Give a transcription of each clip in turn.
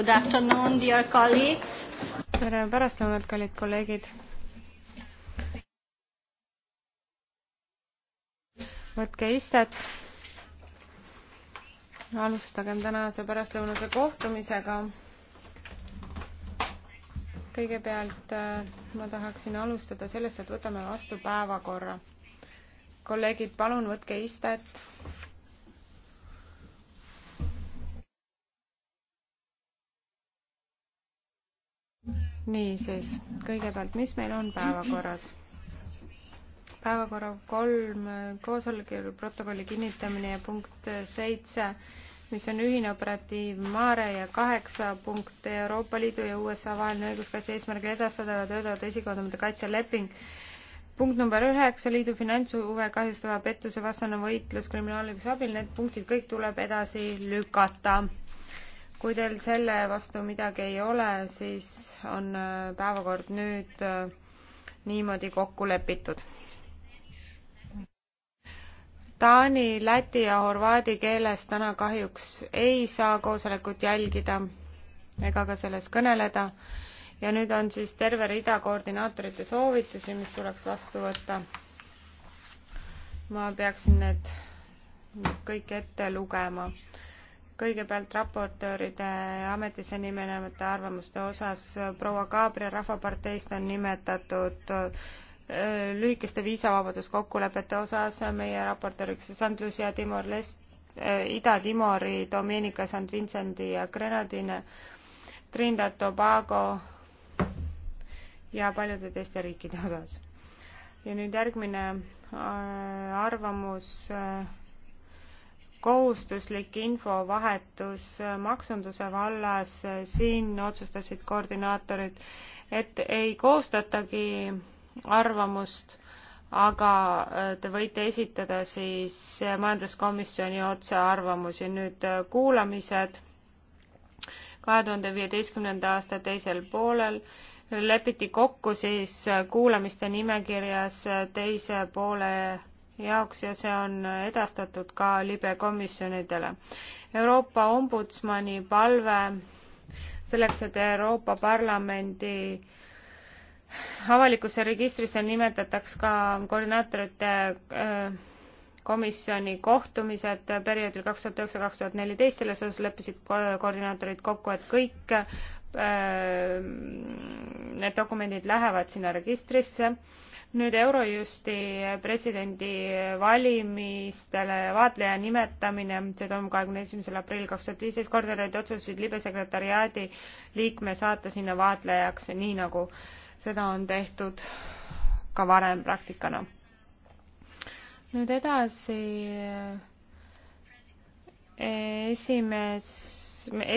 Good afternoon, dear colleagues. tere pärastlõunat, kallid kolleegid. võtke istet. alustagem tänase pärastlõunase kohtumisega. kõigepealt äh, ma tahaksin alustada sellest, et võtame vastu päevakorra. kolleegid, palun võtke istet niisiis, kõigepealt, mis meil on päevakorras? päevakorra kolm, koosoleku protokolli kinnitamine ja punkt seitse, mis on ühine operatiiv Mare ja kaheksa punkt Euroopa Liidu ja USA vaheline õiguskaitse eesmärgil edastada ja töötavate isikukondade kaitseleping. punkt number üheksa, liidu finantshuve kahjustava pettuse vastane võitlus kriminaalõiguse abil, need punktid kõik tuleb edasi lükata kui teil selle vastu midagi ei ole, siis on äh, päevakord nüüd äh, niimoodi kokku lepitud. Taani, läti ja horvaadi keeles täna kahjuks ei saa koosolekut jälgida ega ka selles kõneleda ja nüüd on siis terve rida koordinaatorite soovitusi, mis tuleks vastu võtta. ma peaksin need kõik ette lugema kõigepealt raportööride ametisse nimenevate arvamuste osas proua Gabriel Rahvaparteist on nimetatud äh, lühikeste viisavabaduskokkulepete osas meie raportööriks St Lucia Timor Lest- äh, Ida-Timori, Dominica, St Vincenti ja Grenadine, Trinidad Tobago ja paljude teiste riikide osas. ja nüüd järgmine äh, arvamus kohustuslik infovahetus maksunduse vallas, siin otsustasid koordinaatorid, et ei koostatagi arvamust, aga äh, te võite esitada siis majanduskomisjoni otsearvamusi. nüüd äh, kuulamised kahe tuhande viieteistkümnenda aasta teisel poolel lepiti kokku siis äh, kuulamiste nimekirjas teise poole jaoks ja see on edastatud ka libe komisjonidele. Euroopa Ombudsmani palve selleks, et Euroopa Parlamendi avalikusse registrisse nimetataks ka koordinaatorite äh, komisjoni kohtumised perioodil kaks tuhat üheksa, kaks tuhat neliteist, selles osas leppisid koordinaatorid kokku, et kõik äh, need dokumendid lähevad sinna registrisse nüüd Eurojusti presidendi valimistele vaatleja nimetamine, see toimub kahekümne esimesel aprillil kaks tuhat viisteist, koordinaadid otsustasid libesekretäriaadi liikme saata sinna vaatlejaks, nii nagu seda on tehtud ka varem praktikana. nüüd edasi eh, esimees,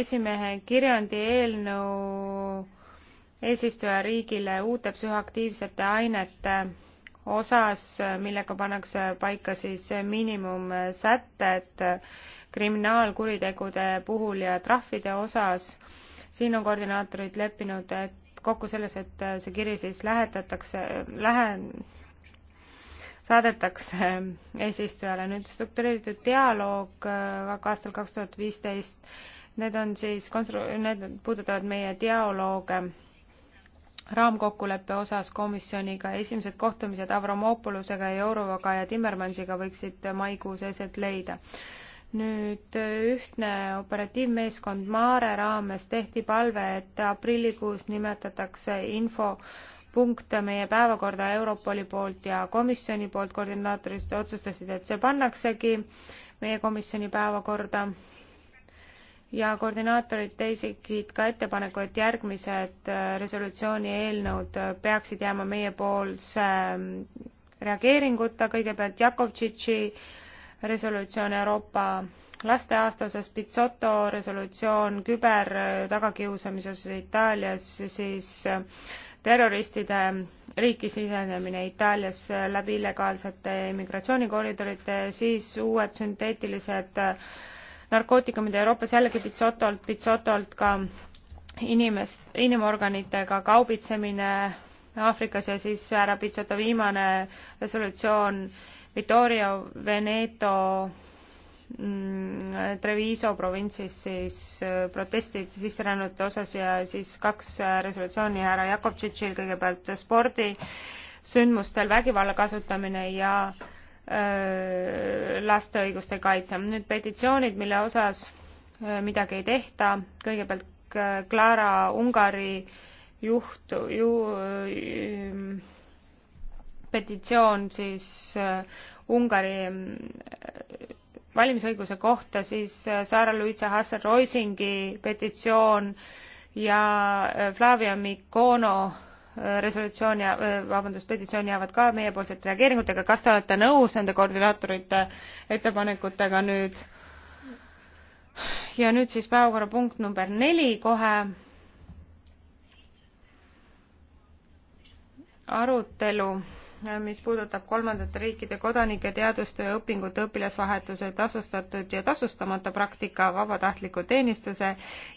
esimehe kirjandi eelnõu eesistujariigile uute psühhoaktiivsete ainete osas, millega pannakse paika siis miinimumsätted kriminaalkuritegude puhul ja trahvide osas. siin on koordinaatorid leppinud, et kokku selles, et see kiri siis lähetatakse, lähe, saadetakse eesistujale. nüüd struktureeritud dialoog äh, aastal kaks tuhat viisteist, need on siis konstru-, need puudutavad meie dialoog raamkokkuleppe osas komisjoniga. esimesed kohtumised Avramopolusega ja Jourovaga ja Timmermansiga võiksid maikuus eset leida. nüüd ühtne operatiivmeeskond Maare raames tehti palve, et aprillikuus nimetatakse info punkt meie päevakorda Europoli poolt ja komisjoni poolt, koordinaatorid otsustasid, et see pannaksegi meie komisjoni päevakorda ja koordinaatorid tegid ka ettepaneku, et järgmised äh, resolutsiooni eelnõud äh, peaksid jääma meiepoolse mm, reageeringuta, kõigepealt Jakovtšitši resolutsioon Euroopa laste aasta osas, Pizzotto resolutsioon kübertagakiusamise äh, osas Itaalias, siis terroristide riiki sisenemine Itaalias läbi illegaalsete immigratsioonikoridorite, siis uued sünteetilised äh, narkootikumid Euroopas jällegi pitsotolt, pitsotolt ka inimest, inimorganitega kaubitsemine Aafrikas ja siis härra Pitsoto viimane resolutsioon Vittorio Veneto mm, Treviso provintsis siis äh, protestid sisserännute osas ja siis kaks äh, resolutsiooni härra Jakovtšitšil kõigepealt spordisündmustel vägivalla kasutamine ja äh, Äh, laste õiguste kaitse. nüüd petitsioonid, mille osas äh, midagi ei tehta, kõigepealt äh, Clara Ungari juht, ju petitsioon siis Ungari valimisõiguse kohta, siis Sara Luisa Hasser-Roisingi petitsioon ja Flavia Mikono resolutsioon ja vabandust, petitsioon jäävad ka meiepoolsete reageeringutega, kas te olete nõus nende koordinaatorite ettepanekutega nüüd? ja nüüd siis päevakorrapunkt number neli kohe. arutelu mis puudutab kolmandate riikide kodanike teadustöö õpingute õpilasvahetuse tasustatud ja tasustamata praktika vabatahtliku teenistuse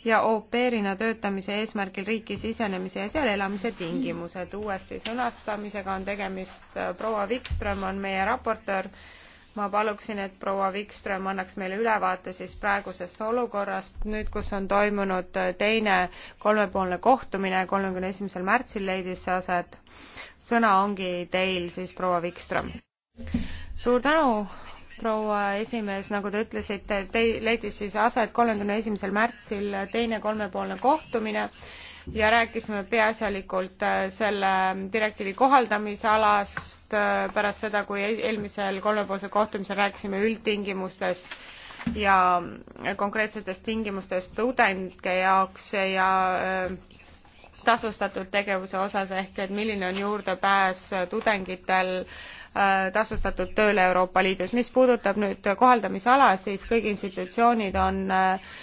ja au pair'ina töötamise eesmärgil riiki sisenemise ja seal elamise tingimused. uuesti sõnastamisega on tegemist, proua Vikström on meie raportöör. ma paluksin, et proua Vikström annaks meile ülevaate siis praegusest olukorrast, nüüd kus on toimunud teine kolmepoolne kohtumine, kolmekümne esimesel märtsil leidis see aset sõna ongi teil siis proua Vikström. suur tänu, proua esimees, nagu te ütlesite, tei-, leidis siis aset kolmekümne esimesel märtsil teine kolmepoolne kohtumine ja rääkisime peaasjalikult äh, selle direktiivi kohaldamisalast äh, pärast seda, kui e-, eelmisel kolmepoolsel kohtumisel rääkisime üldtingimustest ja konkreetsetest tingimustest tudengite jaoks ja äh, tasustatud tegevuse osas ehk et milline on juurdepääs tudengitel äh, tasustatud tööle Euroopa Liidus. mis puudutab nüüd kohaldamisala, siis kõik institutsioonid on äh,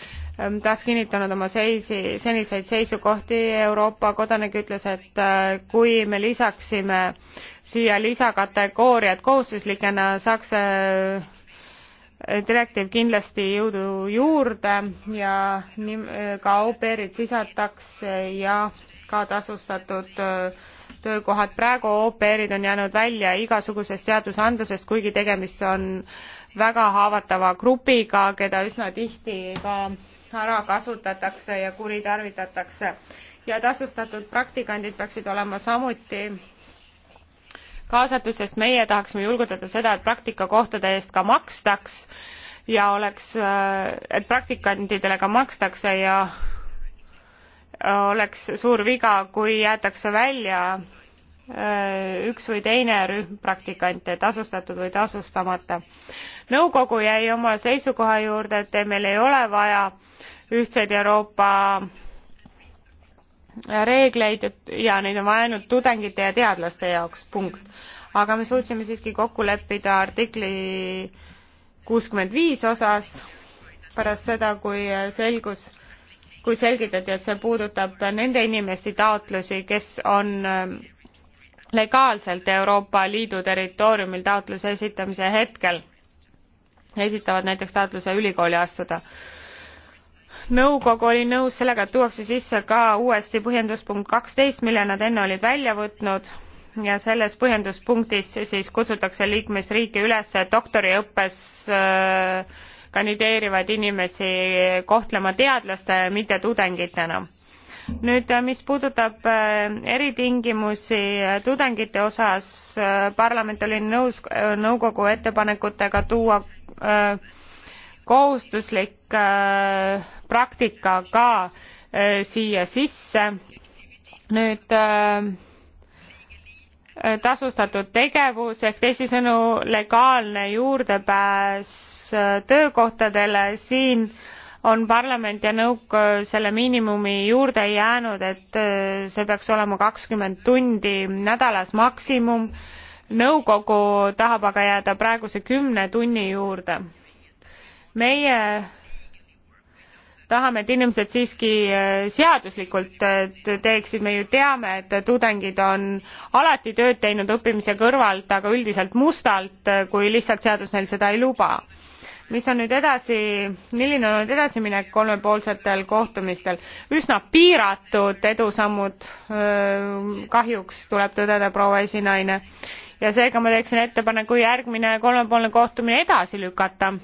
taas kinnitanud oma seisi, seniseid seisukohti. Euroopa kodanik ütles, et äh, kui me lisaksime siia lisakategooriad kohustuslikena, saaks direktiiv kindlasti jõudu juurde ja ka au pair'id sisataks ja ka tasustatud äh, töökohad. praegu au-pair'id on jäänud välja igasugusest seadusandlusest, kuigi tegemist on väga haavatava grupiga, keda üsna tihti ka ära kasutatakse ja kuritarvitatakse. ja tasustatud praktikandid peaksid olema samuti kaasatud, sest meie tahaksime julgutada seda, et praktikakohtade eest ka makstaks ja oleks, äh, et praktikandidele ka makstakse ja oleks suur viga, kui jäetakse välja äh, üks või teine rühm praktikante, tasustatud või tasustamata. nõukogu jäi oma seisukoha juurde, et meil ei ole vaja ühtseid Euroopa reegleid ja neid on vaja ainult tudengite ja teadlaste jaoks, punkt. aga me suutsime siiski kokku leppida artikli kuuskümmend viis osas pärast seda, kui selgus, kui selgitati, et see puudutab nende inimeste taotlusi, kes on ähm, legaalselt Euroopa Liidu territooriumil taotluse esitamise hetkel, esitavad näiteks taotluse ülikooli astuda. nõukogu oli nõus sellega, et tuuakse sisse ka uuesti põhjenduspunkt kaksteist, mille nad enne olid välja võtnud ja selles põhjenduspunktis siis kutsutakse liikmesriike üles doktoriõppes äh, kandideerivaid inimesi kohtlema teadlaste, mitte tudengitena nüüd äh, mis puudutab äh, eritingimusi äh, tudengite osas, parlament oli nõus nõukogu ettepanekutega tuua kohustuslik praktika ka siia sisse. nüüd Äh, tasustatud tegevus ehk teisisõnu legaalne juurdepääs äh, töökohtadele siin on parlament ja nõukogu äh, selle miinimumi juurde jäänud et see peaks olema kakskümmend tundi nädalas maksimum nõukogu tahab aga jääda praeguse kümne tunni juurde meie tahame, et inimesed siiski äh, seaduslikult äh, teeksid, me ju teame, et tudengid on alati tööd teinud õppimise kõrvalt, aga üldiselt mustalt, äh, kui lihtsalt seadus neil seda ei luba mis on nüüd edasi, milline on nüüd edasiminek kolmepoolsetel kohtumistel? üsna piiratud edusammud kahjuks tuleb tõdeda, proua esinaine. ja seega ma teeksin ettepaneku järgmine kolmepoolne kohtumine edasi lükata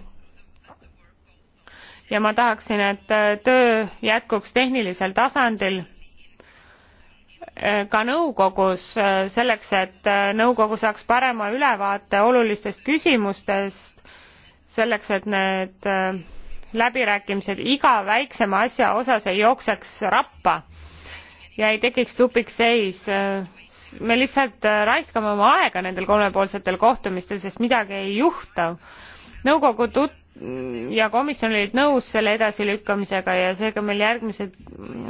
ja ma tahaksin, et äh, töö jätkuks tehnilisel tasandil äh, ka nõukogus äh, selleks, et nõukogu saaks parema ülevaate olulistest küsimustest, selleks et need läbirääkimised iga väiksema asja osas ei jookseks rappa ja ei tekiks tupikseis. me lihtsalt raiskame oma aega nendel kolmepoolsetel kohtumistel, sest midagi ei juhtu. nõukogu tut-, ja komisjon olid nõus selle edasilükkamisega ja seega meil järgmise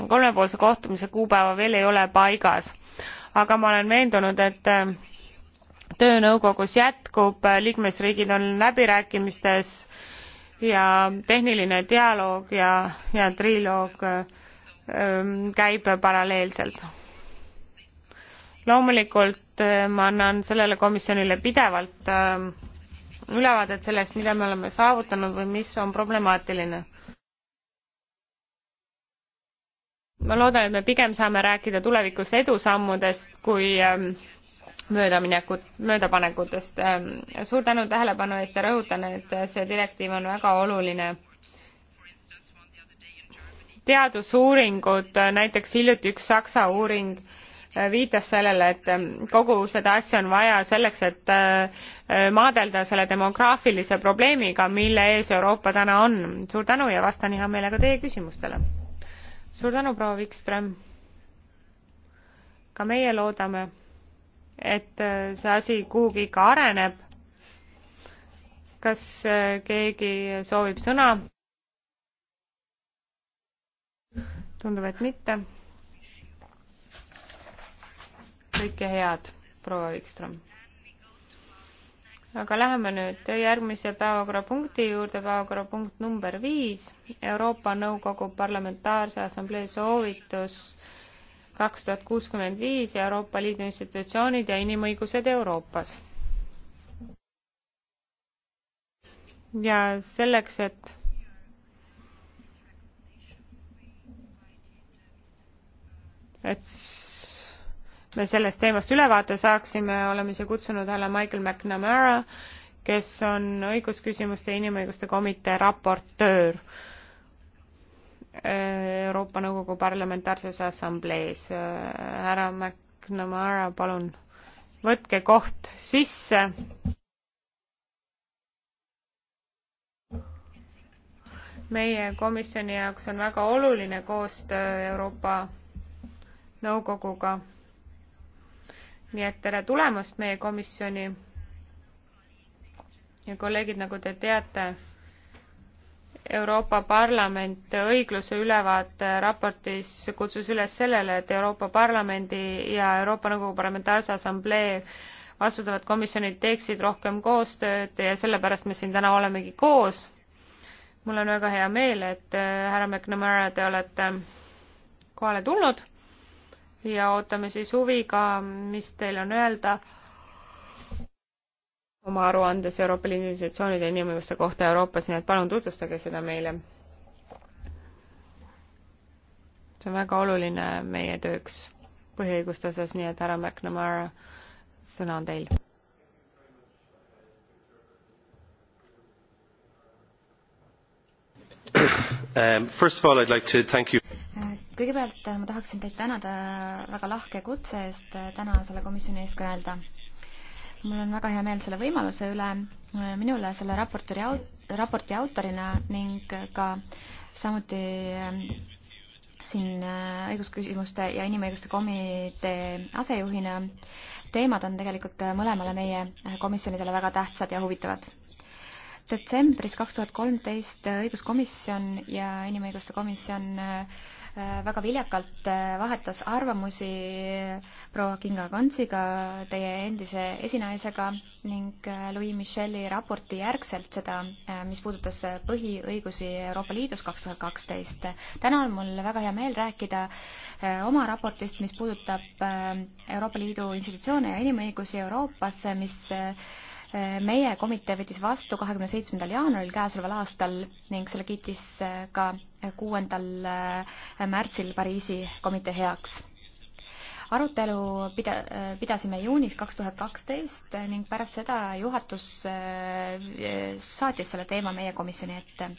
kolmepoolse kohtumise kuupäeva veel ei ole paigas. aga ma olen veendunud, et äh, töö nõukogus jätkub, äh, liikmesriigid on läbirääkimistes ja tehniline dialoog ja, ja triloog äh, ähm, käib paralleelselt. loomulikult ma annan sellele komisjonile pidevalt äh, ülevaadet sellest, mida me oleme saavutanud või mis on problemaatiline. ma loodan, et me pigem saame rääkida tulevikus edusammudest kui ähm, möödaminekut, möödapanekutest. Ähm, suur tänu tähelepanu eest ja rõhutan, et see direktiiv on väga oluline teadusuuringud näiteks hiljuti üks saksa uuring viitas sellele, et ähm, kogu seda asja on vaja selleks, et äh, äh, maadelda selle demograafilise probleemiga, mille ees Euroopa täna on. suur tänu ja vastan hea meelega teie küsimustele. suur tänu, proua Vikström. ka meie loodame, et äh, see asi kuhugi ikka areneb. kas keegi soovib sõna? tundub, et mitte kõike head, proua Vikström. aga läheme nüüd järgmise päevakorrapunkti juurde, päevakorrapunkt number viis, Euroopa Nõukogu Parlamentaarse Assamblee soovitus kaks tuhat kuuskümmend viis Euroopa Liidu institutsioonid ja inimõigused Euroopas. ja selleks, et et me sellest teemast ülevaate saaksime, oleme siia kutsunud härra Michael McNamara, kes on õigusküsimuste ja inimõiguste komitee raportöör Euroopa Nõukogu Parlamentaarses Assamblees. härra McNamara, palun võtke koht sisse. meie komisjoni jaoks on väga oluline koostöö Euroopa Nõukoguga nii et tere tulemast meie komisjoni ja kolleegid, nagu te teate, Euroopa Parlament õigluse ülevaate raportis kutsus üles sellele, et Euroopa Parlamendi ja Euroopa Nõukogu Parlamentaarse Assamblee vastutavad komisjonid teeksid rohkem koostööd ja sellepärast me siin täna olemegi koos. mul on väga hea meel, et äh, härra McNamara, te olete kohale tulnud ja ootame siis huviga, mis teil on öelda oma aruandes Euroopa Liidu institutsioonide inimõiguste kohta Euroopas, nii et palun tutvustage seda meile. see on väga oluline meie tööks põhiõiguste osas, nii et härra McNamara, sõna on teil. Um, first of all, I'd like to thank you kõigepealt äh, ma tahaksin teid tänada väga lahke kutse eest äh, täna selle komisjoni eest kõnelda. mul on väga hea meel selle võimaluse üle, äh, minule selle raportööri au-, raporti autorina ning ka samuti siin õigusküsimuste ja inimõiguste komitee asejuhina. teemad on tegelikult mõlemale meie komisjonidele väga tähtsad ja huvitavad detsembris kaks tuhat kolmteist õiguskomisjon ja inimõiguste komisjon äh, Äh, väga viljakalt äh, vahetas arvamusi äh, proua Kinga Kansiga, teie endise esinaisega ning Louis Michel'i raporti järgselt seda, mis puudutas põhiõigusi Euroopa Liidus kaks tuhat kaksteist. täna on mul väga hea meel rääkida oma raportist, mis puudutab Euroopa Liidu institutsioone ja inimõigusi Euroopas, mis meie komitee võttis vastu kahekümne seitsmendal jaanuaril käesoleval aastal ning selle kiitis äh, ka kuuendal äh, märtsil Pariisi komitee heaks. arutelu pida-, äh, pidasime juunis kaks tuhat kaksteist ning pärast seda juhatus saatis selle teema meie komisjoni ette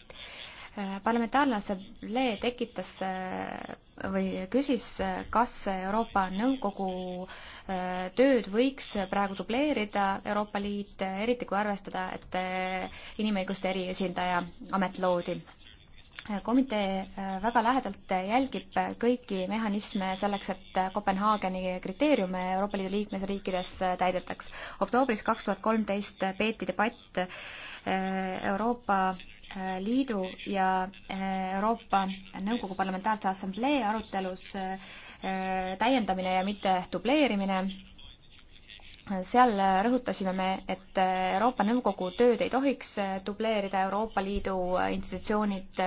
parlamentaarne assamblee tekitas äh, või küsis, kas Euroopa Nõukogu äh, tööd võiks praegu dubleerida Euroopa Liit, eriti kui arvestada, et äh, inimõiguste eriesindaja amet loodi. komitee väga lähedalt jälgib kõiki mehhanisme selleks, et Kopenhaageni kriteeriume Euroopa Liidu liikmesriikides täidetaks. oktoobris kaks tuhat kolmteist peeti debatt Eh, Euroopa eh, Liidu ja eh, Euroopa Nõukogu Parlamentaarse Assamblee arutelus täiendamine ja mitte dubleerimine. seal rõhutasime me, et Euroopa Nõukogu tööd ei tohiks dubleerida Euroopa Liidu institutsioonid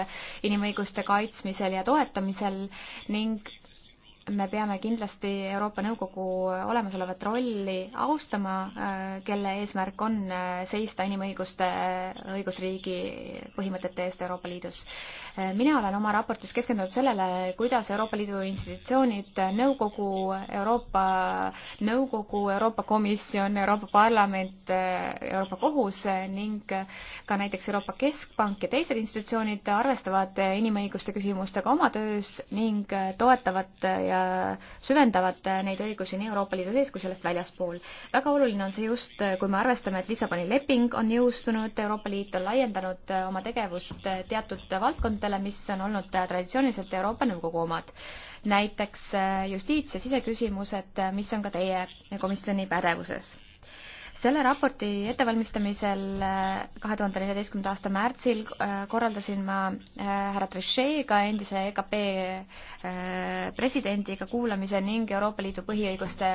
inimõiguste kaitsmisel ja toetamisel ning me peame kindlasti Euroopa Nõukogu olemasolevat rolli austama, äh, kelle eesmärk on äh, seista inimõiguste, äh, õigusriigi põhimõtete eest Euroopa Liidus. mina olen oma raportis keskendunud sellele, kuidas Euroopa Liidu institutsioonid, nõukogu, Euroopa Nõukogu, Euroopa Komisjon, Euroopa Parlament, Euroopa Kohus ning ka näiteks Euroopa Keskpank ja teised institutsioonid arvestavad inimõiguste küsimustega oma töös ning toetavad ja ja süvendavad äh, neid õigusi nii Euroopa Liidu sees kui sellest väljaspool. väga oluline on see just, äh, kui me arvestame, et Lissaboni leping on jõustunud, Euroopa Liit on laiendanud äh, oma tegevust teatud valdkondadele, mis on olnud traditsiooniliselt Euroopa Nõukogu omad. näiteks justiits- ja siseküsimused, mis on ka teie komisjoni pädevuses selle raporti ettevalmistamisel äh, kahe tuhande neljateistkümnenda aasta märtsil äh, korraldasin ma äh, härra Trichet'ga, endise EKP presidendiga kuulamise ning Euroopa Liidu põhiõiguste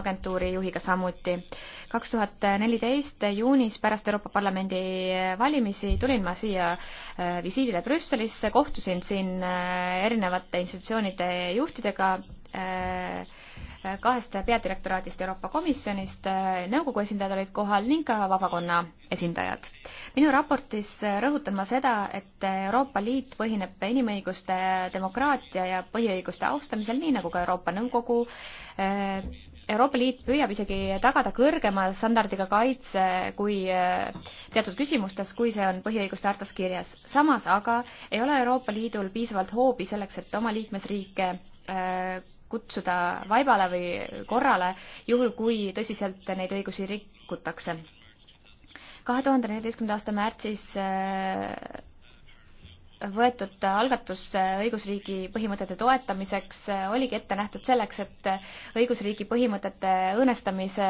agentuuri juhiga samuti. kaks tuhat neliteist juunis pärast Euroopa Parlamendi valimisi tulin ma siia visiidile Brüsselisse, kohtusin siin erinevate institutsioonide juhtidega äh, kahest peadirektoraadist Euroopa Komisjonist, nõukogu esindajad olid kohal ning ka vabakonna esindajad. minu raportis rõhutan ma seda, et Euroopa Liit põhineb inimõiguste, demokraatia ja põhiõiguste austamisel, nii nagu ka Euroopa Nõukogu Euroopa Liit püüab isegi tagada kõrgema standardiga kaitse kui äh, teatud küsimustes, kui see on põhiõiguste hartas kirjas. samas aga ei ole Euroopa Liidul piisavalt hoobi selleks, et oma liikmesriike äh, kutsuda vaibale või korrale, juhul kui tõsiselt neid õigusi rikutakse kahe tuhande neljateistkümnenda aasta märtsis äh, võetud algatus õigusriigi põhimõtete toetamiseks oligi ette nähtud selleks, et õigusriigi põhimõtete õõnestamise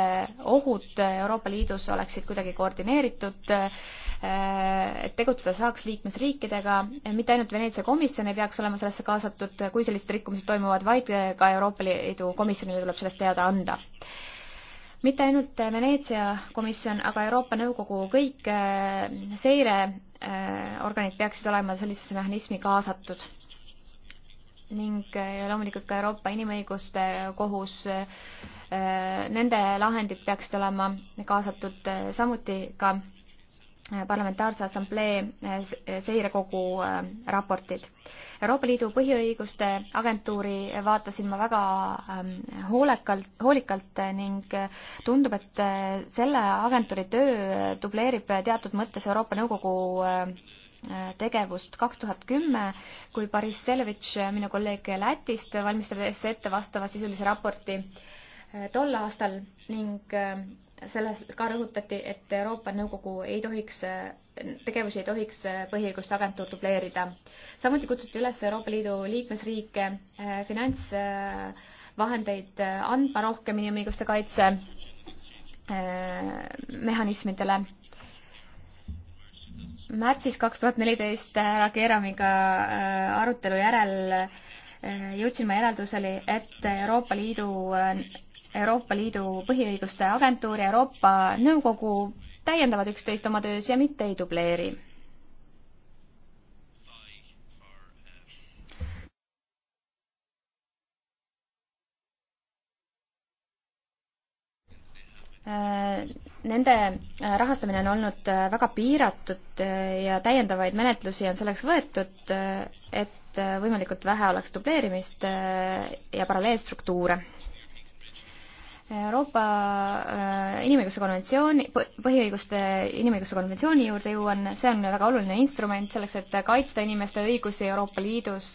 ohud Euroopa Liidus oleksid kuidagi koordineeritud, et tegutseda saaks liikmesriikidega, mitte ainult Veneetsia komisjon ei peaks olema sellesse kaasatud, kui sellised rikkumised toimuvad, vaid ka Euroopa Liidu komisjonile tuleb sellest teada anda mitte ainult Veneetsia komisjon, aga Euroopa Nõukogu kõik äh, seireorganid äh, peaksid olema sellisesse mehhanismi kaasatud. ning äh, loomulikult ka Euroopa Inimõiguste Kohus, nende lahendid peaksid olema kaasatud, samuti ka Parlamentaarse Assamblee eh, eh, seirekogu eh, raportid. Euroopa Liidu põhiõiguste agentuuri vaatasin ma väga ehm, hoolekalt, hoolikalt ning tundub, et selle agentuuri töö dubleerib teatud mõttes Euroopa Nõukogu tegevust kaks tuhat kümme, kui Boriss Selovitš, minu kolleeg Lätist, valmistab ette vastava sisulise raporti äh, Äh, tol aastal ning äh, selles ka rõhutati, et Euroopa Nõukogu ei tohiks, äh, tegevusi ei tohiks põhiõiguste agentuur dubleerida. samuti kutsuti üles Euroopa Liidu liikmesriike finantsvahendeid andma rohkem inimõiguste kaitse mehhanismidele märtsis kaks tuhat neliteist härra Keeramiga arutelu järel Äh, jõudsin ma järeldusele, et Euroopa Liidu, äh, Euroopa Liidu põhiõiguste agentuur ja Euroopa Nõukogu täiendavad üksteist oma töös ja mitte ei dubleeri Nende äh, rahastamine on olnud äh, väga piiratud äh, ja täiendavaid menetlusi on selleks võetud, et võimalikult vähe oleks dubleerimist ja paralleelstruktuure. Euroopa inimõiguste konventsiooni, põhiõiguste inimõiguste konventsiooni juurde jõuan, see on väga oluline instrument selleks, et kaitsta inimeste õigusi Euroopa Liidus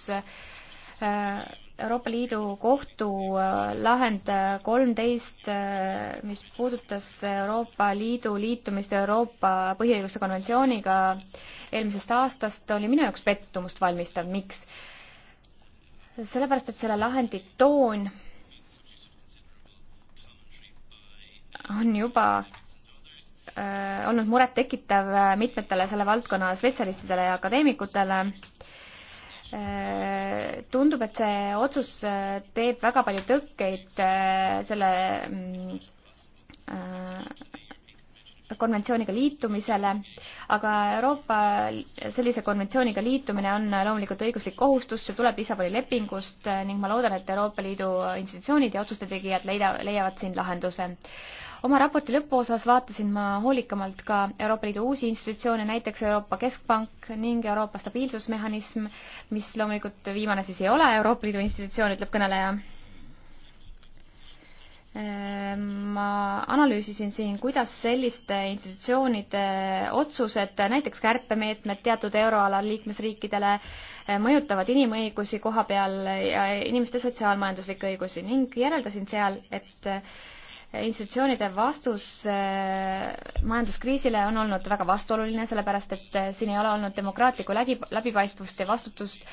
Euroopa Liidu kohtu äh, lahend äh, kolmteist, äh, mis puudutas Euroopa Liidu liitumist Euroopa põhiõiguste konventsiooniga eelmisest aastast, oli minu jaoks pettumust valmistav, miks? sellepärast, et selle lahendi toon on juba olnud murettekitav mitmetele selle valdkonna spetsialistidele ja akadeemikutele äh, Äh, tundub, et see otsus äh, teeb väga palju tõkkeid äh, selle mm, konventsiooniga liitumisele, aga Euroopa sellise konventsiooniga liitumine on loomulikult õiguslik kohustus, see tuleb Lissaboni lepingust ning ma loodan, et Euroopa Liidu institutsioonid ja otsuste tegijad leida, leiavad siin lahenduse oma raporti lõpuosas vaatasin ma hoolikamalt ka Euroopa Liidu uusi institutsioone, näiteks Euroopa Keskpank ning Euroopa stabiilsusmehhanism, mis loomulikult viimane siis ei ole Euroopa Liidu institutsioon, ütleb kõneleja. Ehm, ma analüüsisin siin, kuidas selliste institutsioonide otsused, näiteks kärpemeetmed teatud euroala liikmesriikidele, ehm, mõjutavad inimõigusi koha peal ja inimeste sotsiaalmajanduslikke õigusi ning järeldasin seal, et institutsioonide vastus eh, majanduskriisile on olnud väga vastuoluline, sellepärast et eh, siin ei ole olnud demokraatlikku läbi, läbipaistvust ja vastutust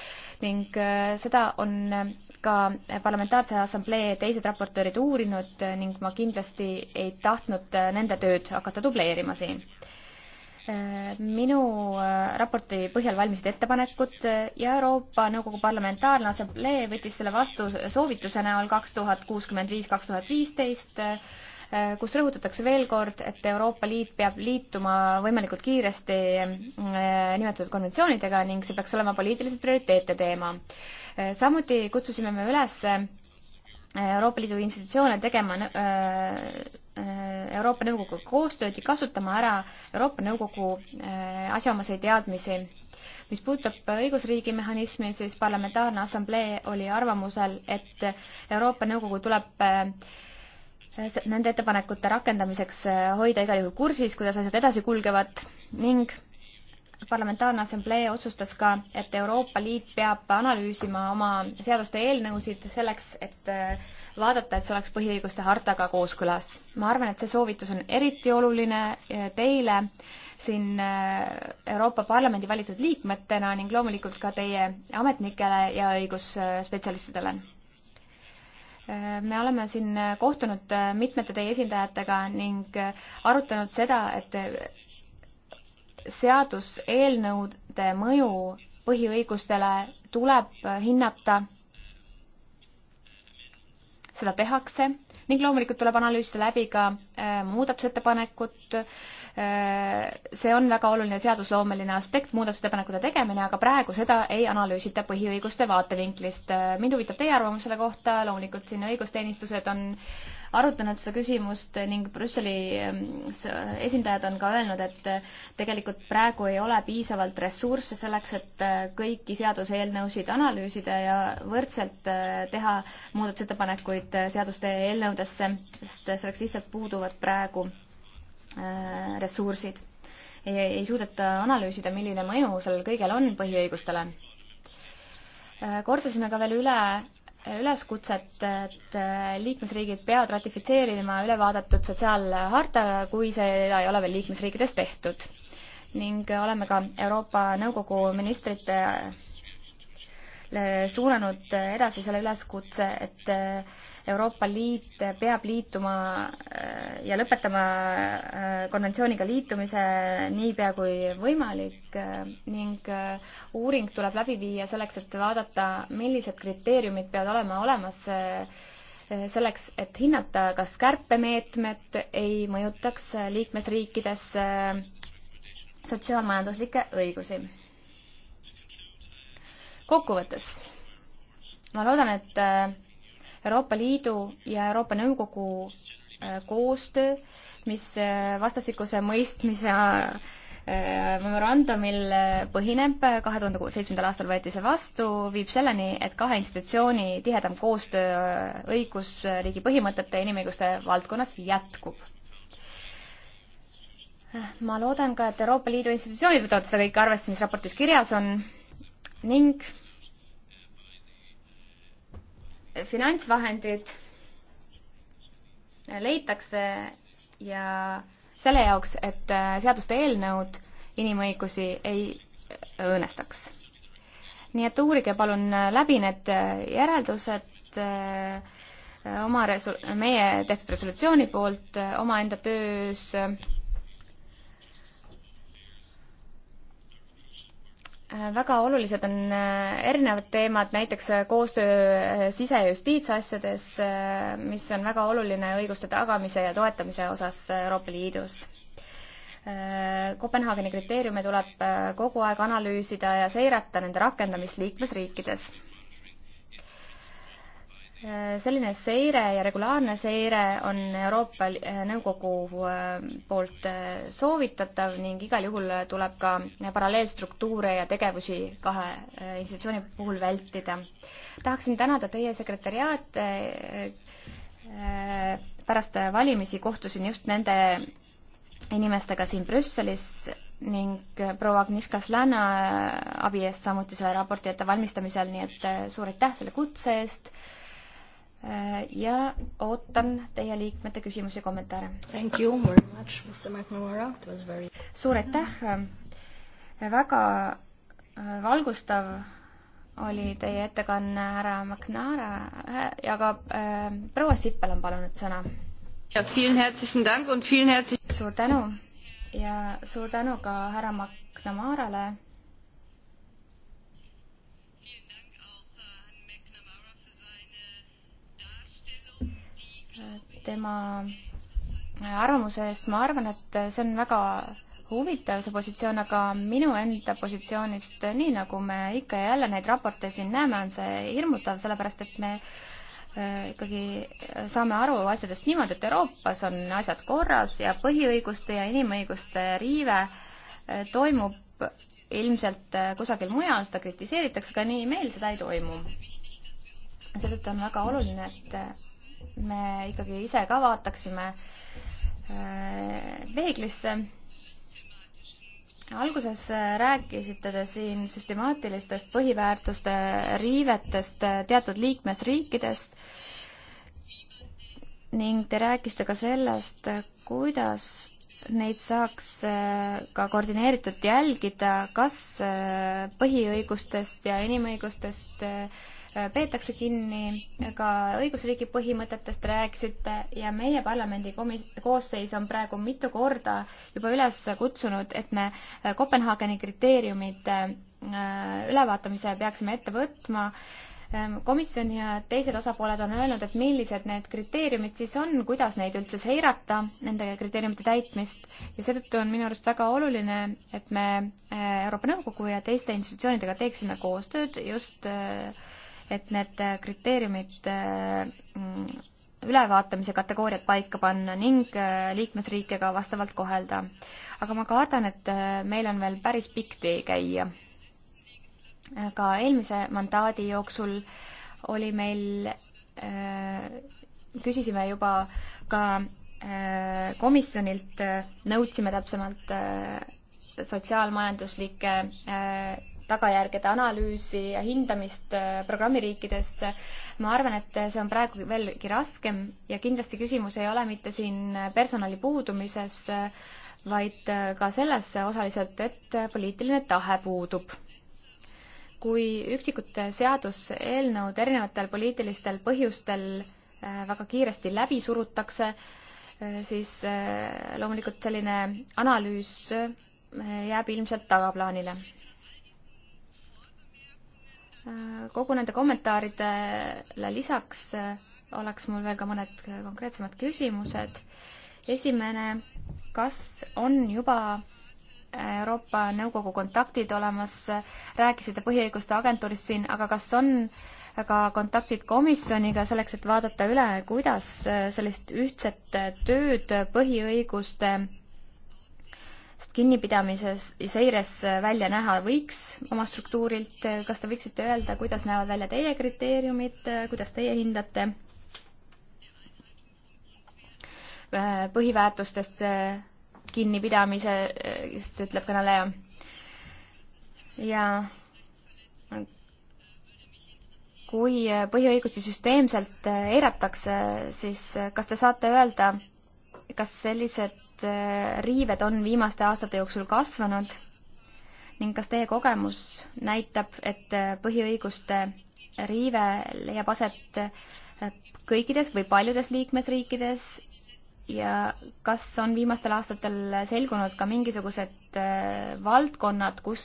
ning eh, seda on ka Parlamentaarse Assamblee teised raportöörid uurinud ning ma kindlasti ei tahtnud nende tööd hakata dubleerima siin minu äh, raporti põhjal valmisid ettepanekud äh, ja Euroopa Nõukogu Parlamentaarne Assamblee võttis selle vastu soovituse näol kaks tuhat kuuskümmend viis, kaks tuhat viisteist, äh, kus rõhutatakse veel kord, et Euroopa Liit peab liituma võimalikult kiiresti nimetatud konventsioonidega ning see peaks olema poliitiliselt prioriteetne teema. samuti kutsusime me üles Euroopa Liidu institutsioone tegema äh, äh, Euroopa Nõukoguga koostööd ja kasutama ära Euroopa Nõukogu äh, asjaomaseid teadmisi. mis puudutab õigusriigi mehhanismi, siis Parlamentaarne Assamblee oli arvamusel, et Euroopa Nõukogu tuleb nende ettepanekute rakendamiseks hoida igal juhul kursis, kuidas asjad edasi kulgevad ning Parlamentaarne Assamblee otsustas ka, et Euroopa Liit peab analüüsima oma seaduste eelnõusid selleks, et äh, vaadata, et see oleks põhiõiguste hartaga kooskõlas. ma arvan, et see soovitus on eriti oluline äh, teile siin äh, Euroopa Parlamendi valitud liikmetena ning loomulikult ka teie ametnikele ja õigusspetsialistidele me oleme siin kohtunud mitmete teie esindajatega ning arutanud seda, et seaduseelnõude mõju põhiõigustele tuleb hinnata, seda tehakse ning loomulikult tuleb analüüsida läbi ka äh, muudatusettepanekut. Äh, see on väga oluline seadusloomeline aspekt, muudatusettepanekute tegemine, aga praegu seda ei analüüsita põhiõiguste vaatevinklist. Äh, mind huvitab teie arvamus selle kohta, loomulikult siin õigusteenistused on äh, arutanud seda küsimust ning Brüsseli ähm, esindajad on ka öelnud, et äh, tegelikult praegu ei ole piisavalt ressursse selleks, et äh, kõiki seaduseelnõusid analüüsida ja võrdselt äh, teha muudatusettepanekuid seaduste eelnõudesse, sest selleks lihtsalt puuduvad praegu ressursid. ei, ei suudeta analüüsida, milline mõju sellel kõigel on põhiõigustele. kordasime ka veel üle üleskutset, et äh, liikmesriigid peavad ratifitseerima ülevaadatud sotsiaalharta, kui seda ei ole veel liikmesriikides tehtud. ning äh, oleme ka Euroopa Nõukogu ministrite Äh, suunanud edasi selle üleskutse, et äh, Euroopa Liit peab liituma äh, ja lõpetama konventsiooniga liitumise niipea kui võimalik ning uuring tuleb läbi viia selleks, et vaadata, millised kriteeriumid peavad olema olemas selleks, et hinnata, kas kärpemeetmed ei mõjutaks liikmesriikides sotsiaalmajanduslikke õigusi kokkuvõttes ma loodan, et äh, Euroopa Liidu ja Euroopa Nõukogu äh, koostöö, mis äh, vastastikuse mõistmise memorandumil põhineb, kahe tuhande seitsmendal aastal võeti see vastu, viib selleni, et kahe institutsiooni tihedam koostöö õigusriigi põhimõtete ja inimõiguste valdkonnas jätkub. ma loodan ka, et Euroopa Liidu institutsioonid võtavad seda kõike arvesse, mis raportis kirjas on ning finantsvahendid leitakse ja selle jaoks, et äh, seaduste eelnõud inimõigusi ei äh, õõnestaks. nii et uurige palun äh, läbi need järeldused oma resu-, meie tehtud resolutsiooni poolt omaenda töös Äh, väga olulised on äh, erinevad teemad, näiteks äh, koostöö sise- ja justiitsasjades, mis on väga oluline õiguste tagamise ja toetamise osas Euroopa Liidus. Kopenhaageni kriteeriume tuleb kogu aeg analüüsida ja seirata nende rakendamist liikmesriikides Äh, selline seire ja regulaarne seire on Euroopa äh, Nõukogu äh, poolt soovitatav ning igal juhul tuleb ka paralleelstruktuure ja tegevusi kahe institutsiooni puhul vältida. tahaksin tänada teie sekretäriaat. pärast valimisi kohtusin just nende inimestega siin Brüsselis ning proua Agnieszka Slana abi eest samuti selle raporti ettevalmistamisel, nii et suur aitäh selle kutse eest Äh, ja ootan teie liikmete küsimusi ja kommentaare. Very... suur aitäh, väga äh, valgustav oli teie ettekanne härra McNara ja ka äh, proua Sippel on palunud sõna. suur tänu ja suur tänu ka härra McNamarale tema arvamuse eest, ma arvan, et see on väga huvitav, see positsioon, aga minu enda positsioonist, nii nagu me ikka ja jälle neid raporteid siin näeme, on see hirmutav, sellepärast et me äh, ikkagi saame aru asjadest niimoodi, et Euroopas on asjad korras ja põhiõiguste ja inimõiguste riive äh, toimub ilmselt äh, kusagil mujal, seda kritiseeritakse, aga nii meil seda ei toimu. seetõttu on väga oluline, et me ikkagi ise ka vaataksime äh, peeglisse. alguses äh, rääkisite te siin süstemaatilistest põhiväärtuste riivetest äh, teatud liikmesriikidest ning te rääkisite ka sellest, kuidas neid saaks ka koordineeritult jälgida, kas põhiõigustest ja inimõigustest äh, Äh, peetakse kinni ka õigusriigi põhimõtetest rääkisite ja meie parlamendi komis-, koosseis on praegu mitu korda juba üles kutsunud, et me äh, Kopenhaageni kriteeriumid äh, ülevaatamise peaksime ette võtma ähm, komisjon ja teised osapooled on öelnud, et millised need kriteeriumid siis on, kuidas neid üldse seirata, nende kriteeriumite täitmist ja seetõttu on minu arust väga oluline, et me Euroopa Nõukogu ja teiste institutsioonidega teeksime koostööd just äh, et need äh, kriteeriumid äh, ülevaatamise kategooriad paika panna ning äh, liikmesriike ka vastavalt kohelda. aga ma kardan, et meil on veel päris pikk tee käia. ka eelmise mandaadi jooksul oli meil, küsisime juba ka komisjonilt, nõudsime täpsemalt sotsiaalmajanduslike tagajärgede analüüsi ja hindamist äh, programmiriikides. ma arvan, et see on praegu veelgi raskem ja kindlasti küsimus ei ole mitte siin personali puudumises, vaid äh, ka selles osaliselt, et poliitiline tahe puudub. kui üksikud seaduseelnõud erinevatel poliitilistel põhjustel äh, väga kiiresti läbi surutakse, siis loomulikult selline analüüs jääb ilmselt tagaplaanile kogu nende kommentaaridele lisaks äh, oleks mul veel ka mõned konkreetsemad küsimused. esimene, kas on juba äh, Euroopa Nõukogu kontaktid olemas, rääkisite Põhiõiguste Agentuurist siin, aga kas on ka kontaktid komisjoniga selleks, et vaadata üle, kuidas äh, sellist ühtset tööd põhiõiguste sest kinnipidamises ja seires välja näha võiks oma struktuurilt, kas te võiksite öelda, kuidas näevad välja teie kriteeriumid, kuidas teie hindate äh, põhiväärtustest äh, kinnipidamisest, ütleb kõneleja. ja kui põhiõigusi süsteemselt eiratakse, siis kas te saate öelda, kas sellised äh, riived on viimaste aastate jooksul kasvanud ning kas teie kogemus näitab, et äh, põhiõiguste riive leiab aset äh, kõikides või paljudes liikmesriikides ja kas on viimastel aastatel selgunud ka mingisugused valdkonnad, kus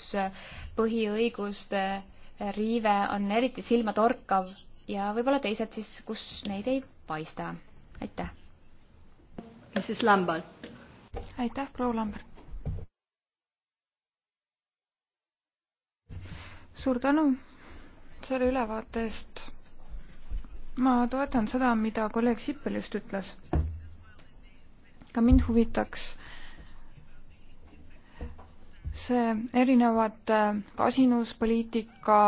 põhiõiguste riive on eriti silmatorkav ja võib-olla teised siis, kus neid ei paista? aitäh Mrs Lambert. aitäh, proua Lambert. suur tänu selle ülevaate eest. ma toetan seda, mida kolleeg Sippel just ütles. ka mind huvitaks see erinevate kasinuspoliitika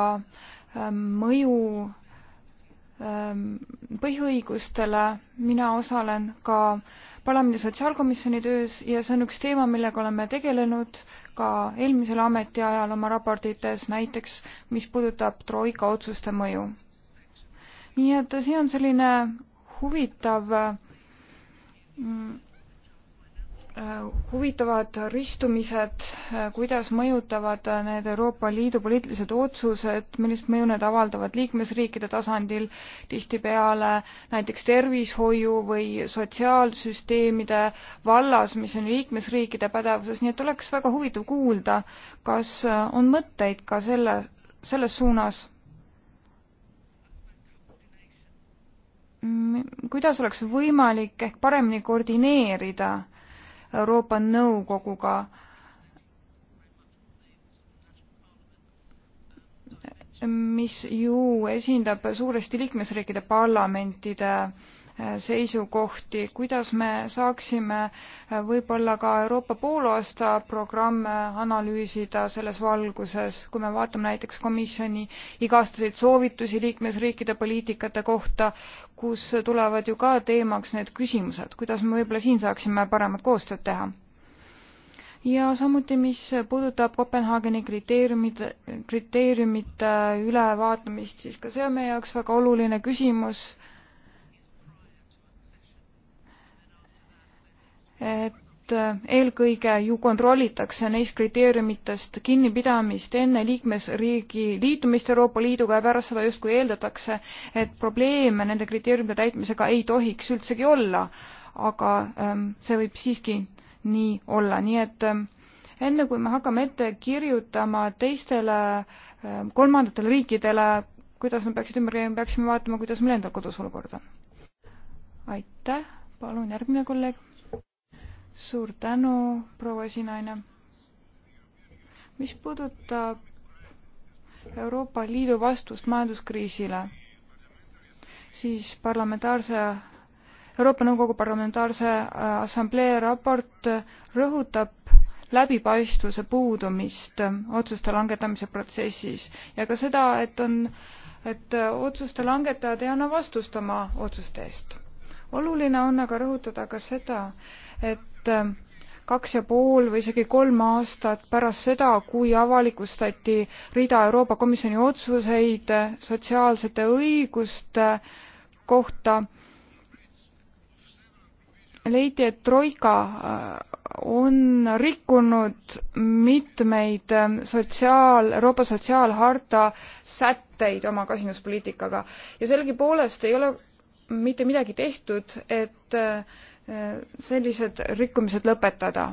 ähm, mõju ähm, põhiõigustele. mina osalen ka parlamendi sotsiaalkomisjoni töös ja see on üks teema, millega oleme tegelenud ka eelmisel ametiajal oma raportites, näiteks mis puudutab Troika otsuste mõju. nii et siin on selline huvitav mm, huvitavad ristumised, kuidas mõjutavad need Euroopa Liidu poliitilised otsused, millist mõju need avaldavad liikmesriikide tasandil, tihtipeale näiteks tervishoiu või sotsiaalsüsteemide vallas, mis on liikmesriikide pädevuses, nii et oleks väga huvitav kuulda, kas on mõtteid ka selle, selles suunas kuidas oleks võimalik ehk paremini koordineerida Euroopa Nõukoguga. mis ju esindab suuresti liikmesriikide parlamentide äh, Äh, seisukohti, kuidas me saaksime äh, võib-olla ka Euroopa poolaasta programme analüüsida selles valguses, kui me vaatame näiteks komisjoni igastuseid soovitusi liikmesriikide poliitikate kohta, kus tulevad ju ka teemaks need küsimused, kuidas me võib-olla siin saaksime paremat koostööd teha ja samuti, mis puudutab Kopenhaageni kriteeriumide, kriteeriumite ülevaatamist, siis ka see on meie jaoks väga oluline küsimus et eelkõige ju kontrollitakse neist kriteeriumitest kinnipidamist enne liikmesriigi liitumist Euroopa Liiduga ja pärast seda justkui eeldatakse, et probleeme nende kriteeriumite täitmisega ei tohiks üldsegi olla. aga ähm, see võib siiski nii olla, nii et ähm, enne kui me hakkame ette kirjutama teistele ähm, kolmandatele riikidele, kuidas nad peaksid ümber käima, peaksime vaatama, kuidas meil endal kodus olukord on. aitäh, palun järgmine kolleeg suur tänu, proua esinaine. mis puudutab Euroopa Liidu vastust majanduskriisile, siis parlamentaarse, Euroopa Nõukogu Parlamentaarse äh, Assamblee raport rõhutab läbipaistvuse puudumist otsuste langetamise protsessis ja ka seda, et on, et otsuste langetajad ei anna vastust oma otsuste eest oluline on aga rõhutada ka seda, et äh, kaks ja pool või isegi kolm aastat pärast seda, kui avalikustati rida Euroopa Komisjoni otsuseid äh, sotsiaalsete õiguste äh, kohta, leiti, et Troika on rikkunud mitmeid sotsiaal, Euroopa sotsiaalharta sätteid oma kasinuspoliitikaga ja sellegipoolest ei ole mitte midagi tehtud, et äh, sellised rikkumised lõpetada.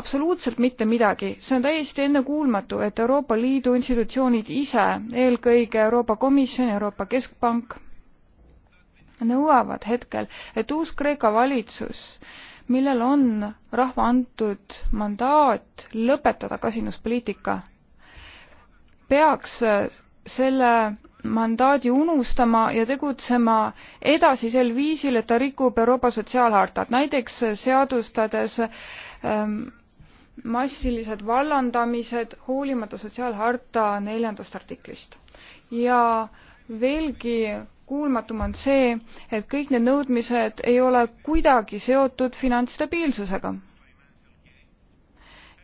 absoluutselt mitte midagi. see on täiesti ennekuulmatu, et Euroopa Liidu institutsioonid ise, eelkõige Euroopa Komisjon, Euroopa Keskpank, nõuavad hetkel, et uus Kreeka valitsus, millel on rahva antud mandaat lõpetada kasinuspoliitika, peaks äh, selle mandaadi unustama ja tegutsema edasi sel viisil, et ta rikub Euroopa sotsiaalhartat, näiteks seadustades ähm, massilised vallandamised hoolimata sotsiaalharta neljandast artiklist. ja veelgi kuulmatum on see, et kõik need nõudmised ei ole kuidagi seotud finantsstabiilsusega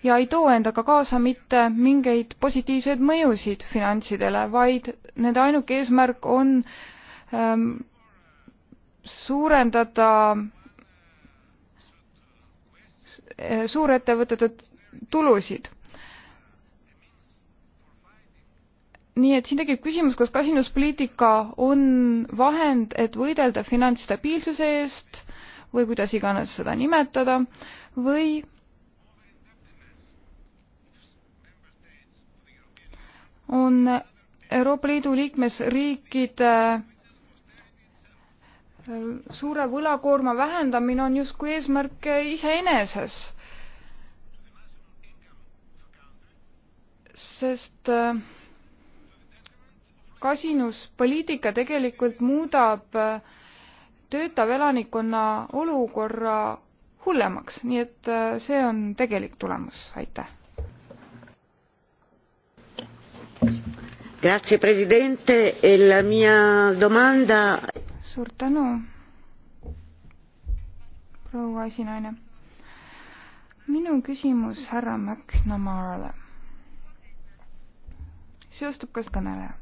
ja ei too endaga kaasa mitte mingeid positiivseid mõjusid finantsidele, vaid nende ainuke eesmärk on ähm, suurendada äh, suurettevõtete tulusid. nii et siin tekib küsimus, kas kasinuspoliitika on vahend, et võidelda finantsstabiilsuse eest või kuidas iganes seda nimetada, või on Euroopa Liidu liikmesriikide äh, suure võlakoorma vähendamine on justkui eesmärk iseeneses. sest äh, kasinuspoliitika tegelikult muudab äh, töötava elanikkonna olukorra hullemaks, nii et see on tegelik tulemus, aitäh. Grazie presidente e la mia domanda. suur tänu, proua esinaine. minu küsimus härra McNamarale seostub ka kõneleja.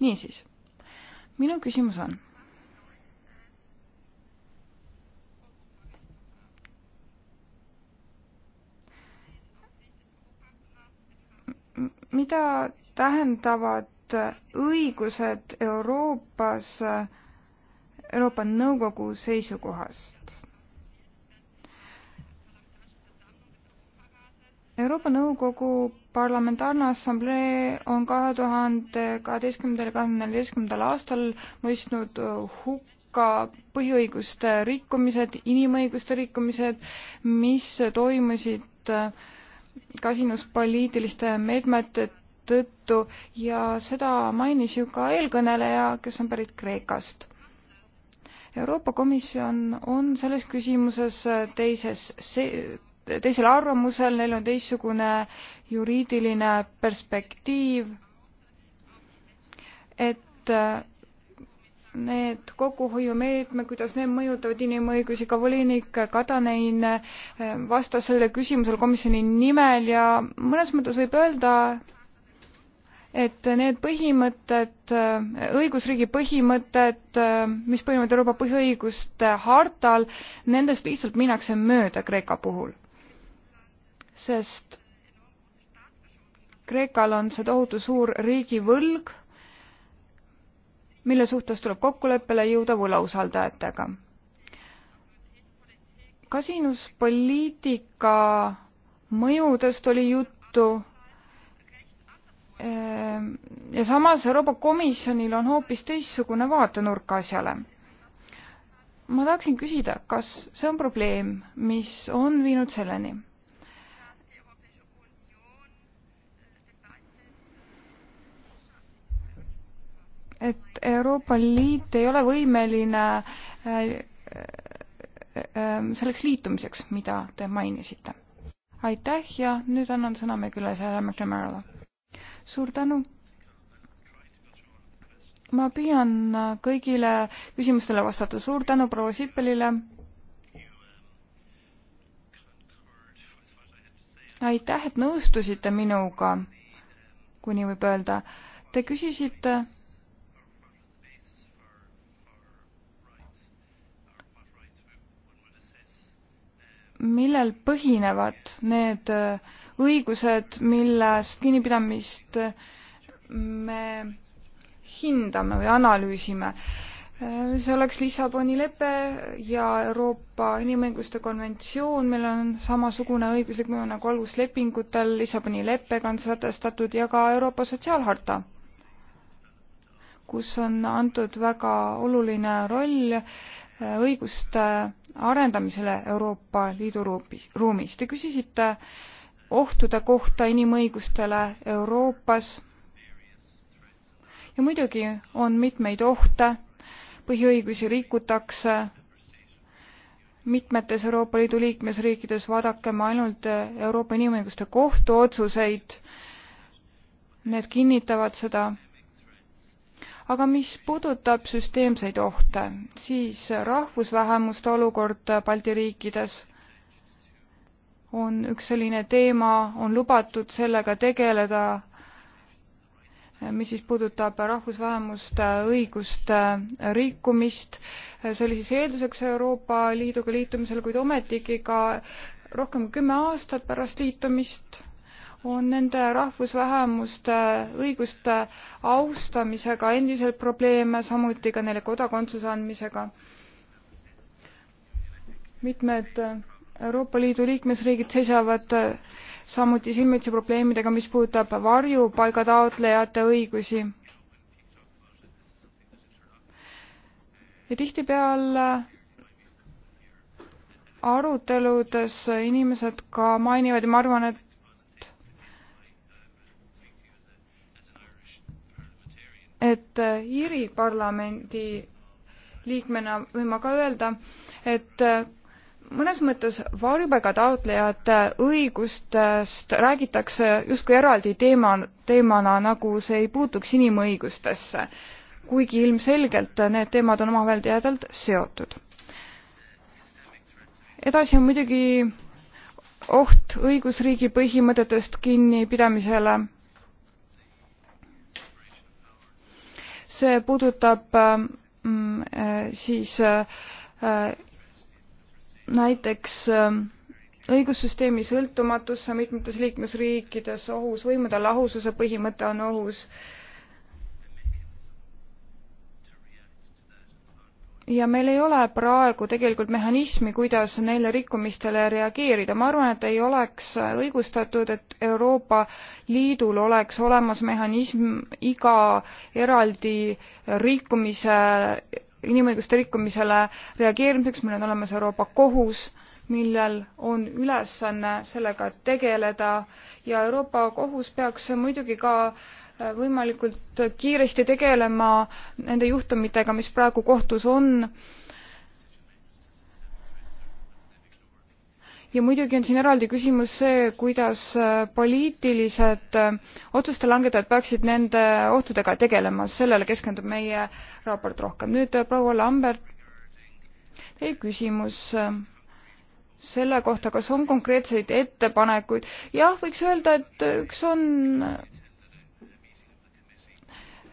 niisiis, minu küsimus on mida tähendavad õigused Euroopas, Euroopa Nõukogu seisukohast? Euroopa Nõukogu Parlamentaarne Assamblee on kahe tuhande kaheteistkümnendal ja kahekümne neljateistkümnendal aastal mõistnud hukka põhiõiguste rikkumised, inimõiguste rikkumised, mis toimusid kasinus poliitiliste meetmete tõttu ja seda mainis ju ka eelkõneleja, kes on pärit Kreekast. Euroopa Komisjon on selles küsimuses teises see, teisel arvamusel, neil on teistsugune juriidiline perspektiiv, et need kokkuhoiumeetmed, kuidas need mõjutavad inimõigusi, ka volinik Kadanein eh, vastas sellele küsimusele komisjoni nimel ja mõnes mõttes võib öelda, et need põhimõtted, eh, õigusriigi põhimõtted, eh, mis põhinevad Euroopa põhiõiguste hartal, nendest lihtsalt minnakse mööda Kreeka puhul. sest Kreekal on see tohutu suur riigivõlg mille suhtes tuleb kokkuleppele jõuda võlausaldajatega. kasinuspoliitika mõjudest oli juttu ehm, ja samas Euroopa Komisjonil on hoopis teistsugune vaatenurk asjale. ma tahaksin küsida, kas see on probleem, mis on viinud selleni, et Euroopa Liit ei ole võimeline äh, äh, äh, selleks liitumiseks, mida te mainisite. aitäh ja nüüd annan sõna meie külalisele McNamarale. suur tänu. ma püüan kõigile küsimustele vastata. suur tänu proua Sippelile. aitäh, et nõustusite minuga, kui nii võib öelda. Te küsisite millel põhinevad need äh, õigused, millest kinnipidamist äh, me hindame või analüüsime. Äh, see oleks Lissaboni lepe ja Euroopa Inimõiguste Konventsioon, millel on samasugune õiguslik mõju nagu aluslepingutel, Lissaboni leppega on sätestatud ja ka Euroopa Sotsiaalharta, kus on antud väga oluline roll õiguste äh, arendamisele Euroopa Liidu ruumis. Te küsisite ohtude kohta inimõigustele Euroopas. ja muidugi on mitmeid ohte, põhiõigusi rikutakse mitmetes Euroopa Liidu liikmesriikides, vaadakem ainult Euroopa Inimõiguste Kohtu otsuseid, need kinnitavad seda aga mis puudutab süsteemseid ohte, siis rahvusvähemuste olukord Balti riikides on üks selline teema, on lubatud sellega tegeleda, mis siis puudutab rahvusvähemuste õiguste rikkumist. see oli siis eelduseks Euroopa Liiduga liitumisel, kuid ometigi ka rohkem kui kümme aastat pärast liitumist on nende rahvusvähemuste õiguste austamisega endiselt probleeme, samuti ka neile kodakondsuse andmisega. mitmed Euroopa Liidu liikmesriigid seisavad samuti silmitsi probleemidega, mis puudutab varjupaiga taotlejate õigusi. ja tihtipeale aruteludes inimesed ka mainivad ja ma arvan, et et äh, Iiri parlamendi liikmena võin ma ka öelda, et äh, mõnes mõttes varjupaigataotlejate õigustest räägitakse justkui eraldi teema, teemana, nagu see ei puutuks inimõigustesse, kuigi ilmselgelt need teemad on omavahel tihedalt seotud. edasi on muidugi oht õigusriigi põhimõtetest kinnipidamisele see puudutab mm, eh, siis eh, näiteks eh, õigussüsteemi sõltumatusse mitmetes liikmesriikides ohus võimude lahususe põhimõte on ohus ja meil ei ole praegu tegelikult mehhanismi, kuidas neile rikkumistele reageerida. ma arvan, et ei oleks õigustatud, et Euroopa Liidul oleks olemas mehhanism iga eraldi rikkumise, inimõiguste rikkumisele reageerimiseks, meil on olemas Euroopa Kohus, millel on ülesanne sellega tegeleda ja Euroopa Kohus peaks muidugi ka äh, võimalikult kiiresti tegelema nende juhtumitega, mis praegu kohtus on. ja muidugi on siin eraldi küsimus see, kuidas poliitilised otsuste langetajad peaksid nende ohtudega tegelema, sellele keskendub meie raport rohkem. nüüd proua Lambert, teie küsimus selle kohta, kas on konkreetseid ettepanekuid. jah, võiks öelda, et üks on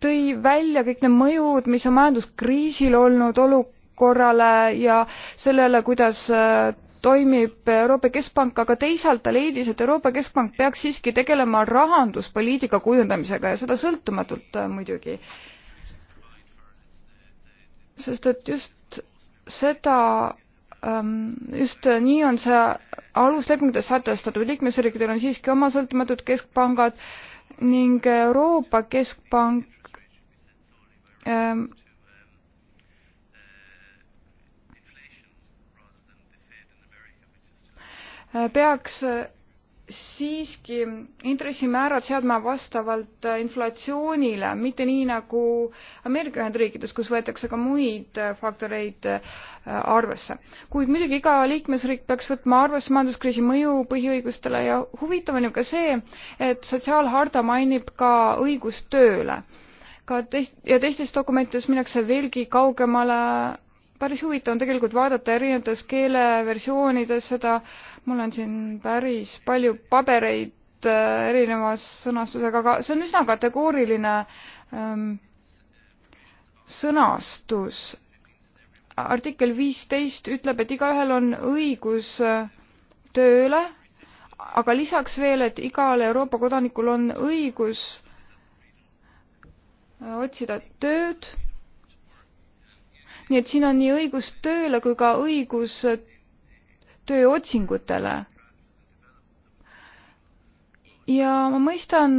tõi välja kõik need mõjud, mis on majanduskriisil olnud olukorrale ja sellele, kuidas äh, toimib Euroopa Keskpank, aga teisalt ta leidis, et Euroopa Keskpank peaks siiski tegelema rahanduspoliitika kujundamisega ja seda sõltumatult äh, muidugi. sest et just seda, ähm, just äh, nii on see aluslepingutes sätestatud, liikmesriikidel on siiski oma sõltumatud keskpangad ning Euroopa Keskpank Ähm, äh, peaks äh, siiski intressimäärad seadma vastavalt äh, inflatsioonile, mitte nii nagu Ameerika Ühendriikides, kus võetakse ka muid faktoreid arvesse. kuid muidugi iga liikmesriik peaks võtma arvesse majanduskriisi mõju põhiõigustele ja huvitav on ju ka see, et sotsiaalharta mainib ka õigust tööle ka teist ja teistes dokumentides minnakse veelgi kaugemale. päris huvitav on tegelikult vaadata erinevates keeleversioonides seda, mul on siin päris palju pabereid äh, erinevas sõnastusega, aga see on üsna kategooriline ähm, sõnastus. artikkel viisteist ütleb, et igaühel on õigus äh, tööle, aga lisaks veel, et igal Euroopa kodanikul on õigus otsida tööd. nii et siin on nii õigus tööle kui ka õigus tööotsingutele. ja ma mõistan,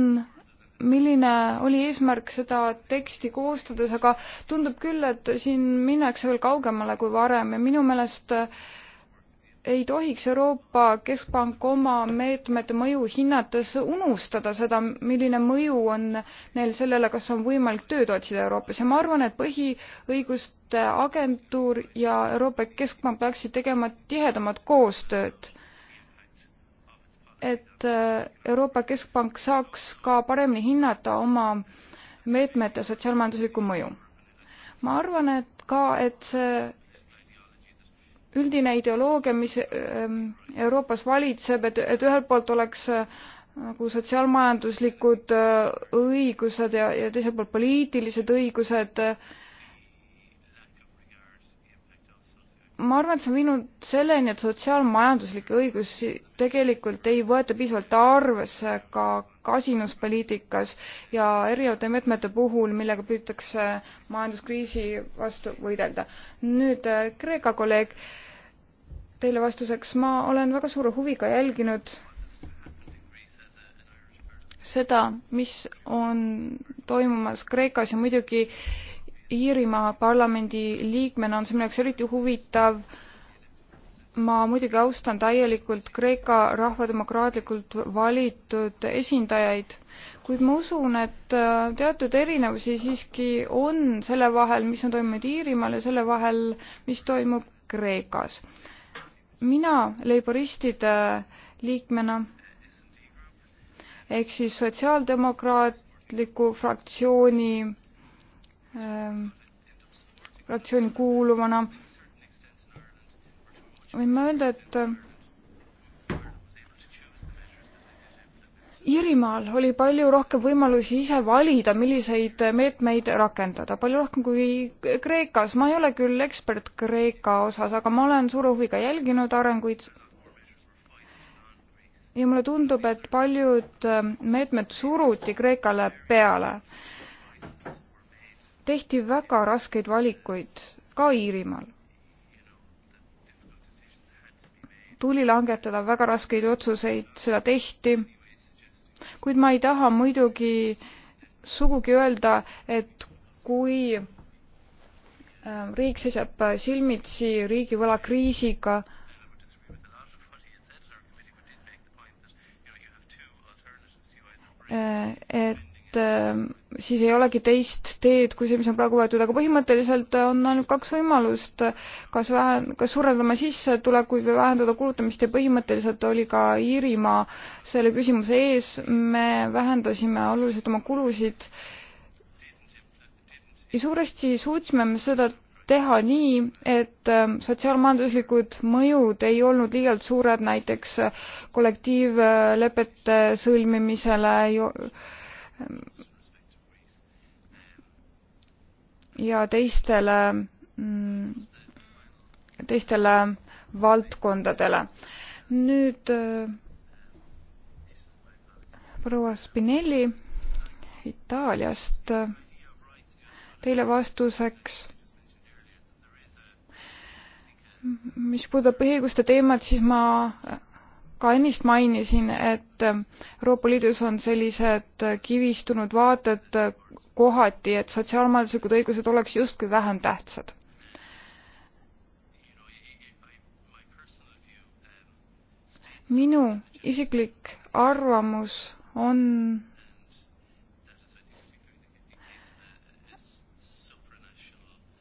milline oli eesmärk seda teksti koostades, aga tundub küll, et siin minnakse veel kaugemale kui varem ja minu meelest äh, ei tohiks Euroopa Keskpank oma meetmete mõju hinnates unustada seda, milline mõju on neil sellele, kas on võimalik tööd otsida Euroopas ja ma arvan, et põhiõiguste agentuur ja Euroopa Keskpank peaksid tegema tihedamat koostööd. et äh, Euroopa Keskpank saaks ka paremini hinnata oma meetmete sotsiaalmajanduslikku mõju. ma arvan, et ka, et see üldine ideoloogia, mis ähm, Euroopas valitseb, et, et ühelt poolt oleks äh, nagu sotsiaalmajanduslikud äh, õigused ja, ja teiselt poolt poliitilised õigused äh, ma arvan, et see on viinud selleni, et sotsiaalmajanduslikke õigusi tegelikult ei võeta piisavalt arvesse ka kasinuspoliitikas ja erinevate meetmete puhul, millega püütakse majanduskriisi vastu võidelda. nüüd äh, Kreeka kolleeg, teile vastuseks, ma olen väga suure huviga jälginud seda, mis on toimumas Kreekas ja muidugi Iirimaa parlamendi liikmena on see minu jaoks eriti huvitav. ma muidugi austan täielikult Kreeka rahvademokraatlikult valitud esindajaid, kuid ma usun, et äh, teatud erinevusi siiski on selle vahel, mis on toimunud Iirimaal ja selle vahel, mis toimub Kreekas. mina leiboristide liikmena ehk siis sotsiaaldemokraatliku fraktsiooni Ähm, fraktsiooni kuuluvana võin ma öelda, et äh, Iirimaal oli palju rohkem võimalusi ise valida, milliseid meetmeid rakendada, palju rohkem kui Kreekas. ma ei ole küll ekspert Kreeka osas, aga ma olen suure huviga jälginud arenguid. ja mulle tundub, et paljud äh, meetmed suruti Kreekale peale tehti väga raskeid valikuid, ka Iirimaal. tuli langetada väga raskeid otsuseid, seda tehti, kuid ma ei taha muidugi sugugi öelda, et kui ähm, riik seisab silmitsi riigivõla kriisiga, äh, et Äh, siis ei olegi teist teed kui see, mis on praegu võetud, aga põhimõtteliselt on ainult kaks võimalust, kas vähen-, kas suurendame sissetulekuid või vähendada kulutamist ja põhimõtteliselt oli ka Iirimaa selle küsimuse ees, me vähendasime oluliselt oma kulusid ja suuresti suutsime me seda teha nii, et äh, sotsiaalmajanduslikud mõjud ei olnud liialt suured näiteks kollektiivlepete sõlmimisele ja teistele, mm, teistele valdkondadele. nüüd äh, proua Spinelli Itaaliast äh, teile vastuseks. mis puudutab põhiõiguste teemat, siis ma ka ennist mainisin, et ähm, Euroopa Liidus on sellised äh, kivistunud vaated äh, kohati, et sotsiaalmajanduslikud õigused oleks justkui vähem tähtsad. minu isiklik arvamus on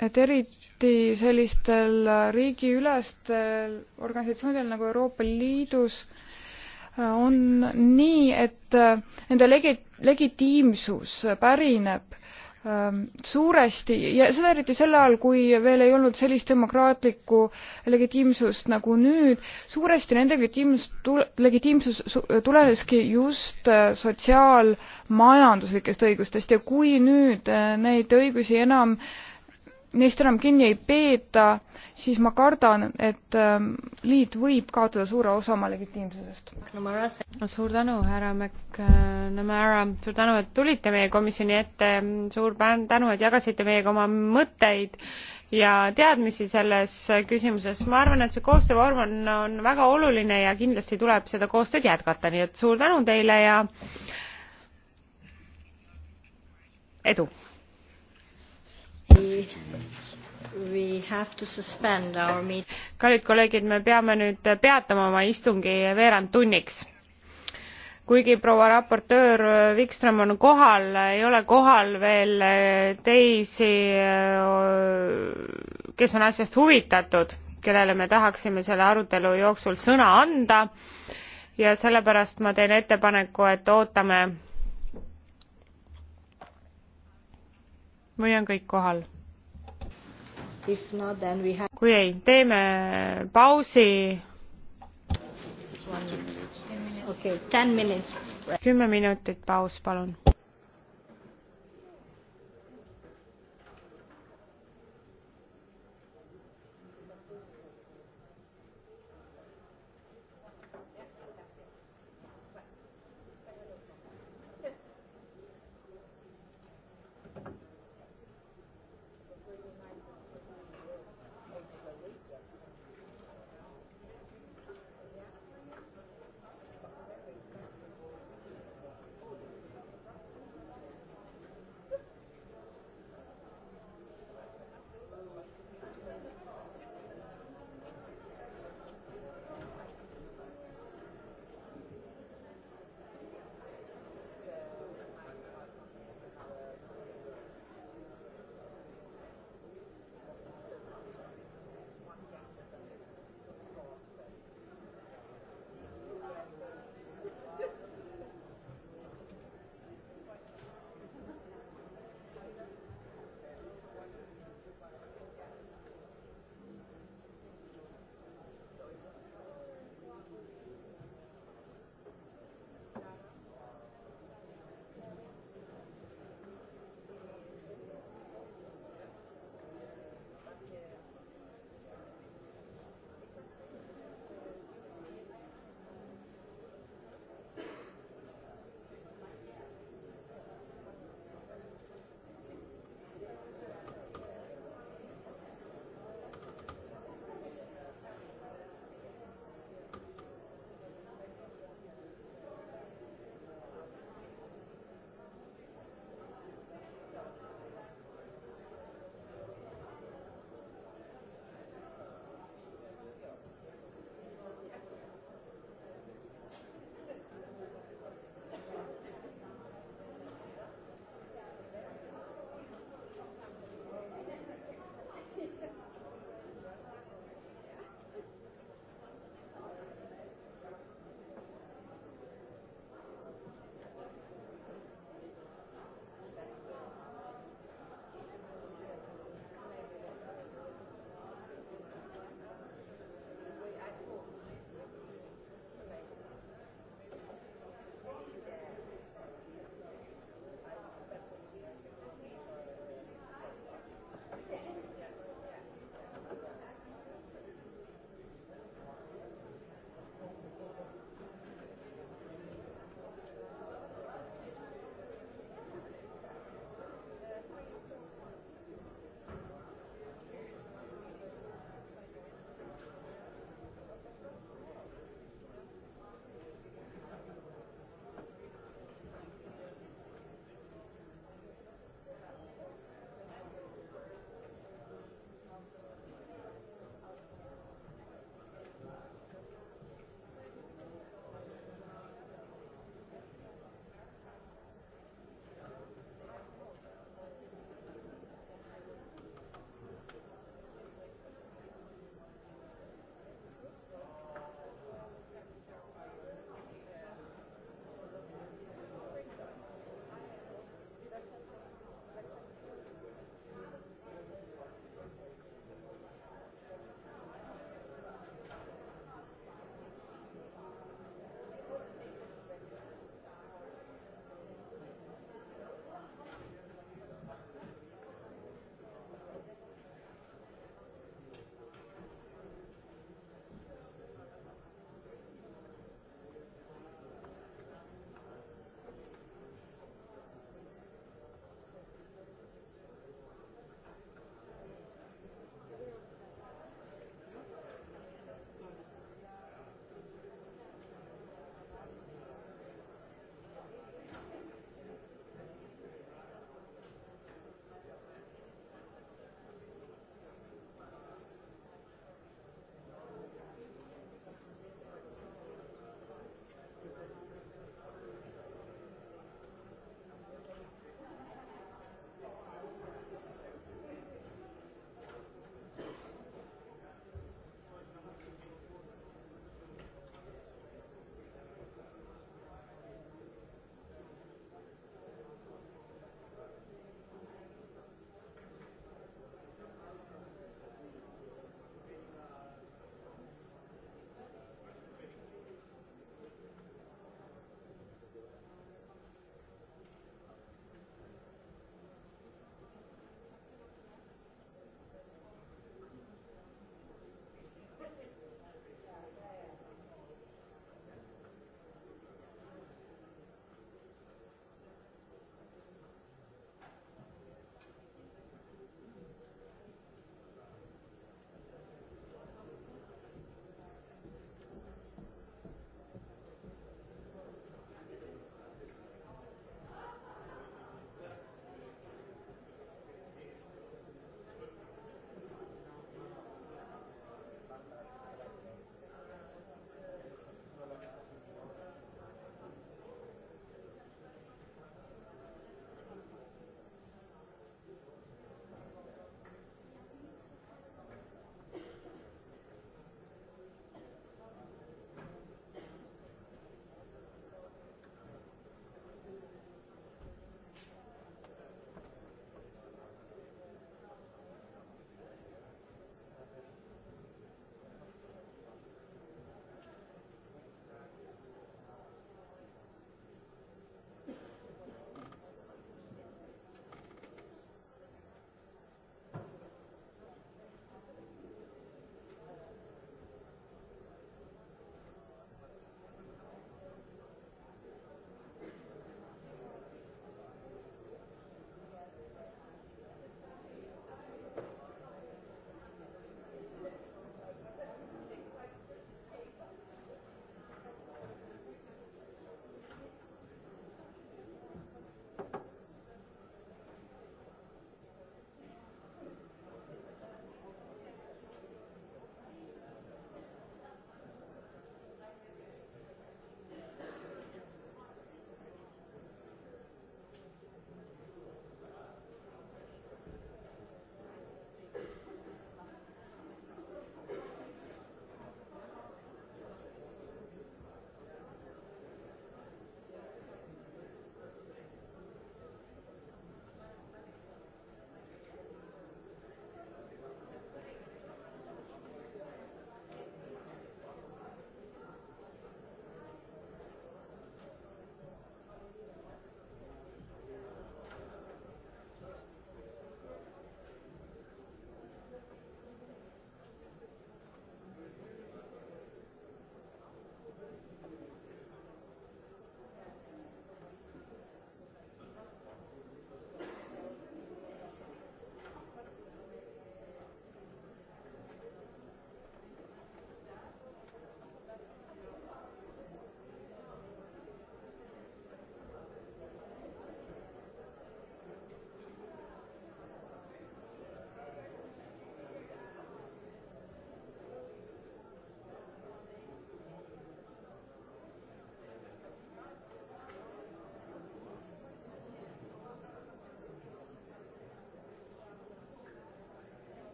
et eriti eriti sellistel riigiülestel organisatsioonidel nagu Euroopa Liidus äh, on nii, et äh, nende legi-, legitiimsus pärineb ähm, suuresti ja seda eriti sel ajal, kui veel ei olnud sellist demokraatlikku legitiimsust nagu nüüd, suuresti nende legitiimsus, legitiimsus tuleneski just äh, sotsiaalmajanduslikest õigustest ja kui nüüd neid õigusi enam äh, neist enam kinni ei peeta, siis ma kardan, et ähm, liit võib kaotada suure osa oma legitiimsusest. suur tänu, härra McNamara, äh, suur tänu, et tulite meie komisjoni ette, suur tänu, et jagasite meiega oma mõtteid ja teadmisi selles küsimuses. ma arvan, et see koostöövorm on, on väga oluline ja kindlasti tuleb seda koostööd jätkata, nii et suur tänu teile ja edu! kallid kolleegid, me peame nüüd peatama oma istungi veerand tunniks. kuigi proua raportöör Wikström on kohal, ei ole kohal veel teisi, kes on asjast huvitatud, kellele me tahaksime selle arutelu jooksul sõna anda ja sellepärast ma teen ettepaneku, et ootame või on kõik kohal? Have... kui ei, teeme pausi. kümme minutit paus, palun.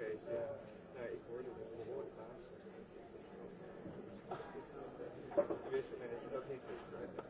case, ja. Nou, ik hoorde dus een behoorlijk baas. Tenminste, nee, dat niet.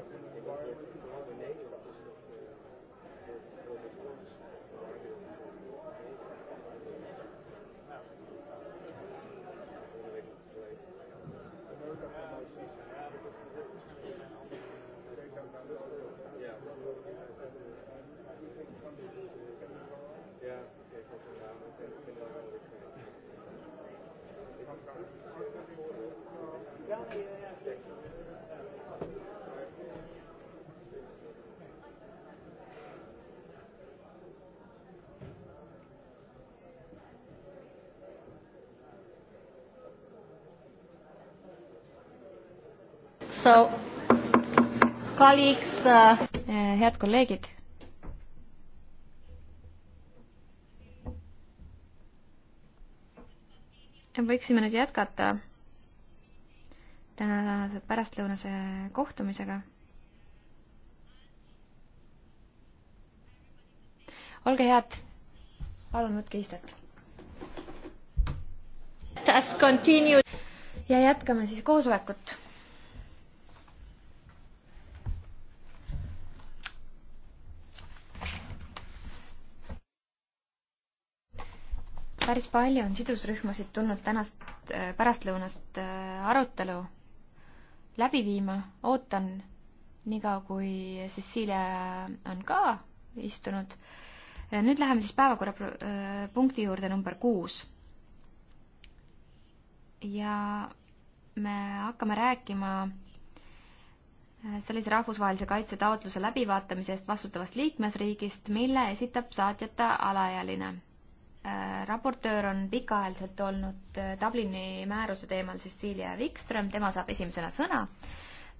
Thank you. So, colleagues uh.... head kolleegid. võiksime nüüd jätkata tänase pärastlõunase kohtumisega. olge head, palun võtke istet. ja jätkame siis koosolekut päris palju on sidusrühmasid tulnud tänast, äh, pärastlõunast äh, arutelu läbi viima, ootan niikaua, kui Cecilia on ka istunud. nüüd läheme siis päevakorrapunkti äh, juurde number kuus. ja me hakkame rääkima sellise rahvusvahelise kaitse taotluse läbivaatamise eest vastutavast liikmesriigist, mille esitab saatjata alaealine Äh, raportöör on pikaajaliselt olnud äh, Dublini määruse teemal Cecilia Wikström, tema saab esimesena sõna.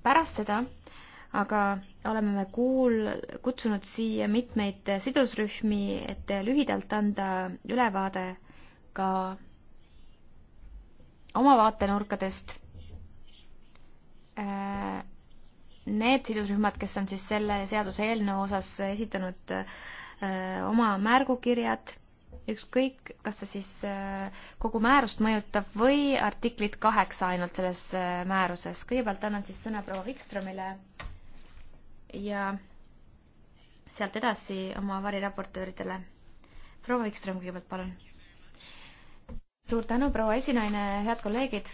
pärast seda aga oleme me kuul-, kutsunud siia mitmeid sidusrühmi, et lühidalt anda ülevaade ka oma vaatenurkadest. Äh, need sidusrühmad, kes on siis selle seaduseelnõu osas esitanud oma märgukirjad ükskõik, kas see siis äh, kogu määrust mõjutab või artiklit kaheksa ainult selles äh, määruses. kõigepealt annan siis sõna proua Wikströmile ja sealt edasi oma variraportööridele. proua Wikström kõigepealt, palun. suur tänu, proua esinaine, head kolleegid.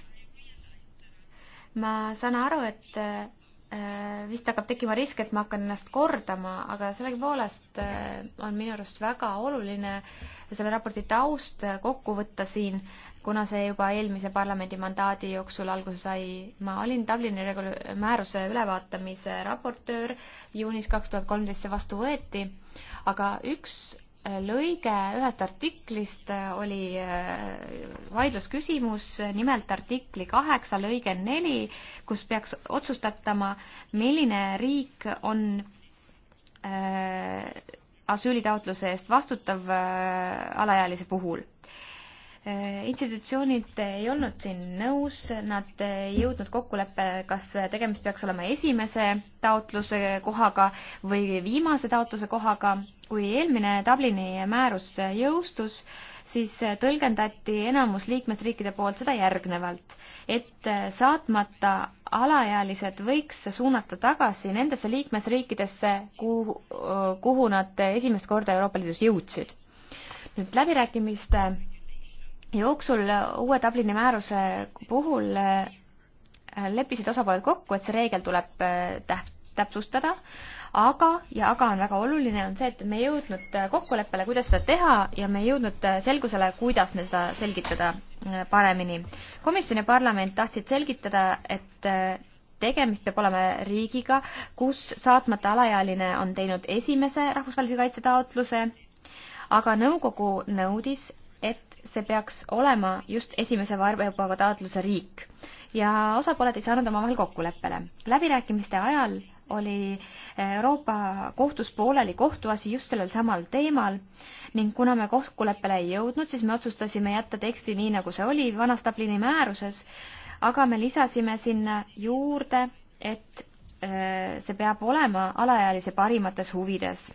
ma saan aru, et äh, Äh, vist hakkab tekkima risk, et ma hakkan ennast kordama, aga sellegipoolest äh, on minu arust väga oluline selle raporti taust äh, kokku võtta siin, kuna see juba eelmise parlamendi mandaadi jooksul alguse sai. ma olin Dublini regul-, määruse ülevaatamise raportöör, juunis kaks tuhat kolmteist see vastu võeti, aga üks lõige ühest artiklist äh, oli äh, vaidlusküsimus, nimelt artikli kaheksa lõige neli, kus peaks otsustatama, milline riik on äh, asüülitaotluse eest vastutav alaealise puhul Äh, institutsioonid ei olnud siin nõus, nad ei jõudnud kokkuleppele, kas tegemist peaks olema esimese taotluse kohaga või viimase taotluse kohaga. kui eelmine Dublini määrus jõustus, siis tõlgendati enamus liikmesriikide poolt seda järgnevalt, et saatmata alaealised võiks suunata tagasi nendesse liikmesriikidesse, kuhu, kuhu nad esimest korda Euroopa Liidus jõudsid. nüüd läbirääkimiste jooksul uue Dublini määruse puhul äh, leppisid osapooled kokku, et see reegel tuleb äh, täht-, täpsustada, aga, ja aga on väga oluline, on see, et me ei jõudnud äh, kokkuleppele, kuidas seda teha ja me ei jõudnud selgusele, kuidas seda selgitada paremini. komisjon ja parlament tahtsid selgitada, et tegemist peab olema riigiga, kus saatmata alaealine on teinud esimese rahvusvahelise kaitse taotluse, aga nõukogu nõudis, et see peaks olema just esimese varjupaiga taotluse riik ja osapooled ei saanud omavahel kokkuleppele. läbirääkimiste ajal oli eh, Euroopa kohtus pooleli kohtuasi just sellel samal teemal ning kuna me kokkuleppele ei jõudnud, siis me otsustasime jätta teksti nii, nagu see oli vanas Dublini määruses, aga me lisasime sinna juurde, et eh, see peab olema alaealise parimates huvides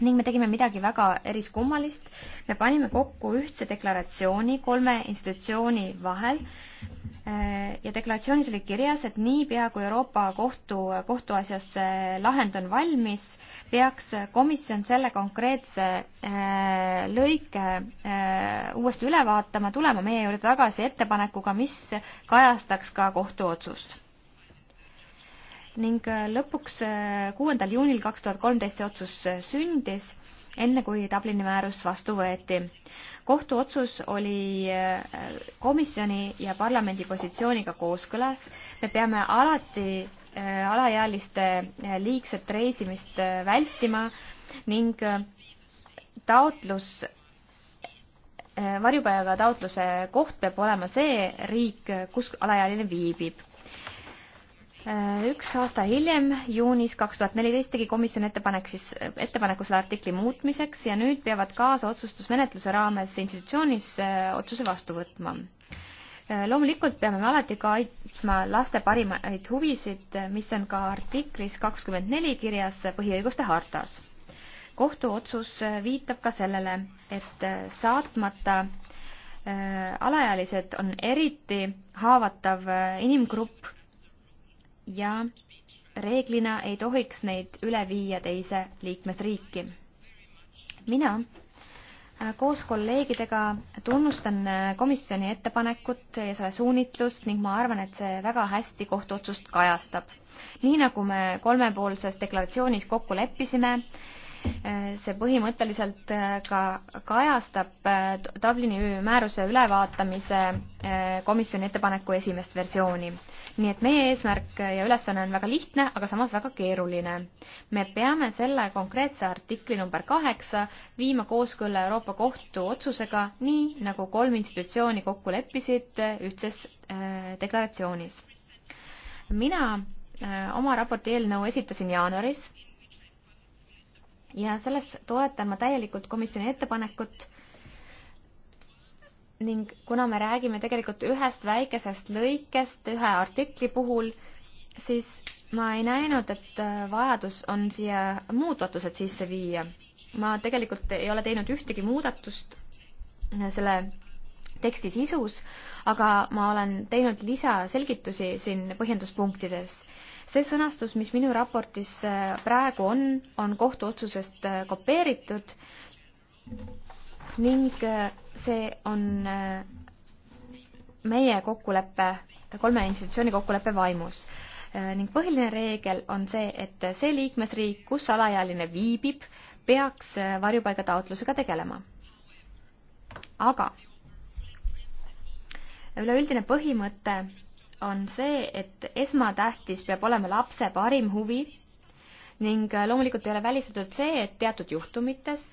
ning me tegime midagi väga eriskummalist. me panime kokku ühtse deklaratsiooni kolme institutsiooni vahel äh, ja deklaratsioonis oli kirjas, et niipea kui Euroopa Kohtu kohtuasjas lahend on valmis, peaks komisjon selle konkreetse äh, lõike äh, uuesti üle vaatama, tulema meie juurde tagasi ettepanekuga, mis kajastaks ka kohtuotsust ning äh, lõpuks äh, kuuendal juunil kaks tuhat kolmteist see otsus äh, sündis, enne kui Dublini määrus vastu võeti. kohtuotsus oli komisjoni ja parlamendi positsiooniga kooskõlas. me peame alati alaealiste liigset reisimist vältima ning taotlus varjupaiga taotluse koht peab olema see riik, kus alaealine viibib. Äh, üks aasta hiljem, juunis kaks tuhat neliteist tegi komisjon ettepanek siis, äh, ettepaneku selle artikli muutmiseks ja nüüd peavad kaasotsustusmenetluse raames institutsioonis äh, otsuse vastu võtma. loomulikult peame me alati kaitsma laste parimaid huvisid, mis on ka artiklis kakskümmend neli kirjas põhiõiguste hartas. kohtuotsus viitab ka sellele, et saatmata alaealised on eriti haavatav inimgrupp ja reeglina ei tohiks neid üle viia teise liikmesriiki. mina äh, koos kolleegidega tunnustan äh, komisjoni ettepanekut ja selle suunitlust ning ma arvan, et see väga hästi kohtuotsust kajastab. nii nagu me kolmepoolses deklaratsioonis kokku leppisime, see põhimõtteliselt äh, ka kajastab äh, Dublini määruse ülevaatamise äh, komisjoni ettepaneku esimest versiooni. nii et meie eesmärk ja ülesanne on väga lihtne, aga samas väga keeruline. me peame selle konkreetse artikli number kaheksa viima kooskõlla Euroopa Kohtu otsusega, nii nagu kolm institutsiooni kokku leppisid ühtses deklaratsioonis. mina oma raporti eelnõu esitasin jaanuaris ja selles toetan ma täielikult komisjoni ettepanekut ning kuna me räägime tegelikult ühest väikesest lõikest ühe artikli puhul, siis ma ei näinud, et äh, vajadus on siia muudatused sisse viia. ma tegelikult ei ole teinud ühtegi muudatust äh, selle teksti sisus, aga ma olen teinud lisaselgitusi siin põhjenduspunktides see sõnastus, mis minu raportis äh, praegu on, on kohtuotsusest äh, kopeeritud ning äh, see on meie kokkuleppe, kolme institutsiooni kokkuleppe vaimus. ning põhiline reegel on see, et see liikmesriik, kus alaealine viibib, peaks varjupaigataotlusega tegelema. aga üleüldine põhimõte on see, et esmatähtis peab olema lapse parim huvi ning äh, loomulikult ei ole välistatud see, et teatud juhtumites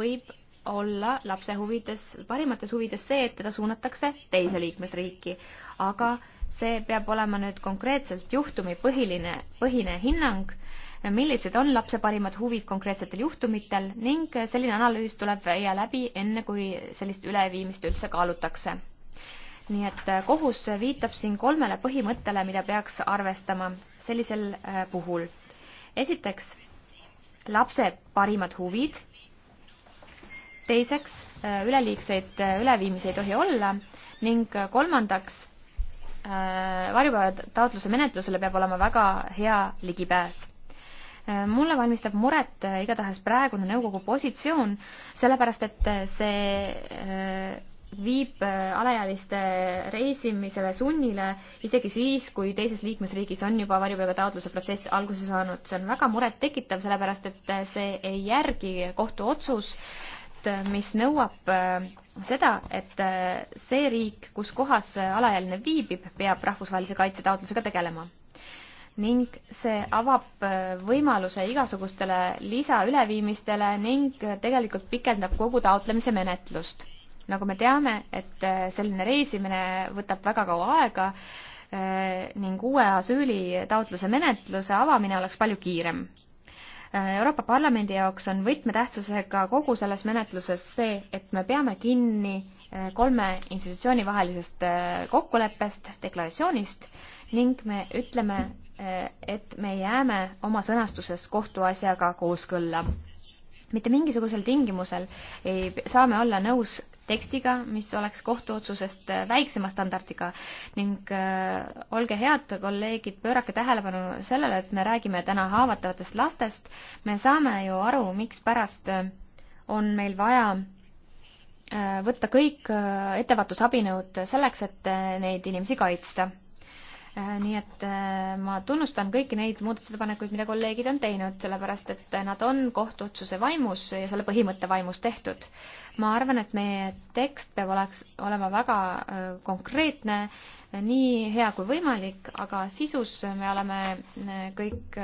võib olla lapse huvides, parimates huvides see, et teda suunatakse teise liikmesriiki, aga see peab olema nüüd konkreetselt juhtumi põhiline, põhine hinnang, millised on lapse parimad huvid konkreetsetel juhtumitel ning selline analüüs tuleb viia läbi, enne kui sellist üleviimist üldse kaalutakse nii et äh, kohus viitab siin kolmele põhimõttele, mida peaks arvestama sellisel äh, puhul. esiteks, lapse parimad huvid. teiseks, äh, üleliigseid üleviimisi ei tohi olla ning kolmandaks, varjupaigataotluse menetlusele peab olema väga hea ligipääs mulle valmistab muret igatahes praegune nõukogu positsioon, sellepärast et see viib äh, alaealiste reisimisele sunnile isegi siis, kui teises liikmesriigis on juba varjupaigataotluse protsess alguse saanud. see on väga murettekitav, sellepärast et äh, see ei järgi kohtuotsust, äh, mis nõuab seda, et see riik, kus kohas alaealine viibib, peab rahvusvahelise kaitse taotlusega tegelema ning see avab võimaluse igasugustele lisaüleviimistele ning tegelikult pikendab kogu taotlemise menetlust nagu me teame, et äh, selline reisimine võtab väga kaua aega äh, ning uue asüülitaotluse menetluse avamine oleks palju kiirem. Äh, Euroopa Parlamendi jaoks on võtmetähtsusega kogu selles menetluses see, et me peame kinni kolme institutsiooni vahelisest kokkuleppest, deklaratsioonist ning me ütleme, et me jääme oma sõnastuses kohtuasjaga kooskõlla mitte mingisugusel tingimusel ei saa me olla nõus tekstiga, mis oleks kohtuotsusest äh, väiksema standardiga ning äh, olge head, kolleegid, pöörake tähelepanu sellele, et me räägime täna haavatavatest lastest. me saame ju aru, mikspärast äh, on meil vaja võtta kõik ettevaatusabinõud selleks, et neid inimesi kaitsta Äh, nii et äh, ma tunnustan kõiki neid muudatusettepanekuid, mida kolleegid on teinud, sellepärast et nad on kohtuotsuse vaimus ja selle põhimõtte vaimus tehtud. ma arvan, et meie tekst peab oleks, olema väga äh, konkreetne, nii hea kui võimalik, aga sisus me oleme kõik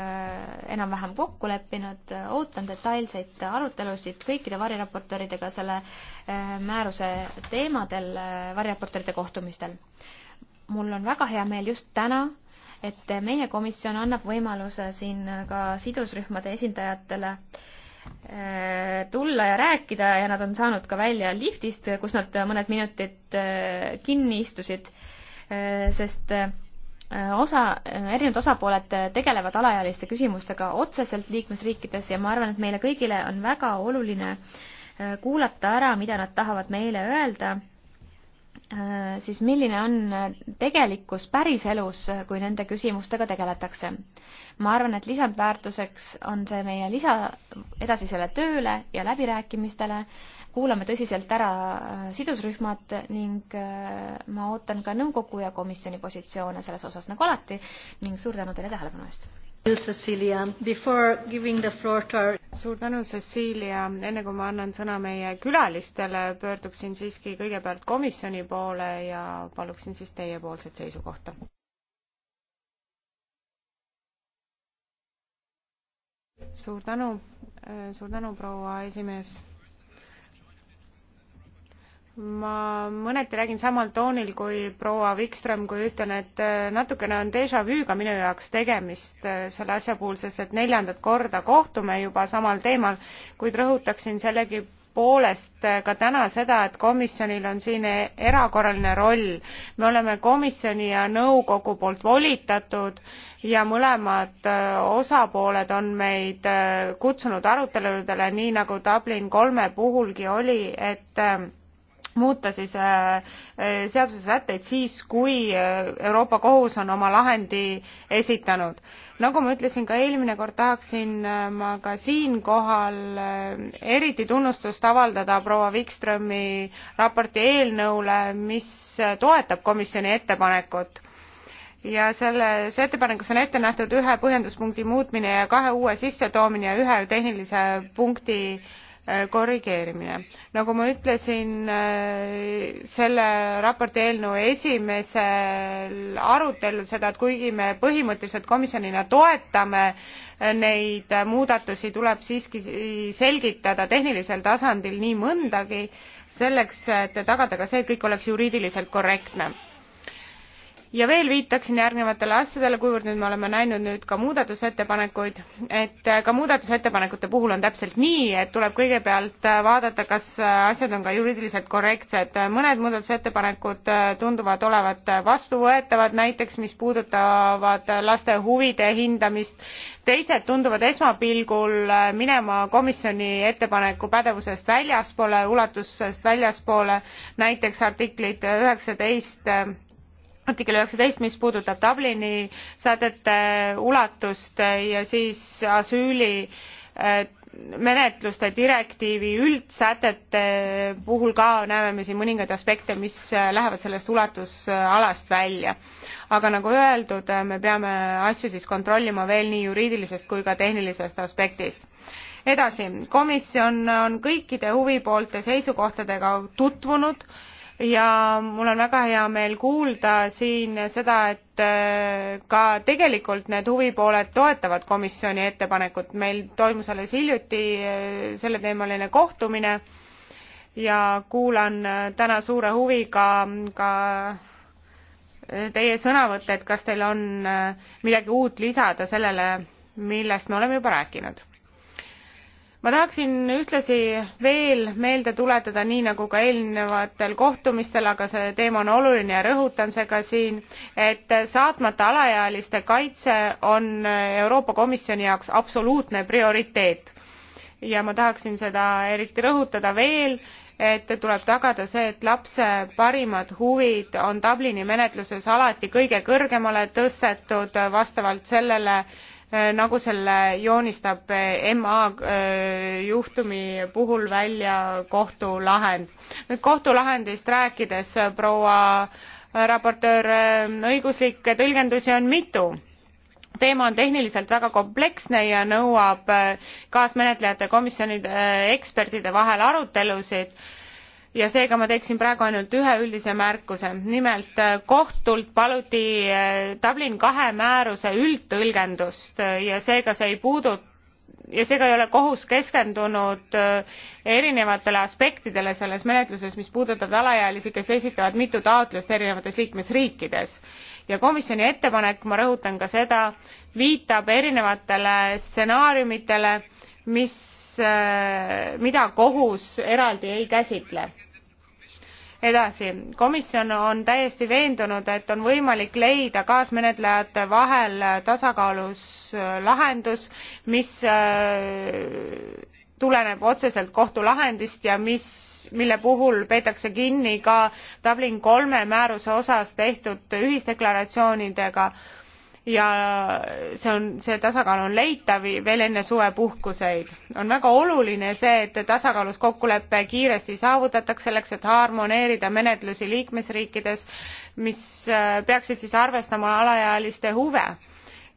enam-vähem kokku leppinud, ootan detailseid arutelusid kõikide variraportööridega selle määruse teemadel variraportööride kohtumistel mul on väga hea meel just täna, et meie komisjon annab võimaluse siin ka sidusrühmade esindajatele eh, tulla ja rääkida ja nad on saanud ka välja liftist, kus nad mõned minutid eh, kinni istusid, eh, sest osa, erinevad osapooled tegelevad alaealiste küsimustega otseselt liikmesriikides ja ma arvan, et meile kõigile on väga oluline kuulata ära, mida nad tahavad meile öelda Äh, siis milline on äh, tegelikkus päriselus, äh, kui nende küsimustega tegeletakse. ma arvan, et lisandväärtuseks on see meie lisa edasisele tööle ja läbirääkimistele, kuulame tõsiselt ära sidusrühmad ning ma ootan ka nõukogu ja komisjoni positsioone selles osas nagu alati ning suur tänu teile tähelepanu eest! Cecilia, before giving the floor to our suur tänu, Cecilia, enne kui ma annan sõna meie külalistele, pöörduksin siiski kõigepealt komisjoni poole ja paluksin siis teiepoolset seisukohta. suur tänu, suur tänu, proua esimees ma mõneti räägin samal toonil kui proua Wikström, kui ütlen, et äh, natukene on déjà vu'ga minu jaoks tegemist äh, selle asja puhul, sest et neljandat korda kohtume juba samal teemal, kuid rõhutaksin sellegipoolest äh, ka täna seda, et komisjonil on siin e-, erakorraline roll. me oleme komisjoni ja nõukogu poolt volitatud ja mõlemad osapooled on meid kutsunud aruteludele, nii nagu Dublin kolme puhulgi oli, et muuta siis äh, äh, seaduse sätteid siis, kui äh, Euroopa Kohus on oma lahendi esitanud. nagu ma ütlesin ka eelmine kord, tahaksin ma ka siinkohal eriti tunnustust avaldada proua Wikströmi raporti eelnõule, mis toetab komisjoni ettepanekut ja selles ettepanekus on ette nähtud ühe põhjenduspunkti muutmine ja kahe uue sissetoomine ja ühe tehnilise punkti Äh, korrigeerimine. nagu ma ütlesin, äh, selle raporti eelnõu esimesel arutelul seda, et kuigi me põhimõtteliselt komisjonina toetame äh, neid muudatusi, tuleb siiski selgitada tehnilisel tasandil nii mõndagi, selleks et tagada ka see, et kõik oleks juriidiliselt korrektne ja veel viitaksin järgnevatele asjadele, kuivõrd nüüd me oleme näinud nüüd ka muudatusettepanekuid, et äh, ka muudatusettepanekute puhul on täpselt nii, et tuleb kõigepealt äh, vaadata, kas äh, asjad on ka juriidiliselt korrektsed. mõned muudatusettepanekud tunduvad olevat vastuvõetavad, näiteks mis puudutavad laste huvide hindamist, teised tunduvad esmapilgul minema komisjoni ettepaneku pädevusest väljaspoole, ulatusest väljaspoole, näiteks artiklid üheksateist 19 artikkel üheksateist, mis puudutab Dublini saadete ulatust ja siis asüüli äh, menetluste direktiivi üldsätete puhul ka näeme me siin mõningaid aspekte, mis äh, lähevad sellest ulatusalast välja. aga nagu öeldud, äh, me peame asju siis kontrollima veel nii juriidilisest kui ka tehnilisest aspektist edasi, komisjon on kõikide huvipoolte seisukohtadega tutvunud ja mul on väga hea meel kuulda siin seda, et äh, ka tegelikult need huvipooled toetavad komisjoni ettepanekut. meil toimus alles hiljuti äh, selleteemaline kohtumine ja kuulan äh, täna suure huviga ka teie sõnavõtte, et kas teil on midagi uut lisada sellele, millest me oleme juba rääkinud ma tahaksin ühtlasi veel meelde tuletada, nii nagu ka eelnevatel kohtumistel, aga see teema on oluline ja rõhutan see ka siin, et saatmata alaealiste kaitse on Euroopa Komisjoni jaoks absoluutne prioriteet. ja ma tahaksin seda eriti rõhutada veel, et tuleb tagada see, et lapse parimad huvid on Dublini menetluses alati kõige kõrgemale tõstetud vastavalt sellele, Äh, nagu selle joonistab äh, MA äh, juhtumi puhul välja kohtulahend. nüüd kohtulahendist rääkides, proua raportöör, õiguslikke tõlgendusi on mitu teema on tehniliselt väga kompleksne ja nõuab kaasmenetlejate komisjonide ekspertide vahel arutelusid ja seega ma teeksin praegu ainult ühe üldise märkuse nimelt äh, kohtult paluti äh, dublin kahe määruse üldtõlgendust äh, ja seega see ei puudu ja seega ei ole kohus keskendunud erinevatele aspektidele selles menetluses mis puudutab alaealisi kes esitavad mitu taotlust erinevates liikmesriikides ja komisjoni ettepanek ma rõhutan ka seda viitab erinevatele stsenaariumitele mis mida kohus eraldi ei käsitle edasi, komisjon on täiesti veendunud, et on võimalik leida kaasmenetlejate vahel tasakaalus äh, lahendus, mis äh, tuleneb otseselt kohtulahendist ja mis, mille puhul peetakse kinni ka Dublin kolme määruse osas tehtud ühisdeklaratsioonidega ja see on, see tasakaal on leitav veel enne suvepuhkuseid. on väga oluline see, et tasakaalus kokkulepe kiiresti saavutatakse selleks, et harmoneerida menetlusi liikmesriikides, mis äh, peaksid siis arvestama alaealiste huve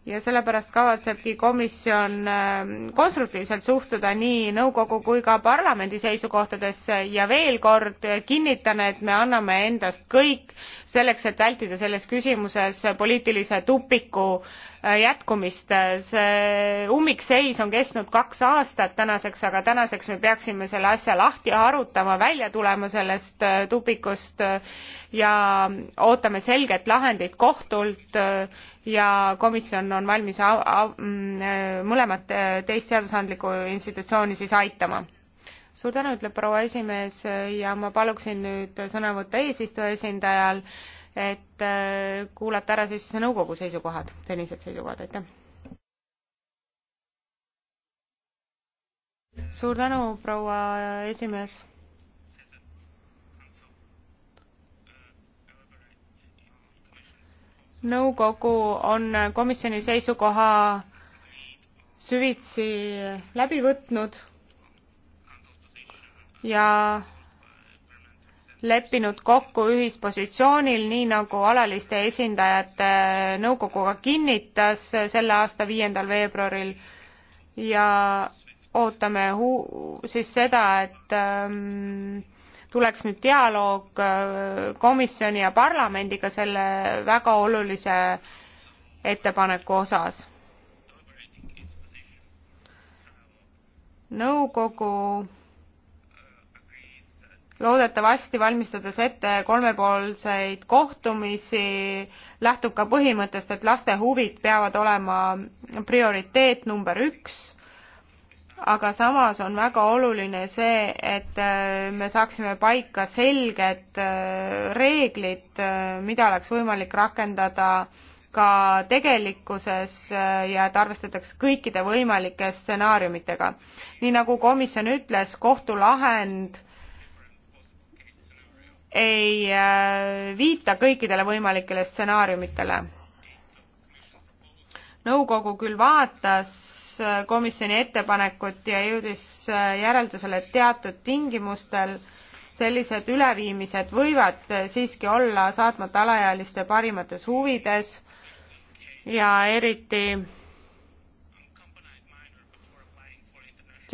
ja sellepärast kavatsebki komisjon ähm, konstruktiivselt suhtuda nii nõukogu kui ka parlamendi seisukohtadesse ja veel kord kinnitan et me anname endast kõik selleks et vältida selles küsimuses poliitilise tupiku Äh, jätkumist. see ummikseis on kestnud kaks aastat tänaseks, aga tänaseks me peaksime selle asja lahti harutama, välja tulema sellest äh, tupikust äh, ja ootame selget lahendit kohtult ja komisjon on valmis mm, mõlemat teist seadusandlikku institutsiooni siis aitama suur tänu, ütleb proua esimees ja ma paluksin nüüd sõna võtta eesistuja esindajal et äh, kuulata ära siis nõukogu seisukohad, senised seisukohad, aitäh. suur tänu, proua esimees. nõukogu on komisjoni seisukoha süvitsi läbi võtnud ja leppinud kokku ühispositsioonil, nii nagu alaliste esindajate nõukoguga kinnitas selle aasta viiendal veebruaril ja ootame hu-, siis seda, et ähm, tuleks nüüd dialoog äh, komisjoni ja parlamendiga selle väga olulise ettepaneku osas. nõukogu loodetavasti valmistades ette kolmepoolseid kohtumisi, lähtub ka põhimõttest, et laste huvid peavad olema prioriteet number üks, aga samas on väga oluline see, et äh, me saaksime paika selged äh, reeglid, äh, mida oleks võimalik rakendada ka tegelikkuses ja et arvestatakse kõikide võimalike stsenaariumitega. nii nagu komisjon ütles, kohtulahend äh, ei äh, viita kõikidele võimalikele stsenaariumitele. nõukogu küll vaatas äh, komisjoni ettepanekut ja jõudis äh, järeldusele, et teatud tingimustel sellised üleviimised võivad siiski olla saatmata alaealiste parimates huvides ja eriti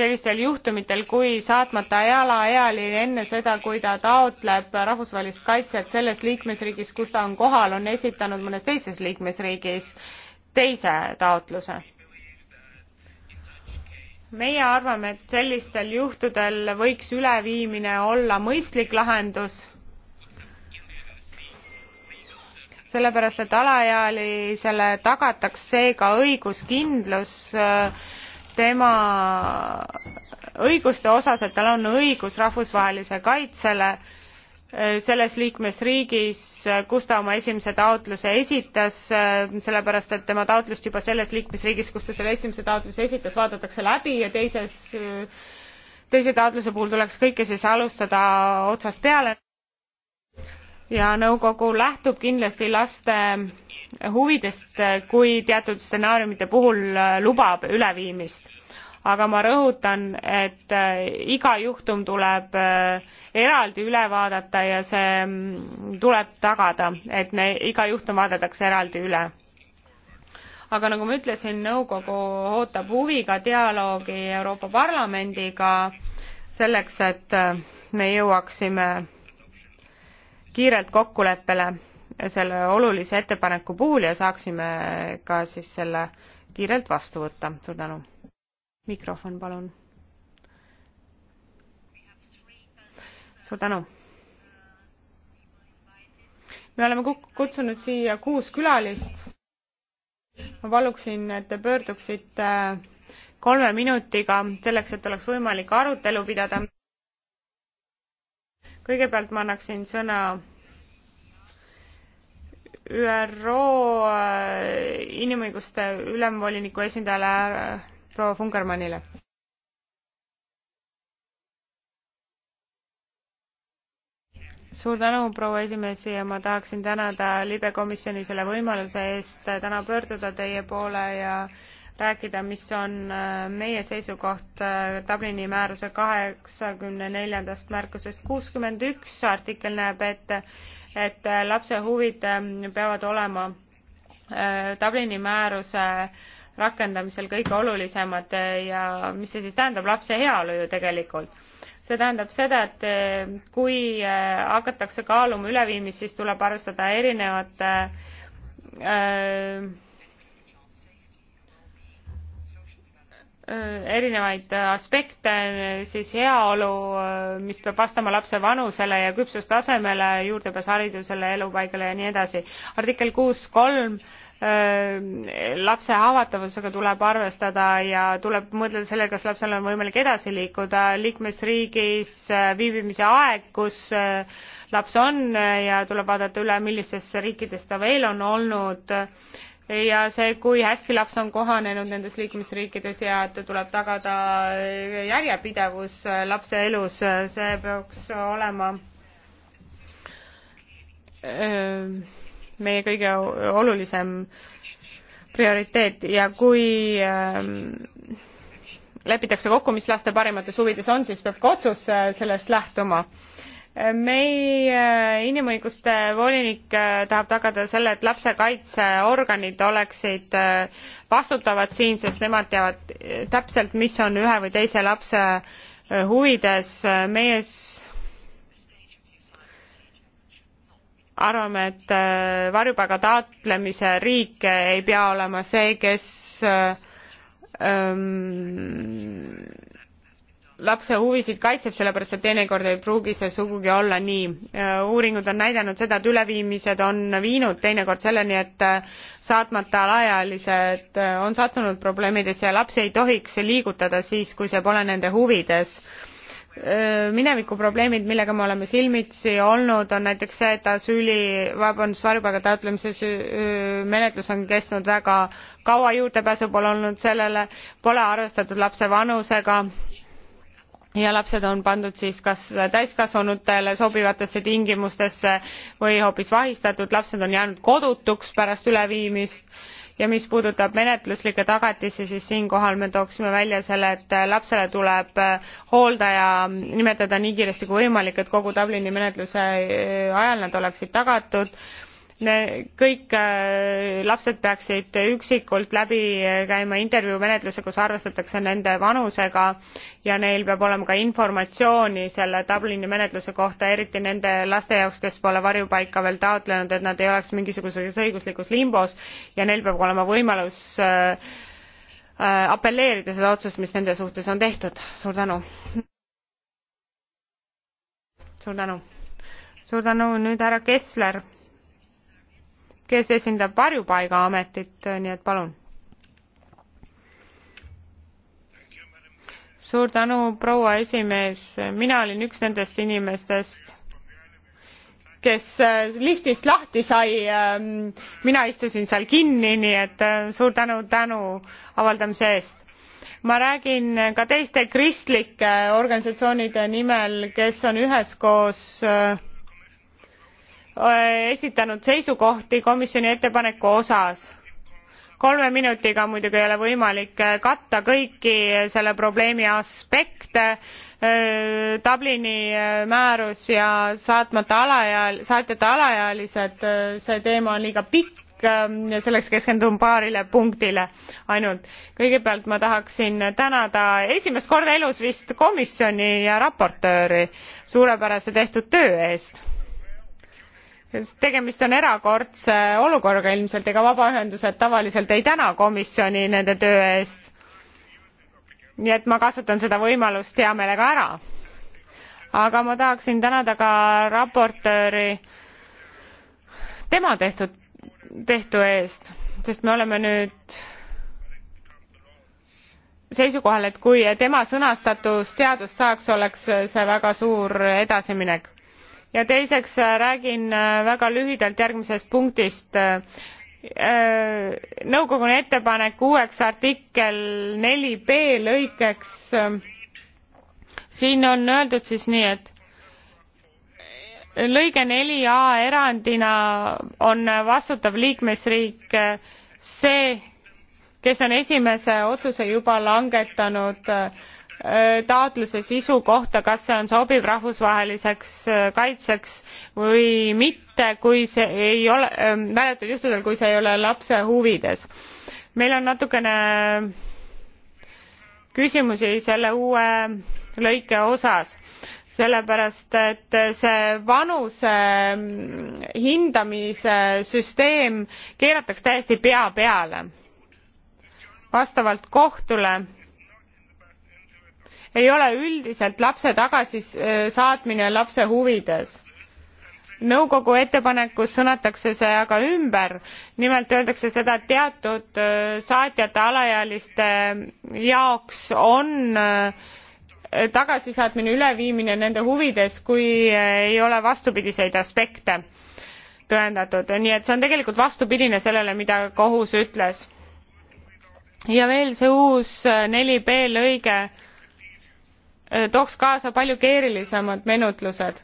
sellistel juhtumitel, kui saatmata alaealine enne seda, kui ta taotleb rahvusvahelist kaitset selles liikmesriigis, kus ta on kohal, on esitanud mõnes teises liikmesriigis teise taotluse? meie arvame, et sellistel juhtudel võiks üleviimine olla mõistlik lahendus, sellepärast et alaealisele tagataks seega õiguskindlus äh, tema õiguste osas, et tal on õigus rahvusvahelise kaitsele eh, selles liikmesriigis, eh, kus ta oma esimese taotluse esitas, eh, sellepärast et tema taotlust juba selles liikmesriigis, kus ta selle esimese taotluse esitas, vaadatakse läbi ja teises, teise taotluse puhul tuleks kõike siis alustada otsast peale. ja nõukogu lähtub kindlasti laste huvidest kui teatud stsenaariumite puhul äh, lubab üleviimist aga ma rõhutan, et äh, iga juhtum tuleb äh, eraldi üle vaadata ja see mm, tuleb tagada, et ne, iga juhtum vaadatakse eraldi üle. aga nagu ma ütlesin, nõukogu ootab huviga dialoogi Euroopa Parlamendiga selleks, et me jõuaksime kiirelt kokkuleppele selle olulise ettepaneku puhul ja saaksime ka siis selle kiirelt vastu võtta. suur tänu. mikrofon, palun. suur tänu. me oleme kutsunud siia kuus külalist. ma paluksin, et te pöörduksite äh, kolme minutiga selleks, et oleks võimalik arutelu pidada. kõigepealt ma annaksin sõna ÜRO äh, inimõiguste ülemvoliniku esindajale äh, proua Fungermannile. suur tänu, proua esimees ja ma tahaksin tänada libe komisjoni selle võimaluse eest täna pöörduda teie poole ja rääkida, mis on äh, meie seisukoht Dublini määruse kaheksakümne neljandast märkusest kuuskümmend üks artikkel näeb ette, et äh, lapse huvid ähm, peavad olema äh, Dublini määruse rakendamisel kõige olulisemad äh, ja mis see siis tähendab lapse heaolu ju tegelikult. see tähendab seda, et kui hakatakse kaaluma üleviimist, siis tuleb arvestada erinevate äh, Äh, erinevaid äh, aspekte, äh, siis heaolu, mis peab vastama lapse vanusele ja küpsustasemele, juurdepääs haridusele, elupaigale ja nii edasi. artikkel kuus kolm lapse haavatavusega tuleb arvestada ja tuleb mõelda sellele, kas lapsel on võimalik edasi liikuda liikmesriigis viibimise aeg, kus laps on ja tuleb vaadata üle, millistes riikides ta veel on olnud ja see, kui hästi laps on kohanenud nendes liikmesriikides ja et tuleb tagada järjepidevus lapse elus, see peaks olema meie kõige olulisem prioriteet ja kui ähm, lepitakse kokku, mis laste parimates huvides on, siis peab ka otsus äh, sellest lähtuma meie äh, inimõiguste volinik äh, tahab tagada selle et lapsekaitseorganid oleksid äh, vastutavad siin sest nemad teavad täpselt mis on ühe või teise lapse huvides meie arvame et varjupaiga taotlemise riik ei pea olema see kes ähm, lapse huvisid kaitseb sellepärast et teinekord ei pruugi see sugugi olla nii äh, uuringud on näidanud seda et üleviimised on viinud teinekord selleni et äh, saatmata alaealised äh, on sattunud probleemidesse ja lapsi ei tohiks liigutada siis kui see pole nende huvides mineviku probleemid millega me oleme silmitsi olnud on näiteks see et asüüli vabandust varjupaiga taotlemise menetlus on kestnud väga kaua juurdepääsu pole olnud sellele pole arvestatud lapse vanusega ja lapsed on pandud siis kas täiskasvanutele sobivatesse tingimustesse või hoopis vahistatud lapsed on jäänud kodutuks pärast üleviimist ja mis puudutab menetluslikke tagatisi siis siinkohal me tooksime välja selle et lapsele tuleb hooldaja nimetada nii kiiresti kui võimalik et kogu dublini menetluse ajal nad oleksid tagatud kõik äh, lapsed peaksid üksikult läbi äh, käima intervjuu menetluse, kus arvestatakse nende vanusega ja neil peab olema ka informatsiooni selle Dublini menetluse kohta, eriti nende laste jaoks, kes pole varjupaika veel taotlenud, et nad ei oleks mingisuguses õiguslikus limbos ja neil peab olema võimalus äh, apelleerida seda otsust, mis nende suhtes on tehtud. suur tänu. suur tänu. suur tänu, nüüd härra Kessler kes esindab varjupaigaametit, nii et palun. suur tänu, proua esimees, mina olin üks nendest inimestest, kes äh, liftist lahti sai, ähm, mina istusin seal kinni, nii et äh, suur tänu tänu avaldamise eest ma räägin ka teiste kristlike organisatsioonide nimel kes on üheskoos äh, Äh, esitanud seisukohti komisjoni ettepaneku osas kolme minutiga muidugi ei ole võimalik äh, katta kõiki selle probleemi aspekte äh, dublini määrus ja saatmata alaeal- saatjate alaealised see teema on liiga pikk ähm, ja selleks keskendun paarile punktile ainult kõigepealt ma tahaksin tänada esimest korda elus vist komisjoni ja raportööri suurepärase tehtud töö eest tegemist on erakordse olukorraga ilmselt ega vabaühendused tavaliselt ei täna komisjoni nende töö eest nii et ma kasutan seda võimalust hea meelega ära aga ma tahaksin tänada ka raportööri tema tehtud tehtu eest sest me oleme nüüd seisukohal et kui tema sõnastatus seadus saaks oleks see väga suur edasiminek ja teiseks äh, räägin äh, väga lühidalt järgmisest punktist äh, nõukoguni ettepanek uueks artikkel 4 b lõikeks siin on öeldud siis nii et lõige 4 a erandina on vastutav liikmesriik see kes on esimese otsuse juba langetanud äh, Äh, taotluse sisu kohta kas see on sobiv rahvusvaheliseks äh, kaitseks või mitte kui see ei ole äh, määratud juhtudel kui see ei ole lapse huvides meil on natukene küsimusi selle uue lõike osas sellepärast et see vanuse hindamise süsteem keeratakse täiesti pea peale vastavalt kohtule ei ole üldiselt lapse tagasisaatmine äh, lapse huvides nõukogu ettepanekus sõnatakse see aga ümber nimelt öeldakse seda et teatud äh, saatjate alaealiste jaoks on äh, tagasisaatmine üleviimine nende huvides kui ei ole vastupidiseid aspekte tõendatud nii et see on tegelikult vastupidine sellele mida kohus ütles ja veel see uus 4b lõige Äh, tooks kaasa palju keerulisemad menetlused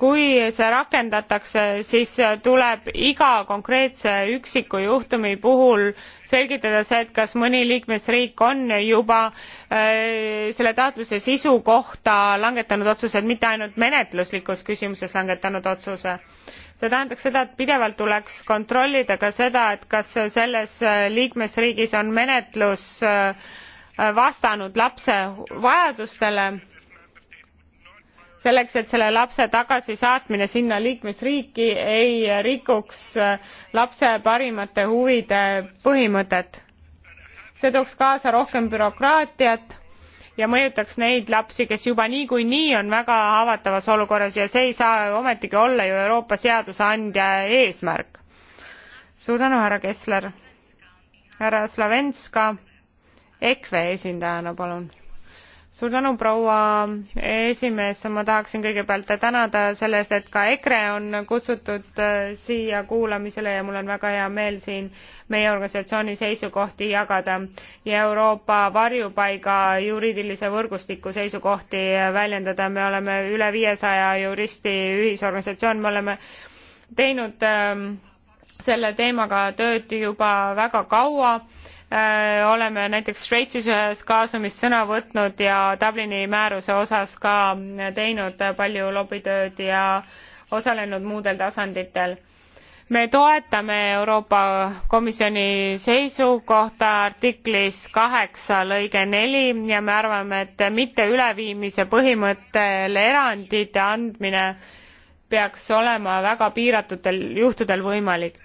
kui see rakendatakse siis äh, tuleb iga konkreetse üksiku juhtumi puhul selgitada see et kas mõni liikmesriik on juba äh, selle taotluse sisu kohta langetanud otsuse mitte ainult menetluslikus küsimuses langetanud otsuse see tähendaks seda et pidevalt tuleks kontrollida ka seda et kas selles liikmesriigis on menetlus äh, vastanud lapse vajadustele selleks et selle lapse tagasisaatmine sinna liikmesriiki ei rikuks lapse parimate huvide põhimõtet see tooks kaasa rohkem bürokraatiat ja mõjutaks neid lapsi kes juba niikuinii on väga haavatavas olukorras ja see ei saa ometigi olla ju euroopa seadusandja eesmärk suur tänu härra kessler härra slavenska EKRE esindajana, palun. suur tänu, proua esimees, ma tahaksin kõigepealt tänada selle eest, et ka EKRE on kutsutud äh, siia kuulamisele ja mul on väga hea meel siin meie organisatsiooni seisukohti jagada ja Euroopa varjupaiga juriidilise võrgustiku seisukohti väljendada, me oleme üle viiesaja juristi ühisorganisatsioon, me oleme teinud ähm, selle teemaga tööd juba väga kaua Äh, oleme näiteks Šveitsis ühes kaasumis sõna võtnud ja Dublini määruse osas ka teinud palju lobitööd ja osalenud muudel tasanditel. me toetame Euroopa Komisjoni seisukohta artiklis kaheksa lõige neli ja me arvame, et mitte üleviimise põhimõttel erandite andmine peaks olema väga piiratutel juhtudel võimalik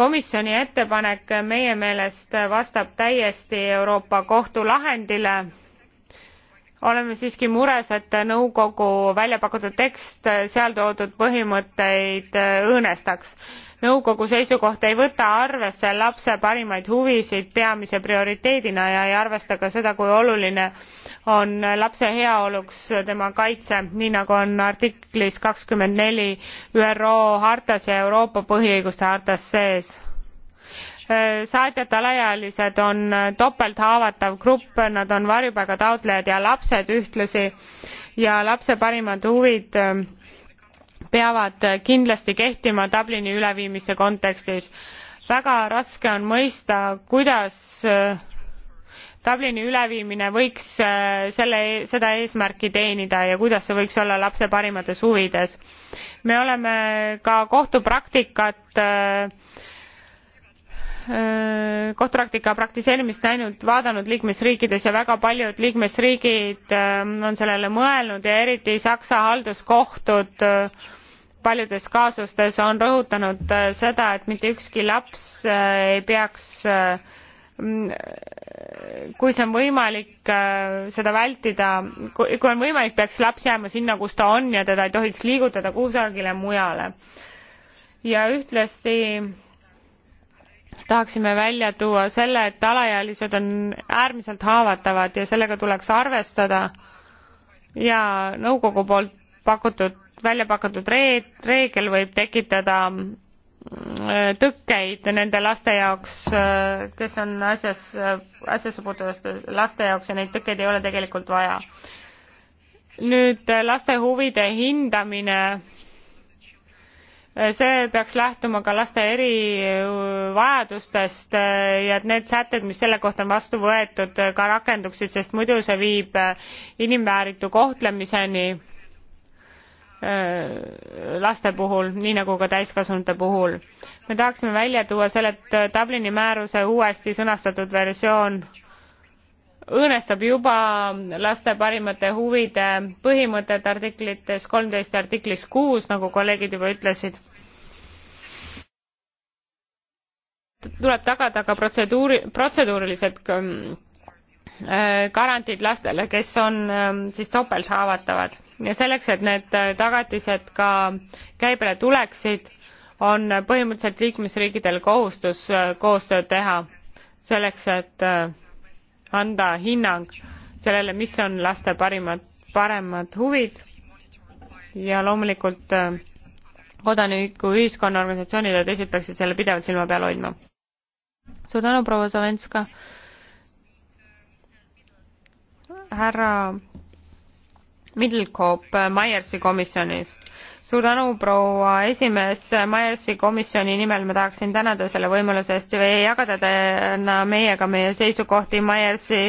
komisjoni ettepanek meie meelest vastab täiesti euroopa kohtu lahendile oleme siiski mures et nõukogu välja pakutud tekst seal toodud põhimõtteid õõnestaks. nõukogu seisukoht ei võta arvesse lapse parimaid huvisid peamise prioriteedina ja ei arvesta ka seda kui oluline on lapse heaoluks tema kaitse nii nagu on artiklis üro hartas ja euroopa põhiõiguste hartas sees saatjata alaealised on topelthaavatav grupp nad on varjupaiga taotlejad ja lapsed ühtlasi ja lapse parimad huvid peavad kindlasti kehtima dublini üleviimise kontekstis. väga raske on mõista kuidas dublini üleviimine võiks äh, selle e-, seda eesmärki teenida ja kuidas see võiks olla lapse parimates huvides me oleme ka kohtupraktikat äh, äh, kohtupraktika praktiseerimist näinud vaadanud liikmesriikides ja väga paljud liikmesriigid on sellele mõelnud ja eriti saksa halduskohtud paljudes kaasustes on rõhutanud seda et mitte ükski laps ei peaks Mm, kui see on võimalik äh, seda vältida, kui on võimalik, peaks laps jääma sinna, kus ta on ja teda ei tohiks liigutada kusagile mujale. ja ühtlasi tahaksime välja tuua selle, et alaealised on äärmiselt haavatavad ja sellega tuleks arvestada ja nõukogu poolt pakutud, välja pakutud reed, reegel võib tekitada tõkkeid nende laste jaoks, kes on asjas, asjasse puutuvaste laste jaoks ja neid tõkkeid ei ole tegelikult vaja. nüüd laste huvide hindamine, see peaks lähtuma ka laste erivajadustest ja et need sätted, mis selle kohta on vastu võetud, ka rakenduksid, sest muidu see viib inimvääritu kohtlemiseni Äh, laste puhul nii nagu ka täiskasvanute puhul me tahaksime välja tuua selle et dublini määruse uuesti sõnastatud versioon õõnestab juba laste parimate huvide põhimõtet artiklites 13 ja artiklis 6 nagu kolleegid juba ütlesid tuleb tagada ka protseduuri protseduurilised ähm, äh, garantiid lastele kes on ähm, siis topelt haavatavad ja selleks, et need äh, tagatised ka käibele tuleksid, on põhimõtteliselt liikmesriikidel kohustus äh, koostööd teha selleks, et äh, anda hinnang sellele, mis on laste parimad, paremad huvid ja loomulikult kodanikuühiskonna organisatsioonid ja teised peaksid selle pidevalt silma peal hoidma. suur tänu, proua Savenska. härra Middlecoop äh, Myersi komisjonist. suur tänu, proua esimees, Myersi komisjoni nimel ma tahaksin tänada selle võimaluse eest ja jagada täna meiega meie seisukohti. Myersi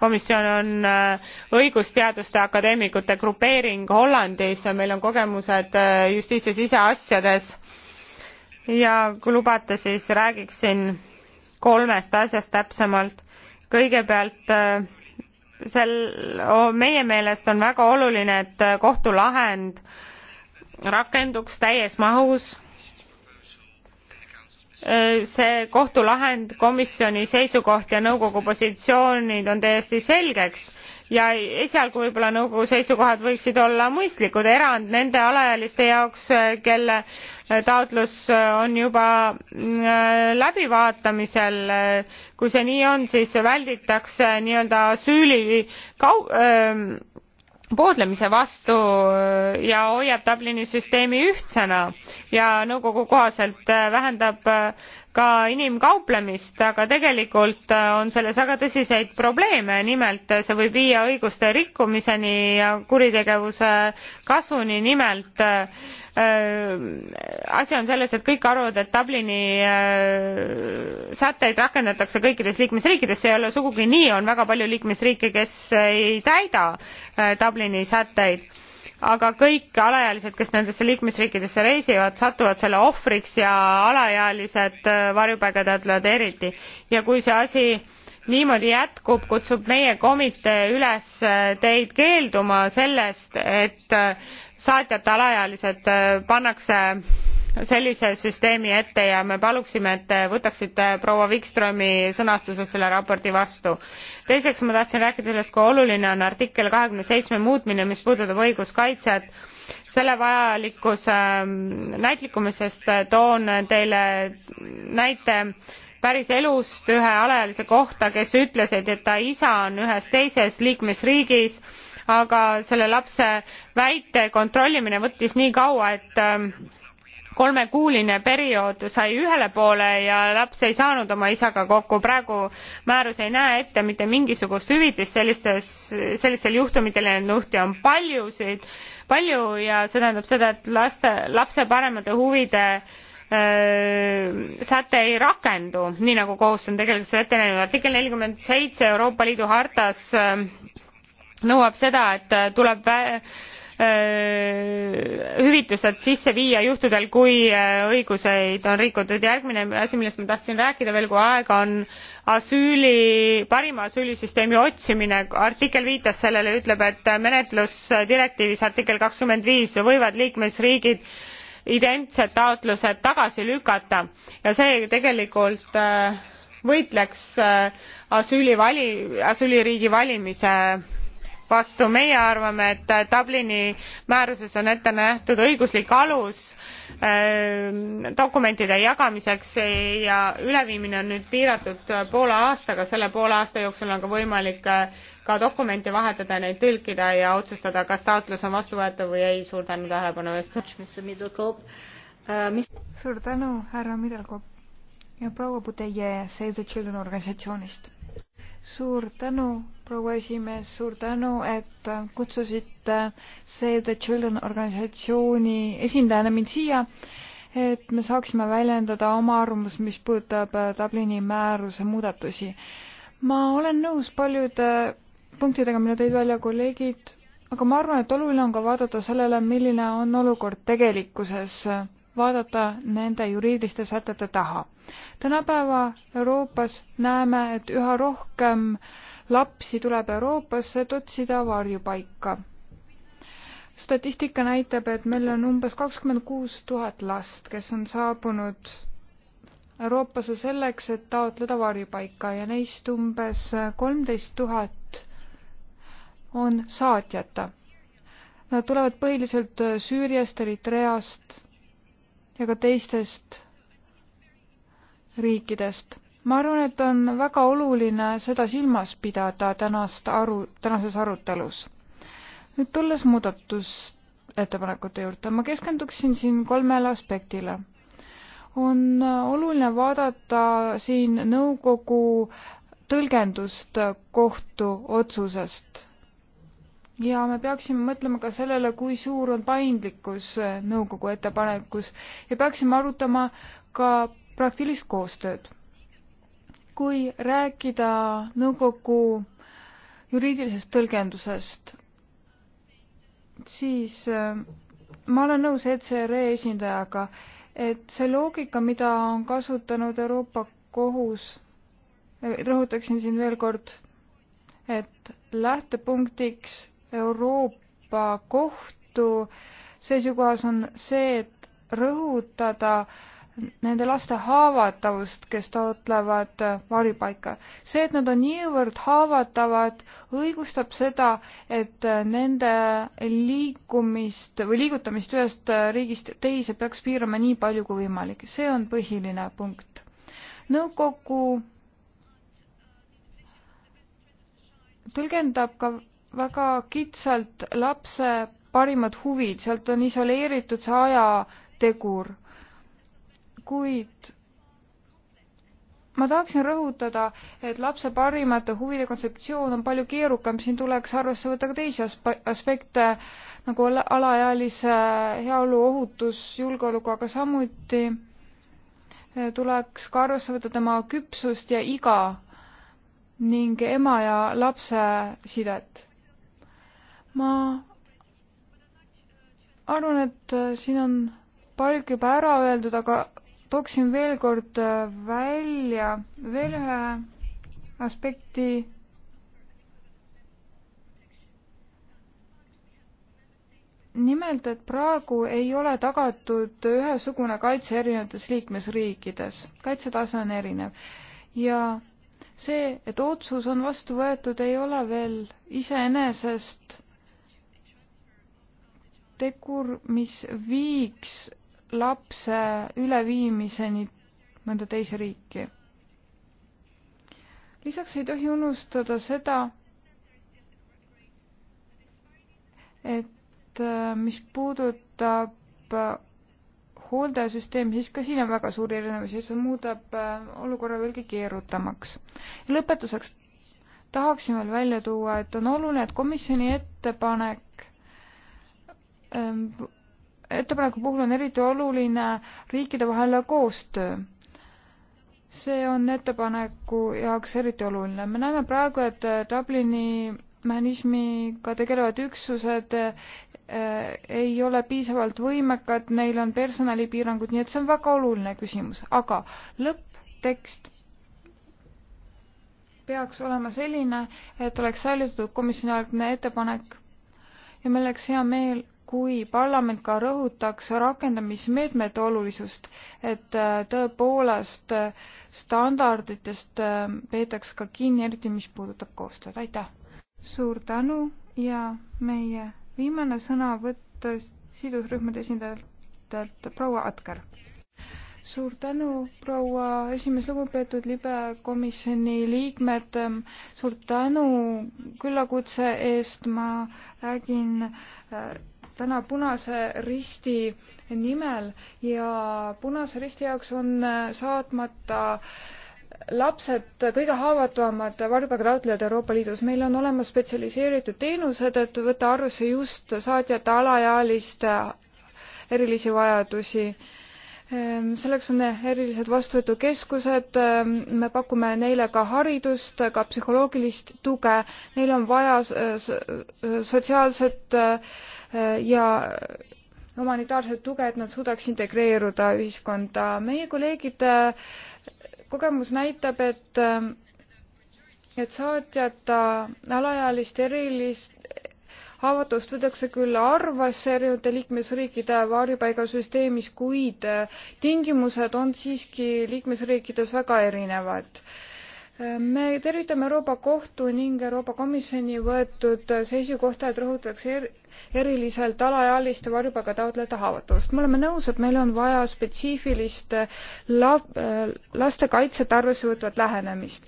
komisjon on äh, õigusteaduste akadeemikute grupeering Hollandis, meil on kogemused äh, justiits- ja siseasjades ja kui lubate, siis räägiksin kolmest asjast täpsemalt. kõigepealt sel, meie meelest on väga oluline, et kohtulahend rakenduks täies mahus. see kohtulahend, komisjoni seisukoht ja nõukogu positsioonid on täiesti selgeks ja esialgu võib-olla nõukogu seisukohad võiksid olla mõistlikud, erand nende alaealiste jaoks, kelle taotlus on juba mm, läbivaatamisel. kui see nii on, siis välditakse nii-öelda süüli kau-, ähm, poodlemise vastu ja hoiab Dublini süsteemi ühtsena ja nõukogu kohaselt vähendab ka inimkauplemist, aga tegelikult äh, on selles väga tõsiseid probleeme, nimelt äh, see võib viia õiguste rikkumiseni ja kuritegevuse kasvuni, nimelt äh, asi on selles, et kõik arvavad, et Dublini sätteid rakendatakse kõikides liikmesriikides, see ei ole sugugi nii, on väga palju liikmesriike, kes ei täida Dublini sätteid aga kõik alaealised, kes nendesse liikmesriikidesse reisivad, satuvad selle ohvriks ja alaealised äh, varjupaigataotlejad eriti. ja kui see asi niimoodi jätkub, kutsub meie komitee üles äh, teid keelduma sellest, et äh, saatjata alaealised pannakse sellise süsteemi ette ja me paluksime et te võtaksite proua wikströmi sõnastuses selle raporti vastu. teiseks ma tahtsin rääkida sellest kui oluline on artikkel muutmine mis puudutab õiguskaitset selle vajalikkuse ähm, näitlikumisest toon teile näite päris elust ühe alaealise kohta kes ütles et ta isa on ühes teises liikmesriigis aga selle lapse väite kontrollimine võttis nii kaua et ähm, kolmekuuline periood sai ühele poole ja laps ei saanud oma isaga kokku praegu määrus ei näe ette mitte mingisugust hüvitist sellistes sellistel juhtumitel ja neid nuhti on paljusid palju ja see tähendab seda et laste lapse paremate huvide säte ei rakendu nii nagu kohus on tegelikult seda ette näinud artikkel nelikümmend seitse euroopa liidu hartas nõuab seda et tuleb vä- Äh, hüvitused sisse viia juhtudel, kui äh, õiguseid on rikutud. järgmine asi, millest ma tahtsin rääkida veel, kui aega on, asüüli, parima asüülisüsteemi otsimine. artikkel viitas sellele, ütleb, et menetlusdirektiivis artikkel kakskümmend viis võivad liikmesriigid identsed taotlused tagasi lükata ja see tegelikult äh, võitleks asüüli vali, asüüliriigi valimise vastu. meie arvame, et Dublini määruses on ette nähtud õiguslik alus ähm, dokumentide jagamiseks ja üleviimine on nüüd piiratud poole aastaga, selle poole aasta jooksul on ka võimalik äh, ka dokumente vahetada, neid tõlkida ja otsustada, kas taotlus on vastuvõetav või ei. suur tänu tähelepanu eest. Uh, suur tänu, härra Midelkop ja proua Puteje Save the Children organisatsioonist suur tänu, proua esimees, suur tänu, et kutsusite Save the Children organisatsiooni esindajana mind siia, et me saaksime väljendada oma arvamust, mis puudutab äh, Dublini määruse muudatusi. ma olen nõus paljude punktidega, mille tõid välja kolleegid, aga ma arvan, et oluline on ka vaadata sellele, milline on olukord tegelikkuses vaadata nende juriidiliste sätete taha. tänapäeva Euroopas näeme, et üha rohkem lapsi tuleb Euroopasse, et otsida varjupaika. statistika näitab, et meil on umbes kakskümmend kuus tuhat last, kes on saabunud Euroopasse selleks, et taotleda varjupaika ja neist umbes kolmteist tuhat on saatjata Nad tulevad põhiliselt Süüriast, Eritreast ja ka teistest riikidest. ma arvan, et on väga oluline seda silmas pidada tänast aru, tänases arutelus. nüüd tulles muudatusettepanekute juurde, ma keskenduksin siin kolmele aspektile. on oluline vaadata siin nõukogu tõlgendust kohtuotsusest ja me peaksime mõtlema ka sellele, kui suur on paindlikkus eh, nõukogu ettepanekus ja peaksime arutama ka praktilist koostööd. kui rääkida nõukogu juriidilisest tõlgendusest, siis eh, ma olen nõus ECR-i esindajaga, et see loogika, mida on kasutanud Euroopa Kohus, eh, rõhutaksin siin veel kord, et lähtepunktiks Euroopa Kohtu seisukohas on see, et rõhutada nende laste haavatavust, kes taotlevad varipaika. see, et nad on niivõrd haavatavad, õigustab seda, et nende liikumist või liigutamist ühest riigist teise peaks piirama nii palju kui võimalik. see on põhiline punkt. nõukogu tõlgendab ka väga kitsalt lapse parimad huvid, sealt on isoleeritud see ajategur. kuid ma tahaksin rõhutada, et lapse parimate huvide kontseptsioon on palju keerukam, siin tuleks arvesse võtta ka teisi aspe-, aspekte nagu alaealise heaolu, ohutus, julgeoleku, aga samuti eh, tuleks ka arvesse võtta tema küpsust ja iga ning ema ja lapse sidet ma arvan, et äh, siin on paljud juba ära öeldud, aga tooksin veel kord äh, välja veel ühe aspekti nimelt, et praegu ei ole tagatud ühesugune kaitse erinevates liikmesriikides, kaitsetase on erinev. ja see, et otsus on vastu võetud, ei ole veel iseenesest tegur, mis viiks lapse üleviimiseni mõnda teise riiki. lisaks ei tohi unustada seda, et äh, mis puudutab äh, hooldajasüsteemi, siis ka siin on väga suuri erinevusi, see muudab äh, olukorra veelgi keerutamaks. lõpetuseks tahaksin veel välja tuua, et on oluline, et komisjoni ettepanek Ehm, ettepaneku puhul on eriti oluline riikidevaheline koostöö. see on ettepaneku jaoks eriti oluline. me näeme praegu, et äh, Dublini mehhanismiga tegelevad üksused äh, ei ole piisavalt võimekad, neil on personalipiirangud, nii et see on väga oluline küsimus, aga lõpptekst peaks olema selline, et oleks säilitatud komisjoni algne ettepanek ja meil oleks hea meel kui parlament ka rõhutaks rakendamismeetmete olulisust, et äh, tõepoolest äh, standarditest äh, peetaks ka kinni, eriti mis puudutab koostööd, aitäh! suur tänu ja meie viimane sõnavõtt sidusrühmade esindajatelt, proua Atker. suur tänu, proua esimees, lugupeetud libekomisjoni liikmed, suur tänu küllakutse eest, ma räägin äh, täna Punase Risti nimel ja Punase Risti jaoks on saatmata lapsed kõige haavatavamad varjupaiga taotlejad Euroopa Liidus. meil on olemas spetsialiseeritud teenused, et võtta arvesse just saatjate alaealiste erilisi vajadusi ehm, selleks on erilised vastuvõtukeskused, ehm, me pakume neile ka haridust, ka psühholoogilist tuge, neil on vaja sotsiaalset ja humanitaarset tuge, et nad suudaks integreeruda ühiskonda. meie kolleegide äh, kogemus näitab, et äh, et saatjata alaealist erilist haavatavust võetakse küll arvesse erinevate liikmesriikide varjupaigasüsteemis, kuid äh, tingimused on siiski liikmesriikides väga erinevad me tervitame Euroopa Kohtu ning Euroopa Komisjoni võetud seisukohta, et rõhutatakse er, eriliselt alaealiste varjupaiga taotlejate haavatavust. me oleme nõus, et meil on vaja spetsiifilist la, laste kaitset arvesse võtvat lähenemist.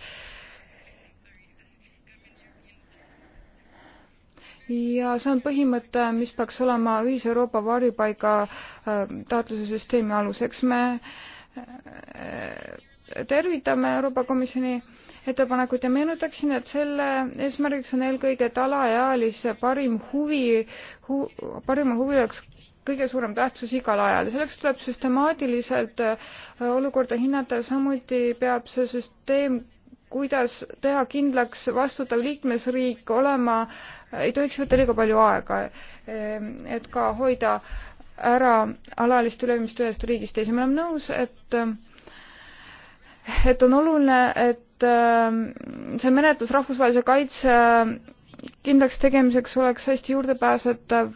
ja see on põhimõte, mis peaks olema ühise Euroopa varjupaiga äh, taotluse süsteemi aluseks. me äh, tervitame Euroopa Komisjoni ettepanekut ja meenutaksin, et selle eesmärgiks on eelkõige, et alaealise parim huvi hu,, parima huvi oleks kõige suurem tähtsus igal ajal ja selleks tuleb süstemaatiliselt äh, olukorda hinnata ja samuti peab see süsteem kuidas teha kindlaks vastutav liikmesriik olema, äh, ei tohiks võtta liiga palju aega, ähm, et ka hoida ära alalist ülemist ühest riigist teise. me oleme nõus, et äh, et on oluline, et ähm, see menetlus rahvusvahelise kaitse äh, kindlaks tegemiseks oleks hästi juurdepääsetav.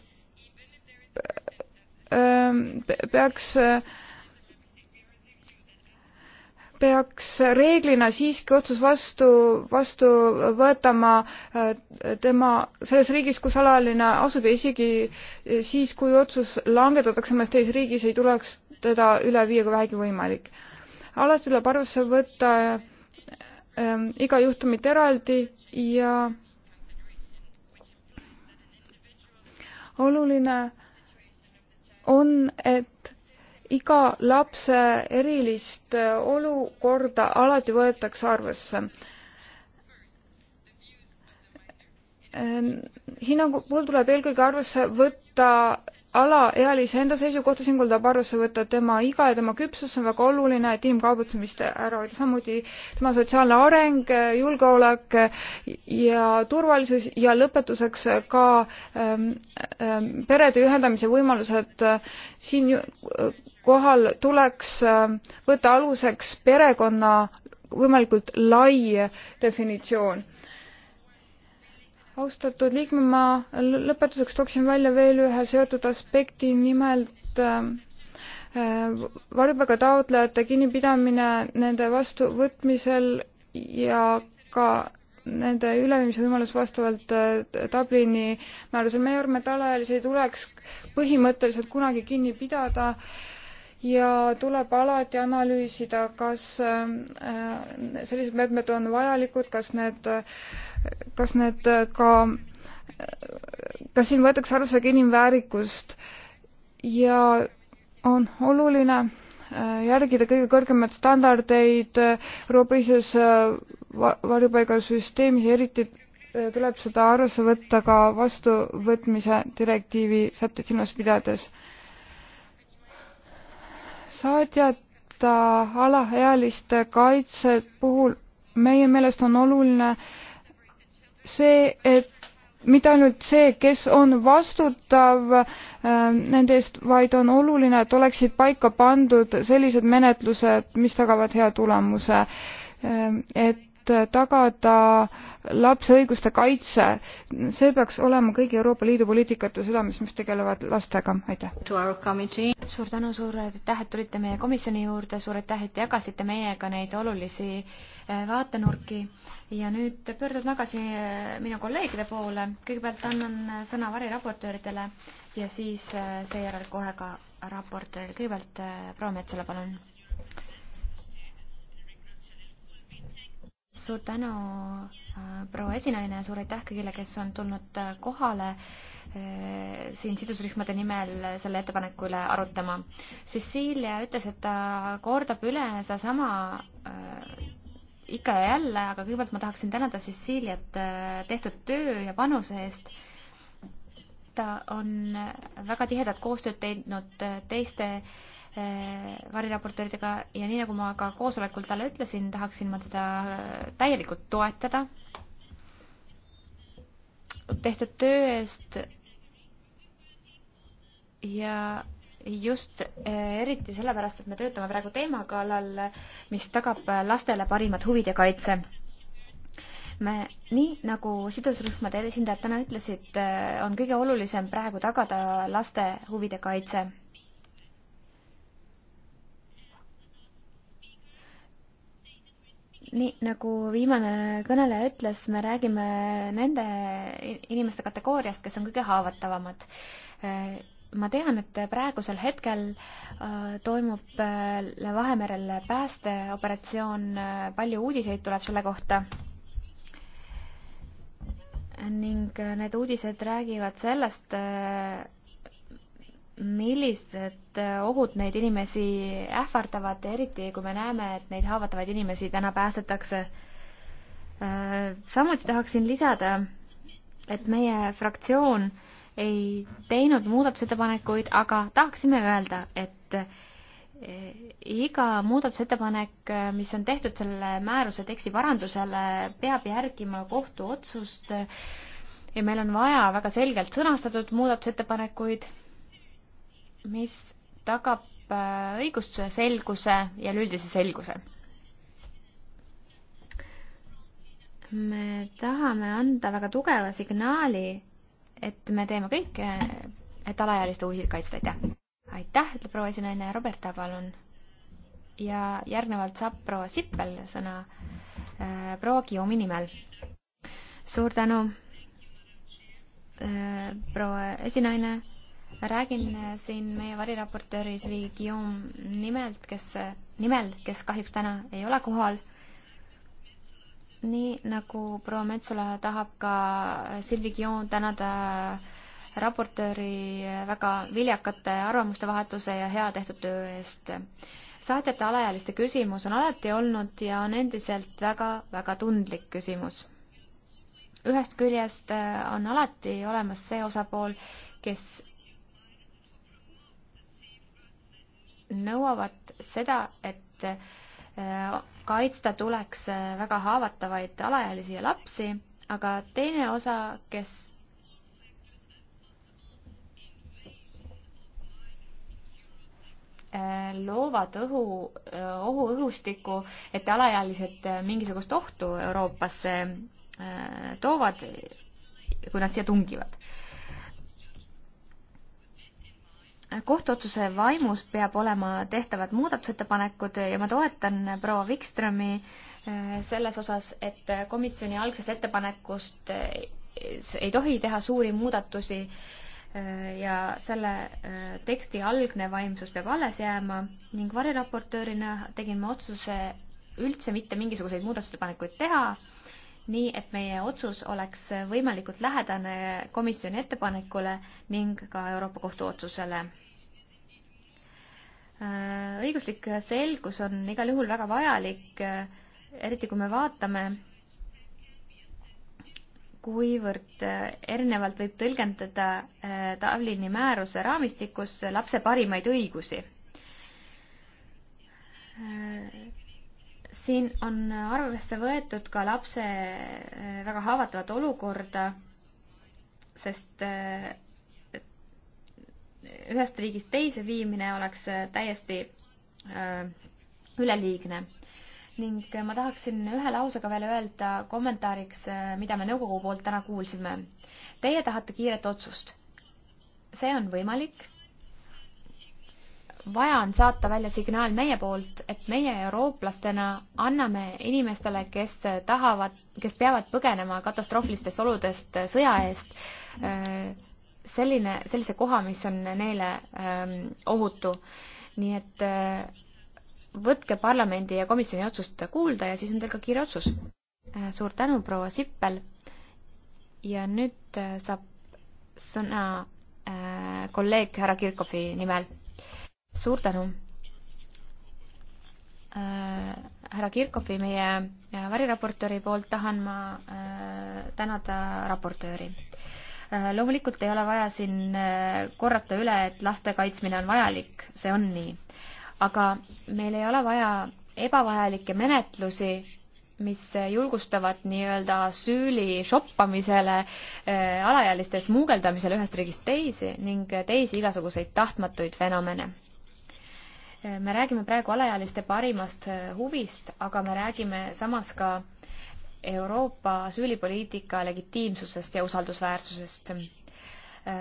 Ähm, peaks, äh, peaks reeglina siiski otsus vastu, vastu võetama äh, tema selles riigis, kus alaline asub ja isegi siis, kui otsus langetatakse mõnes teises riigis, ei tuleks teda üle viia, kui vähegi võimalik alati tuleb arvesse võtta ähm, iga juhtumit eraldi ja oluline on, et iga lapse erilist äh, olukorda alati võetakse arvesse. Ähm, hinnangu puhul tuleb eelkõige arvesse võtta alaealise enda seisukohta siinkohal tuleb arvesse võtta, tema iga ja tema küpsus on väga oluline, et inimkaubitsemist ära hoida, samuti tema sotsiaalne areng, julgeolek ja turvalisus ja lõpetuseks ka ähm, ähm, perede ühendamise võimalused äh, siin kohal tuleks äh, võtta aluseks perekonna võimalikult lai definitsioon austatud liikme, ma lõpetuseks tooksin välja veel ühe seotud aspekti, nimelt äh, äh, varjupaiga taotlejate kinnipidamine nende vastuvõtmisel ja ka nende üleviimise võimalus vastavalt äh, Dublini määrusele. meie arvame, et alaealisi ei tuleks põhimõtteliselt kunagi kinni pidada ja tuleb alati analüüsida, kas sellised meetmed on vajalikud, kas need kas need äh, ka, kas siin võetakse arvesse ka inimväärikust ja on oluline äh, järgida kõige kõrgemaid standardeid äh, Euroopa ühises varjupaigasüsteemis ja eriti tuleb seda arvesse võtta ka vastuvõtmise direktiivi sätteid silmas pidades. saatjata alaealiste kaitse puhul meie meelest on oluline äh, see, et mitte ainult see, kes on vastutav ähm, nende eest, vaid on oluline, et oleksid paika pandud sellised menetlused, mis tagavad hea tulemuse. Ähm, et et tagada lapse õiguste kaitse. see peaks olema kõigi Euroopa Liidu poliitikate südames, mis tegelevad lastega. aitäh! suur tänu, suur aitäh, et tulite meie komisjoni juurde, suur aitäh, et jagasite meiega neid olulisi eh, vaatenurki ja nüüd pöördun tagasi eh, minu kolleegide poole. kõigepealt annan eh, sõna variraportööridele ja siis seejärel kohe ka raportööril. kõigepealt proua Metsala, palun suur tänu, äh, proua esinaine, suur aitäh kõigile, kes on tulnud äh, kohale äh, siin sidusrühmade nimel selle ettepaneku üle arutama. Cecilia ütles, et ta kordab üle sedasama ikka ja jälle, aga kõigepealt ma tahaksin tänada Ceciliat tehtud töö ja panuse eest. ta on väga tihedat koostööd teinud teiste äh, Äh, variraportööridega ja nii nagu ma ka koosolekul talle ütlesin, tahaksin ma teda äh, täielikult toetada tehtud töö eest ja just äh, eriti sellepärast, et me töötame praegu teema kallal, mis tagab lastele parimad huvid ja kaitse. me, nii nagu sidusrühmade esindajad täna ütlesid, on kõige olulisem praegu tagada laste huvide kaitse nii nagu viimane kõneleja ütles, me räägime nende inimeste kategooriast, kes on kõige haavatavamad. Äh, ma tean, et praegusel hetkel äh, toimub äh, Vahemerel päästeoperatsioon, palju uudiseid tuleb selle kohta ning need uudised räägivad sellest, millised äh, ohud neid inimesi ähvardavad, eriti kui me näeme, et neid haavatavaid inimesi täna päästetakse. Äh, samuti tahaksin lisada, et meie fraktsioon ei teinud muudatusettepanekuid, aga tahaksime öelda, et äh, iga muudatusettepanek, mis on tehtud selle määruse teksti parandusele, peab järgima kohtuotsust ja meil on vaja väga selgelt sõnastatud muudatusettepanekuid mis tagab äh, õigustuse selguse ja üleüldise selguse. me tahame anda väga tugeva signaali, et me teeme kõik, äh, et alaealiste huvisid kaitsta, aitäh. aitäh, ütleb proua esinaine Roberta, palun. ja järgnevalt saab proua Sippel sõna äh, proua Guillaume'i nimel. suur tänu, proua esinaine räägin siin meie variraportööri Sylvie Guillaume nimelt, kes, nimel, kes kahjuks täna ei ole kohal. nii nagu proua Metsula tahab ka Sylvie Guillaume tänada raportööri väga viljakate arvamuste vahetuse ja hea tehtud töö eest. saatjate alaealiste küsimus on alati olnud ja on endiselt väga-väga tundlik küsimus ühest küljest äh, on alati olemas see osapool, kes nõuavad seda, et äh, kaitsta tuleks äh, väga haavatavaid alaealisi ja lapsi, aga teine osa, kes äh, loovad õhu, ohuõhustiku, et alaealised mingisugust ohtu Euroopasse toovad, kui nad siia tungivad. kohtuotsuse vaimus peab olema tehtavad muudatusettepanekud ja ma toetan proua Wikströmi äh, selles osas, et komisjoni algsest ettepanekust äh, ei tohi teha suuri muudatusi äh, ja selle teksti algne vaimsus peab alles jääma ning variraportöörina tegin ma otsuse üldse mitte mingisuguseid muudatusettepanekuid teha nii et meie otsus oleks võimalikult lähedane komisjoni ettepanekule ning ka Euroopa Kohtu otsusele. Äh, õiguslik selgus on igal juhul väga vajalik, äh, eriti kui me vaatame, kuivõrd äh, erinevalt võib tõlgendada Dublini määruse raamistikus lapse parimaid õigusi siin on arvesse võetud ka lapse äh, väga haavatavat olukorda, sest äh, ühest riigist teise viimine oleks äh, täiesti üleliigne. ning ma tahaksin ühe lausega veel öelda kommentaariks, mida me nõukogu poolt täna kuulsime. Teie tahate kiiret otsust. see on võimalik vaja on saata välja signaal meie poolt, et meie eurooplastena anname inimestele, kes tahavad, kes peavad põgenema katastroofilistest oludest sõja eest, äh, selline, sellise koha, mis on neile ähm, ohutu. nii et äh, võtke parlamendi ja komisjoni otsust kuulda ja siis on teil ka kiire otsus. Äh, suur tänu, proua Sippel. ja nüüd saab sõna kolleeg härra Kirkovi nimel suur tänu äh,. härra Kirkovi, meie äh, variraportööri poolt tahan ma äh, tänada raportööri äh,. loomulikult ei ole vaja siin äh, korrata üle, et laste kaitsmine on vajalik, see on nii. aga meil ei ole vaja ebavajalikke menetlusi, mis julgustavad nii-öelda süüli shoppamisele äh,, alaealiste smuugeldamisele ühest riigist teisi ning äh, teisi igasuguseid tahtmatuid fenomene me räägime praegu alaealiste parimast äh, huvist, aga me räägime samas ka Euroopa asüülipoliitika legitiimsusest ja usaldusväärsusest. Äh,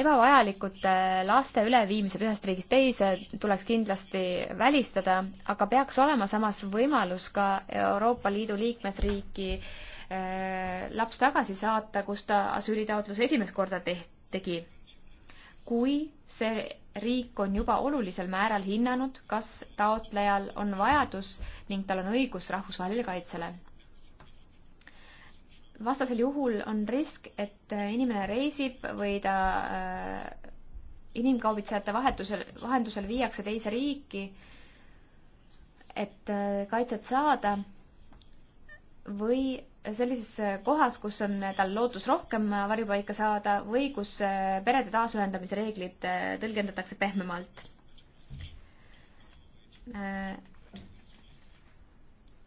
ebavajalikute laste üleviimised ühest riigist teise tuleks kindlasti välistada, aga peaks olema samas võimalus ka Euroopa Liidu liikmesriiki äh, laps tagasi saata, kus ta asüülitaotluse esimest korda tehti tegi kui see riik on juba olulisel määral hinnanud, kas taotlejal on vajadus ning tal on õigus rahvusvahelisele kaitsele. vastasel juhul on risk, et inimene reisib või ta äh, inimkaubitsejate vahetusel, vahendusel viiakse teise riiki, et äh, kaitset saada või sellises äh, kohas, kus on tal lootus rohkem äh, varjupaika saada või kus äh, perede taasühendamise reeglid tõlgendatakse pehmemalt.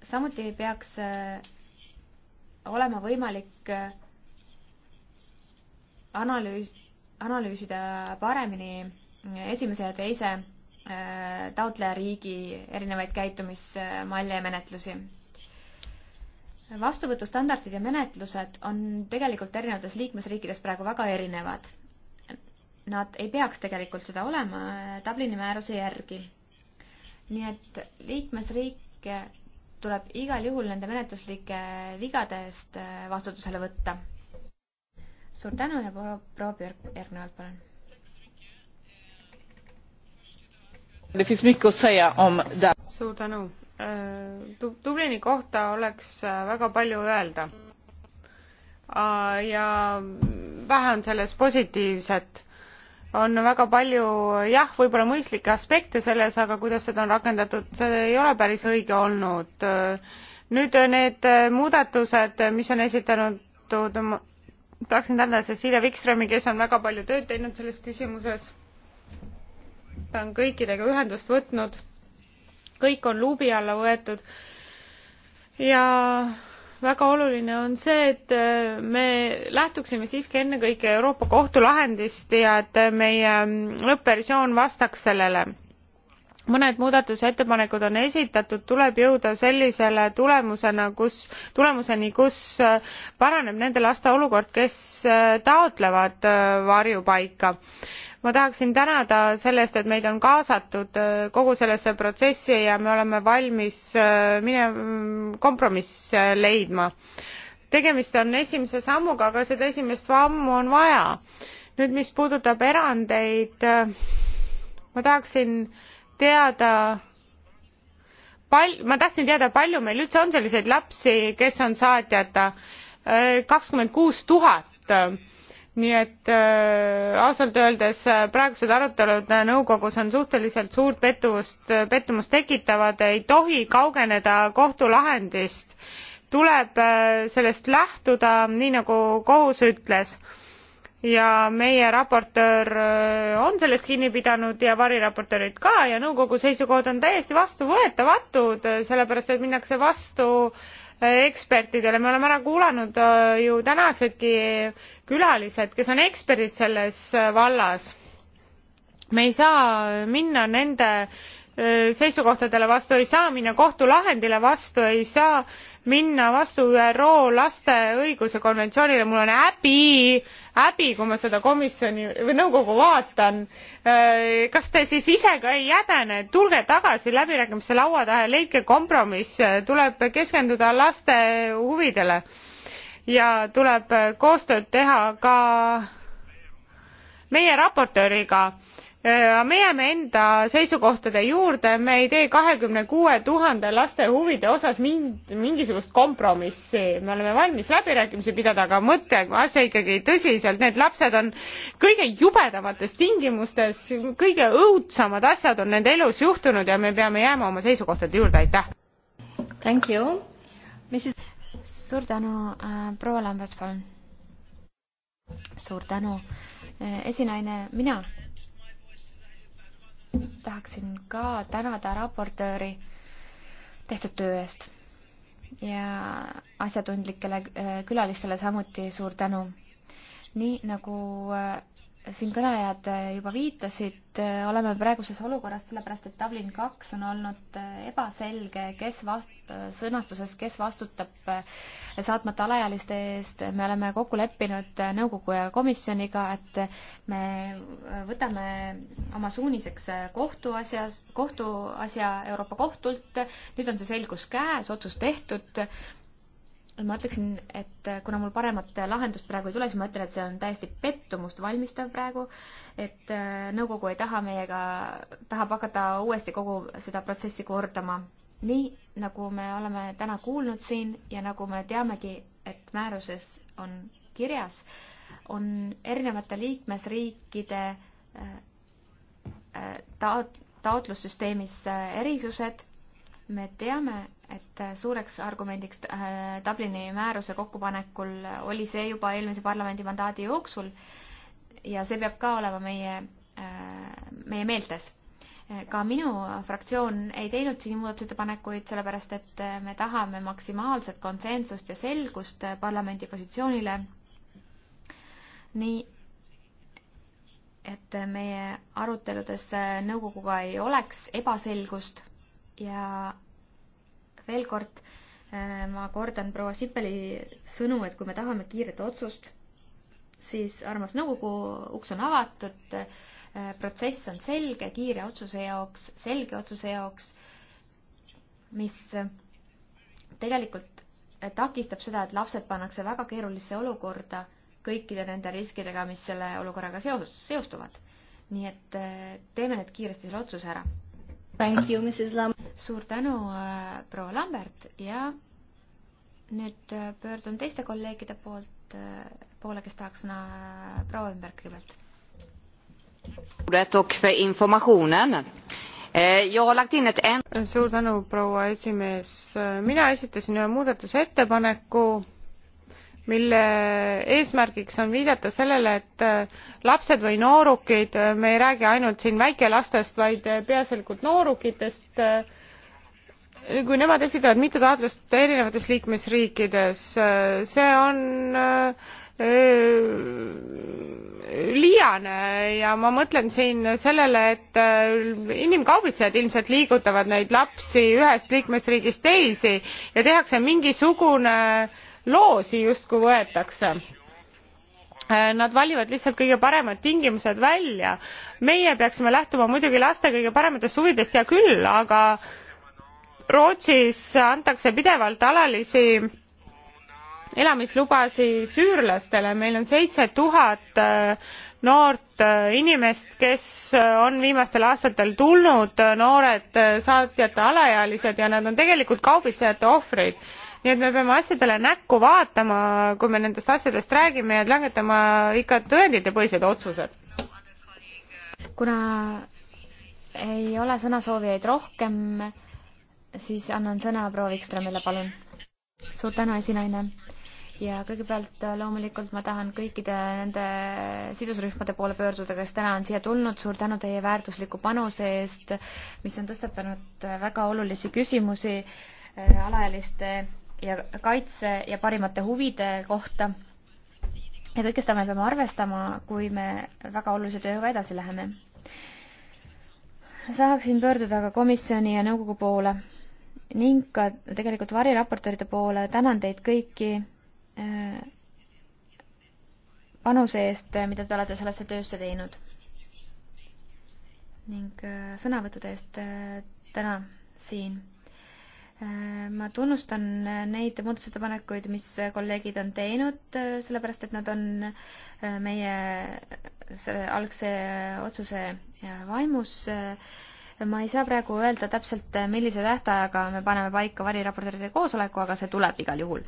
samuti peaks olema võimalik analüüs, analüüsida paremini esimese ja teise taotlejariigi erinevaid käitumismalle ja menetlusi vastuvõtustandardid ja menetlused on tegelikult erinevates liikmesriikides praegu väga erinevad. Nad ei peaks tegelikult seda olema eh, Dublini määruse järgi. nii et liikmesriike tuleb igal juhul nende menetluslike vigade eest eh, vastutusele võtta. suur tänu ja proua Björk järgnevalt, palun. suur tänu Äh, Dublini kohta oleks äh, väga palju öelda. Äh, ja vähe on selles positiivset. on väga palju jah, võib-olla mõistlikke aspekte selles, aga kuidas seda on rakendatud, see ei ole päris õige olnud. nüüd need muudatused, mis on esitanud, tahaksin tänada Cecilia Wikströmi, kes on väga palju tööd teinud selles küsimuses. ta on kõikidega ühendust võtnud kõik on luubi alla võetud ja väga oluline on see, et me lähtuksime siiski ennekõike Euroopa Kohtu lahendist ja et meie lõppversioon vastaks sellele. mõned muudatusettepanekud on esitatud, tuleb jõuda sellisele tulemusena, kus, tulemuseni, kus paraneb nende laste olukord, kes taotlevad varjupaika ma tahaksin tänada selle eest, et meid on kaasatud äh, kogu sellesse protsessi ja me oleme valmis äh, mine-, kompromisse leidma. tegemist on esimese sammuga, aga seda esimest sammu on vaja. nüüd, mis puudutab erandeid, äh, ma tahaksin teada pal-, ma tahtsin teada, palju meil üldse on selliseid lapsi, kes on saatjata? kakskümmend kuus tuhat nii et äh, ausalt öeldes äh, praegused arutelud äh, nõukogus on suhteliselt suurt pettumust, äh, pettumust tekitavad, ei tohi kaugeneda kohtulahendist. tuleb äh, sellest lähtuda, nii nagu kohus ütles. ja meie raportöör äh, on sellest kinni pidanud ja variraportöörid ka ja nõukogu seisukohad on täiesti vastuvõetamatud, sellepärast et minnakse vastu äh, ekspertidele, me oleme ära kuulanud äh, ju tänasedki külalised, kes on eksperdid selles äh, vallas. me ei saa minna nende äh, seisukohtadele vastu, ei saa minna kohtulahendile vastu, ei saa äh, minna vastu ÜRO laste õiguse konventsioonile, mul on häbi, häbi, kui ma seda komisjoni või nõukogu vaatan. Äh, kas te siis ise ka ei häbene, tulge tagasi läbirääkimiste laua taha ja leidke kompromiss, tuleb keskenduda laste huvidele ja tuleb koostööd teha ka meie raportööriga Äh, me jääme enda seisukohtade juurde, me ei tee kahekümne kuue tuhande laste huvide osas mind, mingisugust kompromissi, me oleme valmis läbirääkimisi pidada, aga mõte, asja ikkagi tõsiselt, need lapsed on kõige jubedamates tingimustes, kõige õudsemad asjad on nende elus juhtunud ja me peame jääma oma seisukohtade juurde, aitäh! Thank you, Mrs. suur tänu äh,, proua Lambert, palun! suur tänu äh,, esinaine, mina tahaksin ka tänada raportööri tehtud töö eest ja asjatundlikele äh, külalistele samuti suur tänu. nii nagu äh, siin kõnejad juba viitasid, oleme praeguses olukorras sellepärast, et Dublin kaks on olnud ebaselge, kes vast-, sõnastuses, kes vastutab saatmata alaealiste eest. me oleme kokku leppinud nõukogu ja komisjoniga, et me võtame oma suuniseks kohtuasjas, kohtuasja Euroopa Kohtult. nüüd on see selgus käes, otsus tehtud ma ütleksin, et kuna mul paremat lahendust praegu ei tule, siis ma ütlen, et see on täiesti pettumust valmistav praegu, et äh, nõukogu ei taha meiega, tahab hakata uuesti kogu seda protsessi kordama. nii, nagu me oleme täna kuulnud siin ja nagu me teamegi, et määruses on kirjas, on erinevate liikmesriikide äh, äh, taot-, taotlussüsteemis erisused me teame, et suureks argumendiks äh, Dublini määruse kokkupanekul oli see juba eelmise parlamendi mandaadi jooksul ja see peab ka olema meie, äh, meie meeltes. ka minu fraktsioon ei teinud siin muudatusettepanekuid, sellepärast et me tahame maksimaalset konsensust ja selgust parlamendi positsioonile. nii et meie aruteludes nõukoguga ei oleks ebaselgust ja veel kord äh, ma kordan proua Sippeli sõnu, et kui me tahame kiiret otsust, siis armas nõukogu, uks on avatud, äh, protsess on selge kiire otsuse jaoks, selge otsuse jaoks, mis äh, tegelikult takistab seda, et lapsed pannakse väga keerulisse olukorda kõikide nende riskidega, mis selle olukorraga seos, seostuvad. nii et teeme nüüd kiiresti selle otsuse ära. Thank you, Mrs Lam- suur tänu, äh, proua Lambert ja nüüd äh, pöördun teiste kolleegide poolt, äh, poole, kes tahaks sõna proua ümber kõigepealt. Eh, suur tänu, proua esimees. mina esitasin ühe muudatusettepaneku, mille eesmärgiks on viidata sellele, et lapsed või noorukid, me ei räägi ainult siin väikelastest, vaid peaasjalikult noorukitest, kui nemad esitavad mitu taotlust erinevates liikmesriikides, see on äh, äh, liiane ja ma mõtlen siin sellele, et äh, inimkaubitsejad ilmselt liigutavad neid lapsi ühest liikmesriigist teisi ja tehakse mingisugune loosi justkui võetakse. Nad valivad lihtsalt kõige paremad tingimused välja. meie peaksime lähtuma muidugi laste kõige parematest huvidest, hea küll, aga äh, Rootsis antakse pidevalt alalisi elamislubasi süürlastele, meil on seitse tuhat äh, noort äh, inimest, kes äh, on viimastel aastatel tulnud, noored saatjate alaealised ja nad on tegelikult kaubitsejate ohvrid. nii et me peame asjadele näkku vaatama, kui me nendest asjadest räägime ja langetama ikka tõenditepõhised otsused. kuna ei ole sõnasoovijaid rohkem, siis annan sõna proua Vikströmile, palun. suur tänu, esinaine ja kõigepealt äh, loomulikult ma tahan kõikide nende sidusrühmade poole pöörduda, kes täna on siia tulnud, suur tänu teie väärtusliku panuse eest, mis on tõstatanud äh, väga olulisi küsimusi äh, alaealiste ja kaitse ja parimate huvide kohta. ja kõike seda me peame arvestama, kui me väga olulise tööga edasi läheme. tahaksin pöörduda ka komisjoni ja nõukogu poole ning ka tegelikult variraportööride poole tänan teid kõiki äh, panuse eest, äh, mida te olete sellesse töösse teinud. ning äh, sõnavõttude eest täna siin. ma tunnustan neid muudatusettepanekuid, mis kolleegid on teinud, sellepärast et nad on meie selle algse otsuse vaimus ma ei saa praegu öelda täpselt, eh, millise tähtajaga me paneme paika variraportööride koosoleku, aga see tuleb igal juhul.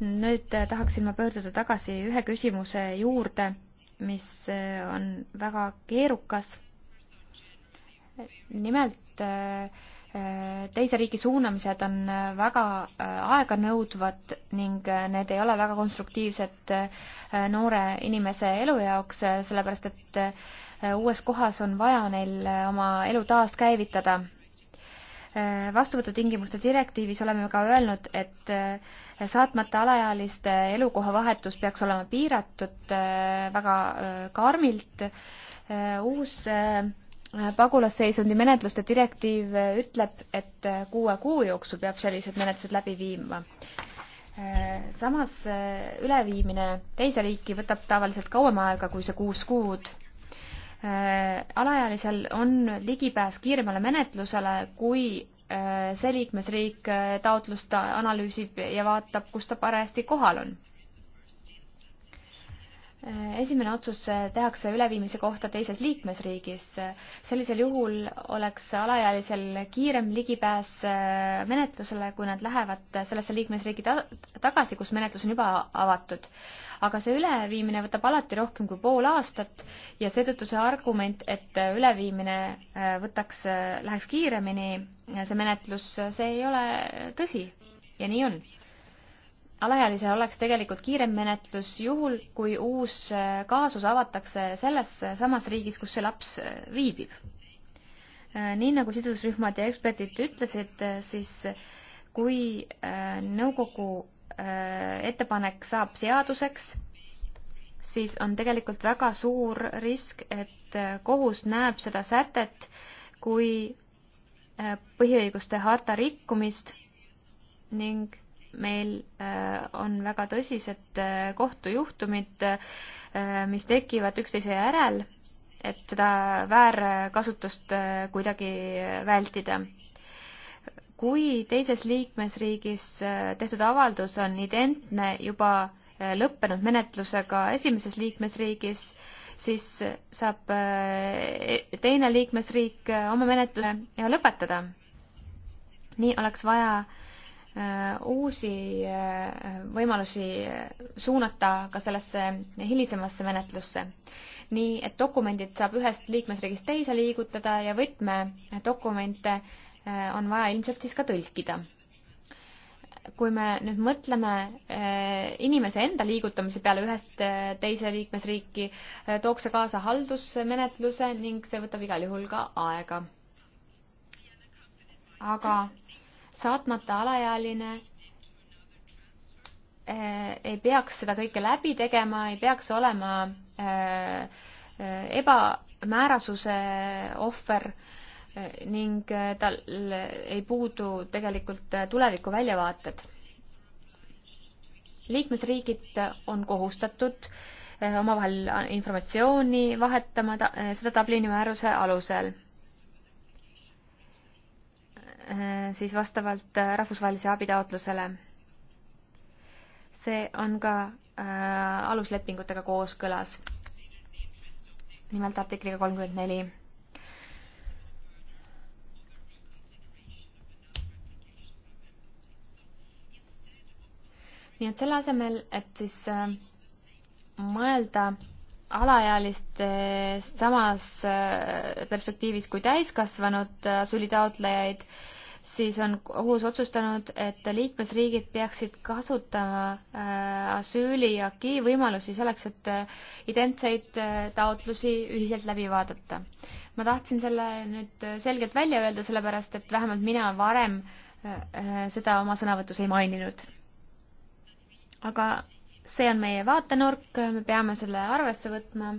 nüüd eh, tahaksin ma pöörduda tagasi ühe küsimuse juurde, mis eh, on väga keerukas. nimelt äh, Äh, teise riigi suunamised on äh, väga äh, aeganõudvad ning need ei ole väga konstruktiivsed noore inimese elu jaoks, sellepärast et uues kohas on vaja neil oma elu taaskäivitada. vastuvõtutingimuste direktiivis oleme ka öelnud, et saatmata alaealiste elukohavahetus peaks olema piiratud väga karmilt. uus Äh, pagulasseisundi menetluste direktiiv äh, ütleb, et äh, kuue kuu jooksul peab sellised menetlused läbi viima. samas üleviimine teise riiki võtab tavaliselt kauem aega kui see kuus kuud. alaealisel on ligipääs kiiremale menetlusele, kui see liikmesriik taotlust analüüsib ja vaatab, kus ta parajasti kohal on esimene otsus tehakse üleviimise kohta teises liikmesriigis. sellisel juhul oleks alaealisel kiirem ligipääs äh, menetlusele, kui nad lähevad sellesse liikmesriigi ta tagasi, kus menetlus on juba avatud. aga see üleviimine võtab alati rohkem kui pool aastat ja seetõttu see argument, et üleviimine äh, võtaks, äh, läheks kiiremini, see menetlus, see ei ole tõsi ja nii on alaealisel oleks tegelikult kiirem menetlus juhul, kui uus äh, kaasus avatakse selles äh, samas riigis, kus see laps äh, viibib. nii nagu sidusrühmad ja eksperdid ütlesid, siis kui nõukogu ettepanek saab seaduseks, siis on tegelikult väga suur risk, et kohus näeb seda sätet kui põhiõiguste harta rikkumist ning meil äh, on väga tõsised äh, kohtujuhtumid, äh, mis tekivad üksteise järel, et seda väärkasutust kuidagi vältida. kui teises liikmesriigis tehtud avaldus on identne juba lõppenud menetlusega esimeses liikmesriigis, siis saab teine liikmesriik oma menetluse lõpetada. nii oleks vaja äh, Äh, uusi äh, võimalusi suunata ka sellesse hilisemasse menetlusse. nii et dokumendid saab ühest liikmesriigist teise liigutada ja võtmedokumente äh, on vaja ilmselt siis ka tõlkida. kui me nüüd mõtleme inimese enda liigutamise peale ühest teise liikmesriiki, tooks see kaasa haldusmenetluse ning see võtab igal juhul ka aega. aga saatmata alaealine eh, ei peaks seda kõike läbi tegema, ei peaks olema eh, eh, ebamäärasuse ohver ning tal ei puudu tegelikult tuleviku väljavaated. liikmesriigid on kohustatud omavahel informatsiooni vahetama seda Dublini määruse alusel Äh, siis vastavalt äh, rahvusvahelise abitaotlusele. see on ka äh, aluslepingutega kooskõlas, nimelt artikliga kolmkümmend neli nii et selle asemel, et siis äh, mõelda alaealistest samas äh, perspektiivis kui täiskasvanud asüülitaotlejaid äh,, siis on kohus otsustanud, et liikmesriigid peaksid kasutama äh, asüüli ja ki võimalusi selleks, et äh, identseid äh, taotlusi ühiselt läbi vaadata. ma tahtsin selle nüüd selgelt välja öelda, sellepärast et vähemalt mina varem seda oma sõnavõtus ei maininud. aga see on meie vaatenurk, me peame selle arvesse võtma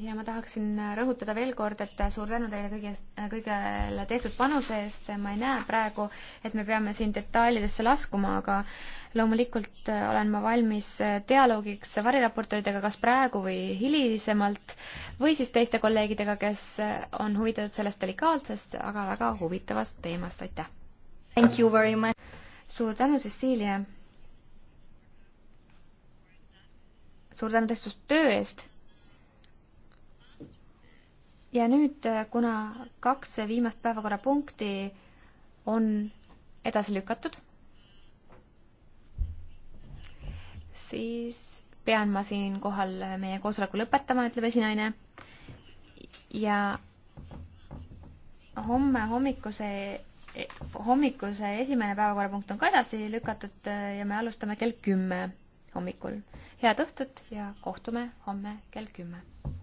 ja ma tahaksin rõhutada veel kord, et suur tänu teile kõige, kõigele tehtud panuse eest, ma ei näe praegu, et me peame siin detailidesse laskuma, aga loomulikult olen ma valmis dialoogiks variraportööridega kas praegu või hilisemalt või siis teiste kolleegidega, kes on huvitatud sellest delikaatsest, aga väga huvitavast teemast, aitäh! suur tänu, Cecilia! suur tänu tehtud töö eest! ja nüüd, äh, kuna kaks viimast päevakorrapunkti on edasi lükatud, siis pean ma siinkohal meie koosoleku lõpetama, ütleb esinaine. ja homme hommikuse, hommikuse esimene päevakorrapunkt on ka edasi lükatud äh, ja me alustame kell kümme hommikul. head õhtut ja kohtume homme kell kümme.